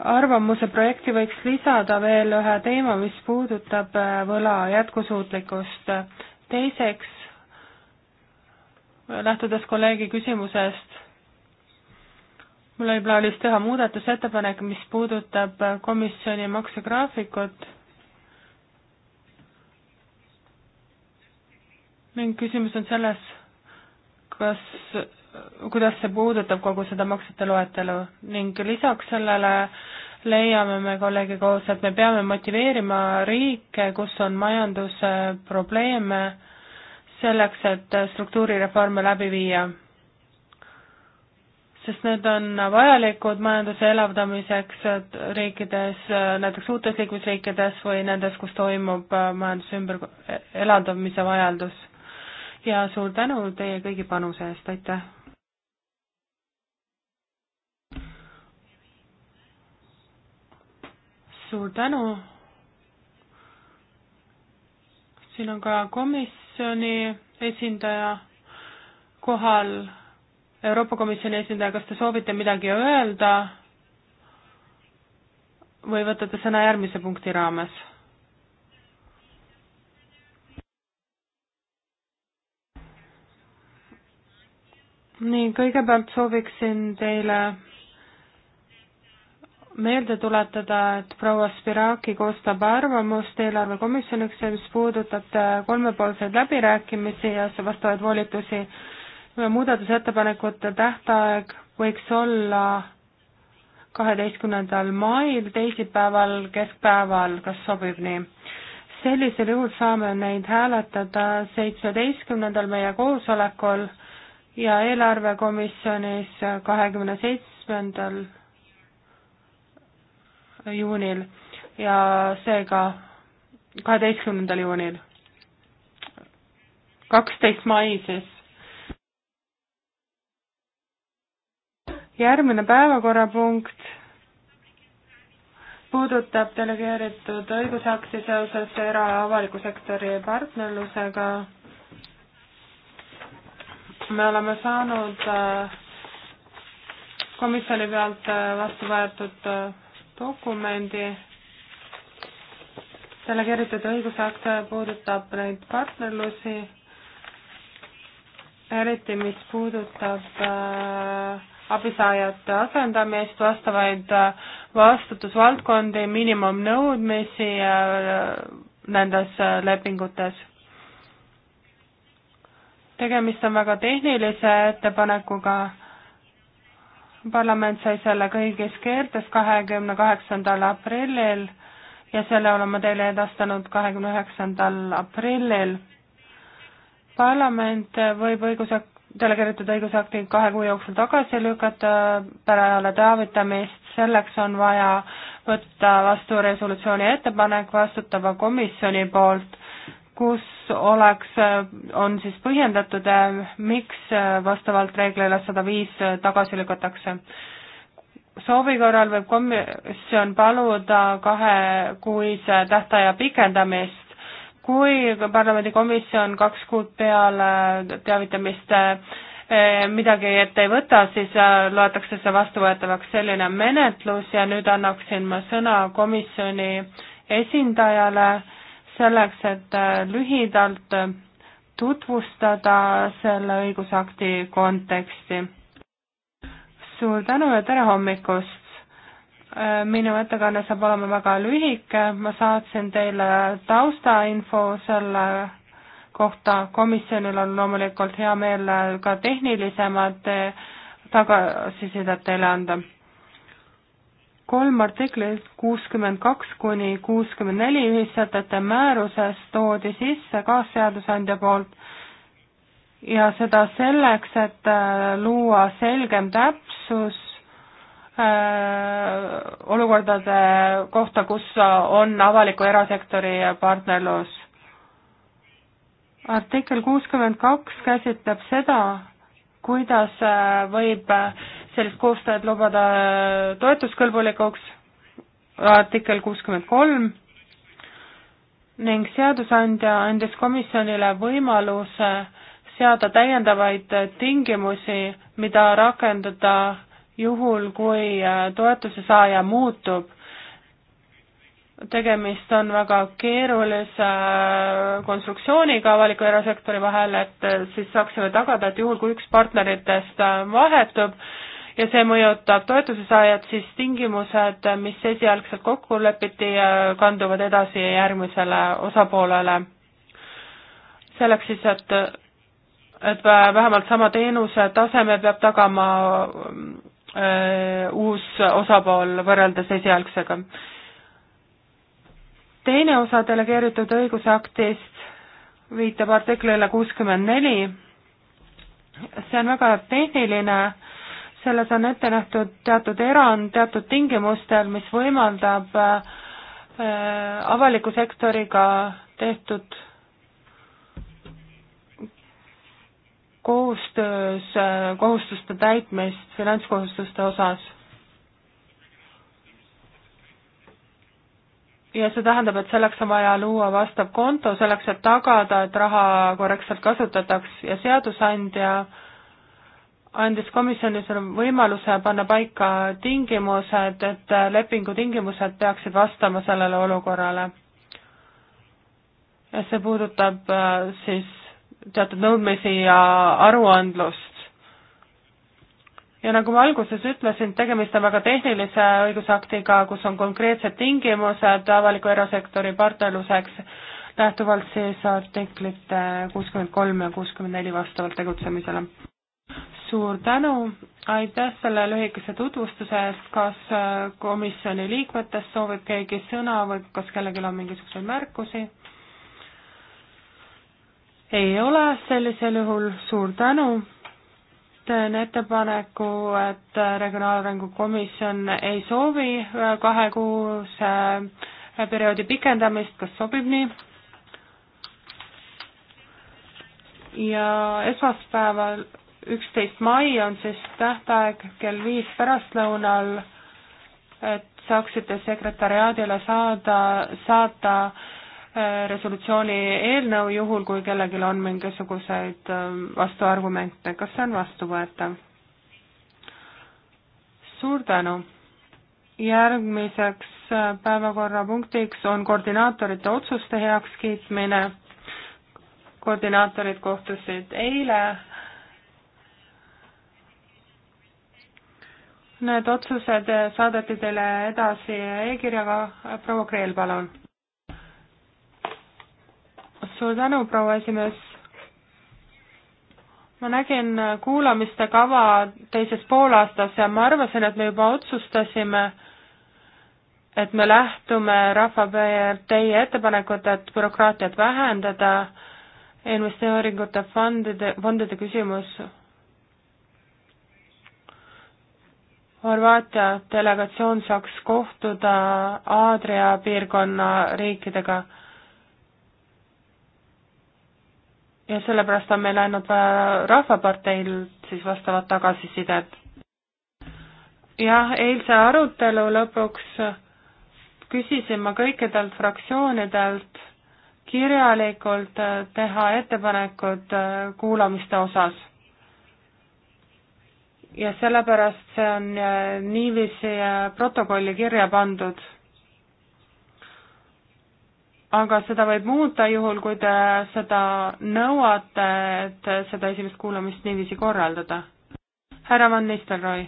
arvamuse projekti võiks lisada veel ühe teema, mis puudutab äh, võla jätkusuutlikkust. teiseks, lähtudes kolleegi küsimusest, mul oli plaanis teha muudatusettepanek, mis puudutab äh, komisjoni maksegraafikut ning küsimus on selles, kas kuidas see puudutab kogu seda maksete loetelu ning lisaks sellele leiame me kolleegi koos, et me peame motiveerima riike, kus on majandusprobleeme, selleks, et struktuurireforme läbi viia. sest need on vajalikud majanduse elavdamiseks riikides, näiteks uutes liikmesriikides või nendes, kus toimub äh, majanduse ümber elavdamise vajadus. ja suur tänu teie kõigi panuse eest, aitäh! suur tänu. siin on ka komisjoni esindaja kohal, Euroopa Komisjoni esindaja, kas te soovite midagi öelda või võtate sõna järgmise punkti raames? nii, kõigepealt sooviksin teile meelde tuletada, et proua Spiraki koostab arvamust eelarvekomisjoniks, mis puudutab kolmepoolseid läbirääkimisi ja vastavaid volitusi. muudatusettepanekute tähtaeg võiks olla kaheteistkümnendal mail, teisipäeval, keskpäeval, kas sobib nii? sellisel juhul saame neid hääletada seitsmeteistkümnendal meie koosolekul ja eelarvekomisjonis kahekümne seitsmendal juunil ja seega kaheteistkümnendal juunil, kaksteist mai siis. järgmine päevakorrapunkt puudutab delegeeritud õigusakti seoses era- ja avaliku sektori partnerlusega. me oleme saanud äh, komisjoni pealt äh, vastu võetud äh, dokumendi. delegeeritud õigusakt puudutab neid partnerlusi, eriti mis puudutab äh, abisaajate asendamist, vastavaid äh, vastutusvaldkondi, miinimumnõudmisi äh, nendes äh, lepingutes. tegemist on väga tehnilise ettepanekuga parlament sai selle kõigis keeltes kahekümne kaheksandal aprillil ja selle olen ma teile edastanud kahekümne üheksandal aprillil. parlament võib õigusakt, delegeeritud õigusakti kahe kuu jooksul tagasi lükata peale teavitamist, selleks on vaja võtta vastu resolutsiooni ettepanek vastutava komisjoni poolt kus oleks, on siis põhjendatud, miks vastavalt reeglile sada viis tagasi lükatakse. soovi korral võib komisjon paluda kahekuise tähtaja pikendamist, kui parlamendikomisjon kaks kuud peale teavitamist eh, midagi ette ei võta, siis eh, loetakse see vastuvõetavaks selline menetlus ja nüüd annaksin ma sõna komisjoni esindajale selleks, et äh, lühidalt äh, tutvustada selle õigusakti konteksti. suur tänu ja tere hommikust! Äh, minu ettekanne saab olema väga lühike, ma saatsin teile taustainfo selle kohta, komisjonil on loomulikult hea meel ka tehnilisemad tagasisidet teile anda kolm artiklit kuuskümmend kaks kuni kuuskümmend neli ühissätete määruses toodi sisse kaasseadusandja poolt ja seda selleks, et äh, luua selgem täpsus äh, olukordade kohta, kus äh, on avaliku erasektori partnerlus. artikkel kuuskümmend kaks käsitleb seda, kuidas võib äh, sellist koostajat lubada toetuskõlbulikuks, artikkel kuuskümmend kolm, ning seadusandja andis komisjonile võimaluse seada täiendavaid tingimusi, mida rakendada juhul, kui äh, toetuse saaja muutub. tegemist on väga keerulise äh, konstruktsiooniga avaliku ja erasektori vahel, et äh, siis saaksime tagada, et juhul, kui üks partneritest vahetub, ja see mõjutab toetuse saajat, siis tingimused, mis esialgselt kokku lepiti, kanduvad edasi järgmisele osapoolele. selleks siis, et, et vähemalt sama teenuse taseme peab tagama öö, äh, uus osapool võrreldes esialgsega. teine osa delegeeritud õigusaktist viitab artiklile kuuskümmend neli, see on väga tehniline selles on ette nähtud teatud erand teatud tingimustel, mis võimaldab äh, avaliku sektoriga tehtud koostöös äh, kohustuste täitmist finantskohustuste osas. ja see tähendab, et selleks on vaja luua vastav konto, selleks et tagada, et raha korrektselt kasutataks ja seadusandja äh, andis komisjonile võimaluse panna paika tingimused, et lepingu tingimused peaksid vastama sellele olukorrale. ja see puudutab äh, siis teatud nõudmisi ja aruandlust. ja nagu ma alguses ütlesin, tegemist on väga tehnilise õigusaktiga, kus on konkreetsed tingimused avaliku erasektori partnerluseks, lähtuvalt siis artiklite kuuskümmend kolm ja kuuskümmend neli vastavalt tegutsemisele suur tänu, aitäh selle lühikese tutvustuse eest, kas äh, komisjoni liikmetest soovib keegi sõna või kas kellelgi on mingisuguseid märkusi? ei ole, sellisel juhul suur tänu, teen ettepaneku, et äh, Regionaalarengu Komisjon ei soovi äh, kahekuuse perioodi pikendamist, kas sobib nii? ja esmaspäeval üksteist mai on siis tähtaeg kell viis pärastlõunal, et saaksite sekretäriaadile saada, saata äh, resolutsiooni eelnõu, juhul kui kellelgi on mingisuguseid äh, vastuargumente, kas see on vastuvõetav? suur tänu! järgmiseks äh, päevakorrapunktiks on koordinaatorite otsuste heakskiitmine. koordinaatorid kohtusid eile Need otsused saadeti teile edasi e-kirjaga. proua Kreel, palun. suur tänu, proua esimees. ma nägin kuulamiste kava teises poolaastas ja ma arvasin, et me juba otsustasime, et me lähtume Rahva-PRTi ettepanekut, et bürokraatiat vähendada, investeeringute fondide, fondide küsimus Horvaatia delegatsioon saaks kohtuda Aadria piirkonna riikidega. ja sellepärast on meil ainult vaja Rahvaparteilt siis vastavat tagasisidet. jah, eilse arutelu lõpuks küsisin ma kõikidelt fraktsioonidelt kirjalikult teha ettepanekud kuulamiste osas ja sellepärast see on äh, niiviisi äh, protokolli kirja pandud. aga seda võib muuta juhul, kui te seda nõuate, et seda esimest kuulamist niiviisi korraldada. härra Van Nistelrooy.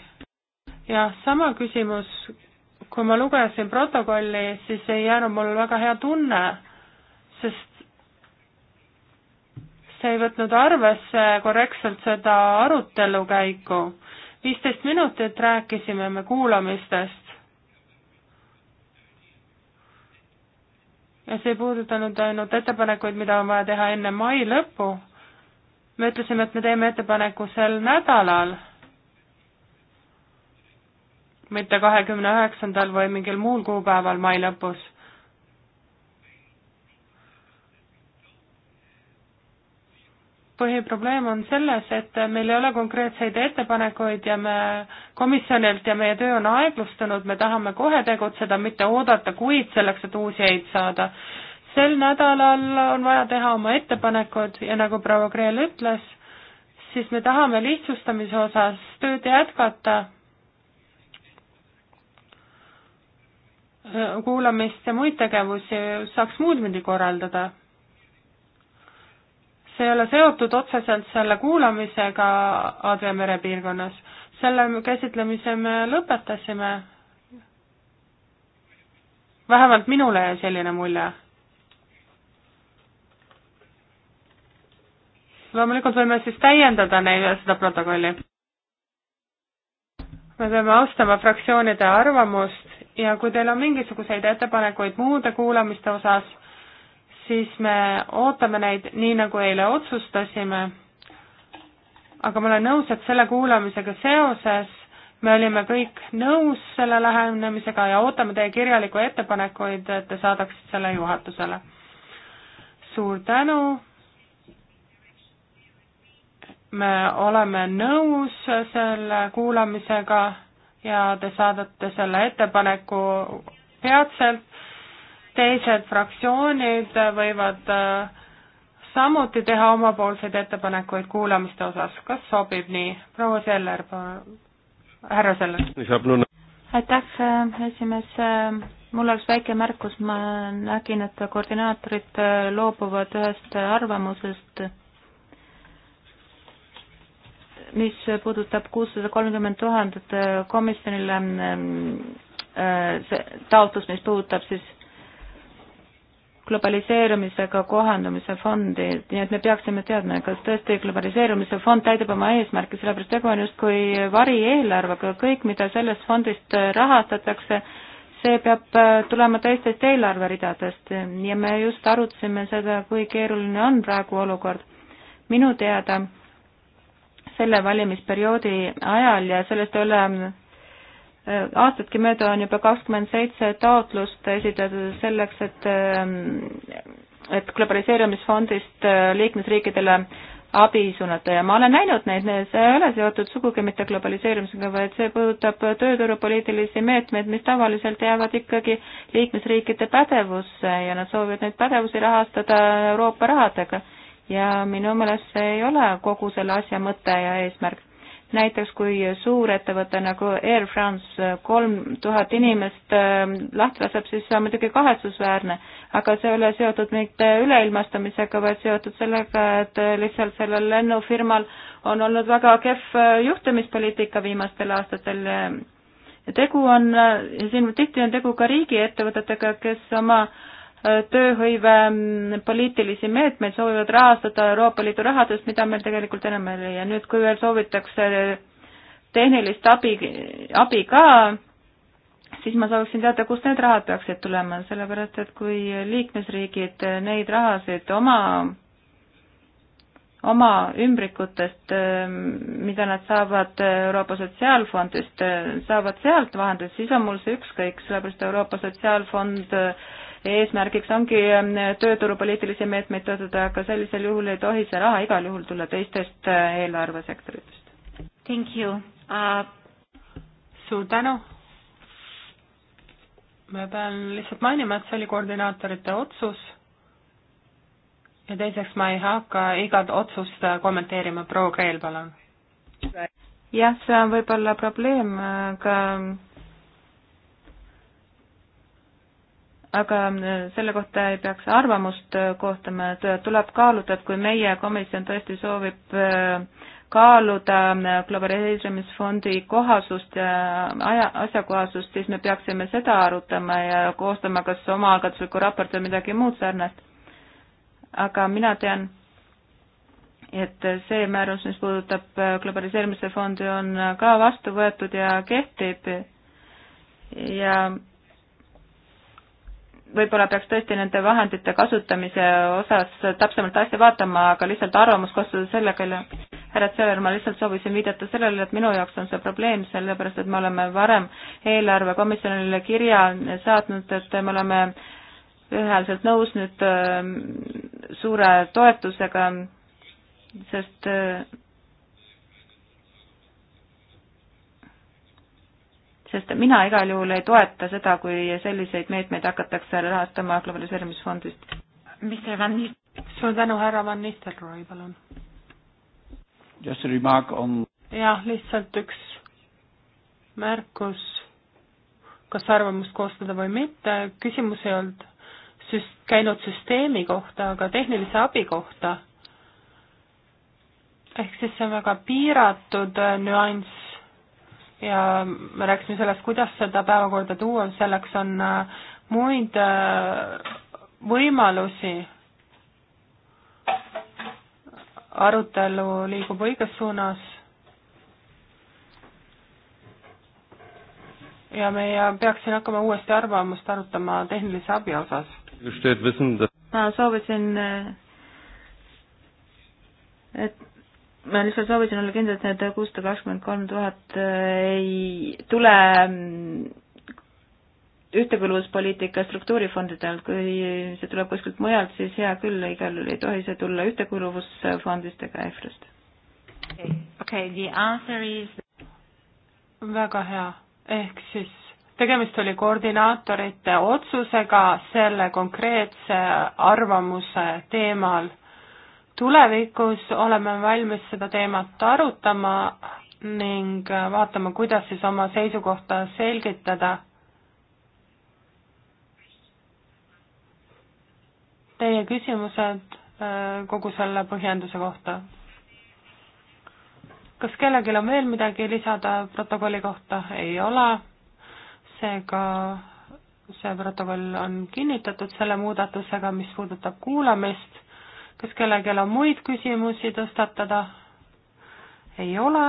jah, sama küsimus, kui ma lugesin protokolli, siis ei jäänud mul väga hea tunne, sest see ei võtnud arvesse korrektselt seda arutelu käiku viisteist minutit rääkisime me kuulamistest. ja see ei puudutanud ainult ettepanekuid, mida on vaja teha enne mai lõppu. me ütlesime, et me teeme ettepaneku sel nädalal, mitte kahekümne üheksandal või mingil muul kuupäeval mai lõpus põhiprobleem on selles, et meil ei ole konkreetseid ettepanekuid ja me komisjonilt ja meie töö on aeglustunud, me tahame kohe tegutseda, mitte oodata kuid selleks, et uusi häid saada. sel nädalal on vaja teha oma ettepanekud ja nagu proua Kreel ütles, siis me tahame lihtsustamise osas tööd jätkata, kuulamist ja muid tegevusi saaks muud moodi korraldada see ei ole seotud otseselt selle kuulamisega Aadria mere piirkonnas. selle käsitlemise me lõpetasime. vähemalt minule jäi selline mulje. loomulikult võime siis täiendada neile seda protokolli. me peame austama fraktsioonide arvamust ja kui teil on mingisuguseid ettepanekuid muude kuulamiste osas, siis me ootame neid nii, nagu eile otsustasime. aga ma olen nõus, et selle kuulamisega seoses me olime kõik nõus selle lähenemisega ja ootame teie kirjalikku ettepanekuid, et te saadaksite selle juhatusele. suur tänu. me oleme nõus selle kuulamisega ja te saadate selle ettepaneku peatselt teised fraktsioonid võivad äh, samuti teha omapoolseid ettepanekuid kuulamiste osas, kas sobib nii? proua Seller, härra Seller. aitäh, äh, esimees. Äh, mul oleks väike märkus, ma nägin, et koordinaatorid loobuvad ühest arvamusest, mis puudutab kuussada kolmkümmend tuhandet komisjonile see taotlus, mis puudutab siis globaliseerumisega kohandumise fondi, nii et me peaksime teadma, kas tõesti globaliseerumise fond täidab oma eesmärki, sellepärast tegu on justkui varieelarvega, kõik, mida sellest fondist rahastatakse, see peab äh, tulema teistest eelarveridadest ja me just arutasime seda, kui keeruline on praegu olukord. minu teada selle valimisperioodi ajal ja sellest ei ole aastatki mööda on juba kakskümmend seitse taotlust esitatud selleks, et, ähm, et globaliseerumisfondist äh, liikmesriikidele abi suunata ja ma olen näinud neid, see ei ole seotud sugugi mitte globaliseerumisega, vaid see puudutab tööturupoliitilisi meetmeid, mis tavaliselt jäävad ikkagi liikmesriikide pädevusse ja nad soovivad neid pädevusi rahastada Euroopa rahadega. ja minu meelest see ei ole kogu selle asja mõte ja eesmärk näiteks kui suurettevõte nagu Air France äh, kolm tuhat inimest äh, lahti laseb, siis see on muidugi kahetsusväärne, aga see ei ole seotud mitte üleilmastamisega, vaid seotud sellega, et äh, lihtsalt sellel lennufirmal on olnud väga kehv juhtimispoliitika viimastel aastatel. tegu on, siin tihti on tegu ka riigiettevõtetega, kes oma äh, tööhõive mm, poliitilisi meetmeid soovivad rahastada Euroopa Liidu rahadest, mida meil tegelikult enam ei ole ja nüüd, kui veel soovitakse tehnilist abi, abi ka, siis ma sooviksin teada, kust need rahad peaksid tulema, sellepärast et kui liikmesriigid neid rahasid oma, oma ümbrikutest, mida nad saavad Euroopa Sotsiaalfondist, saavad sealt vahendeid, siis on mul see ükskõik, sellepärast Euroopa Sotsiaalfond äh, eesmärgiks ongi ähm, tööturupoliitilisi meetmeid töötada, aga sellisel juhul ei tohi see raha igal juhul tulla teistest äh, eelarvesektoritest. Thank you uh.... suur tänu. ma pean lihtsalt mainima, et see oli koordinaatorite otsus. ja teiseks ma ei hakka igat otsust äh, kommenteerima, proua Kreel, palun jah, see on võib-olla probleem, aga aga äh, selle kohta ei peaks arvamust äh, kohtama, et tuleb kaaluda, et kui meie komisjon tõesti soovib äh, kaaluda globaliseerimisfondi kohasust ja aja, asjakohasust, siis me peaksime seda arutama ja koostama kas omaalgatusliku raporti või midagi muud sarnast. aga mina tean, et see määrus, mis puudutab globaliseerimise fondi, on ka vastu võetud ja kehtib ja võib-olla peaks tõesti nende vahendite kasutamise osas täpsemalt asja vaatama, aga lihtsalt arvamus kostada sellega üle. härra Tseller, ma lihtsalt soovisin viidata sellele, et minu jaoks on see probleem, sellepärast et me oleme varem eelarvekomisjonile kirja saatnud, et me oleme ühehäälselt nõus nüüd ähm, suure toetusega, sest äh, sest mina igal juhul ei toeta seda, kui selliseid meetmeid hakatakse rahastama globaliseerimisfondist. Mr Van Nist-. suur tänu, härra Van Nistelrooy, palun. Just a remark on. jah, lihtsalt üks märkus, kas arvamust koostada või mitte, küsimus ei olnud süst-, käinud süsteemi kohta, aga tehnilise abi kohta. ehk siis see on väga piiratud äh, nüanss ja me rääkisime sellest, kuidas seda päevakorda tuua, selleks on äh, muid äh, võimalusi. arutelu liigub õiges suunas. ja me peaksime hakkama uuesti arvamust arutama tehnilise abi osas. ma soovisin, äh, et ma lihtsalt soovisin olla kindel, et need kuussada kakskümmend kolm tuhat äh, ei tule mm, ühtekuuluvuspoliitika struktuurifondide alt, kui see tuleb kuskilt mujalt, siis hea küll, igal juhul ei tohi see tulla ühtekuuluvusfondist ega EFRist. okei okay. okay,, the answer is väga hea, ehk siis tegemist oli koordinaatorite otsusega selle konkreetse arvamuse teemal tulevikus oleme valmis seda teemat arutama ning vaatama, kuidas siis oma seisukohta selgitada. Teie küsimused äh, kogu selle põhjenduse kohta. kas kellelgi on veel midagi lisada protokolli kohta? ei ole, seega see protokoll on kinnitatud selle muudatusega, mis puudutab kuulamist kas kellelgi on muid küsimusi tõstatada? ei ole.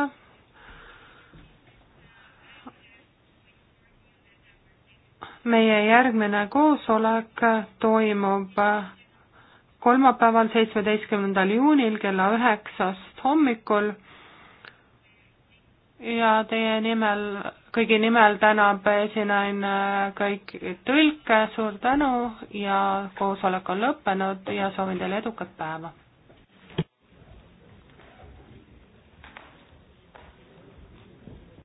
meie järgmine koosolek toimub kolmapäeval, seitsmeteistkümnendal juunil kella üheksast hommikul ja teie nimel, kõigi nimel tänab esinaine kõik tõlke, suur tänu ja koosolek on lõppenud ja soovin teile edukat päeva!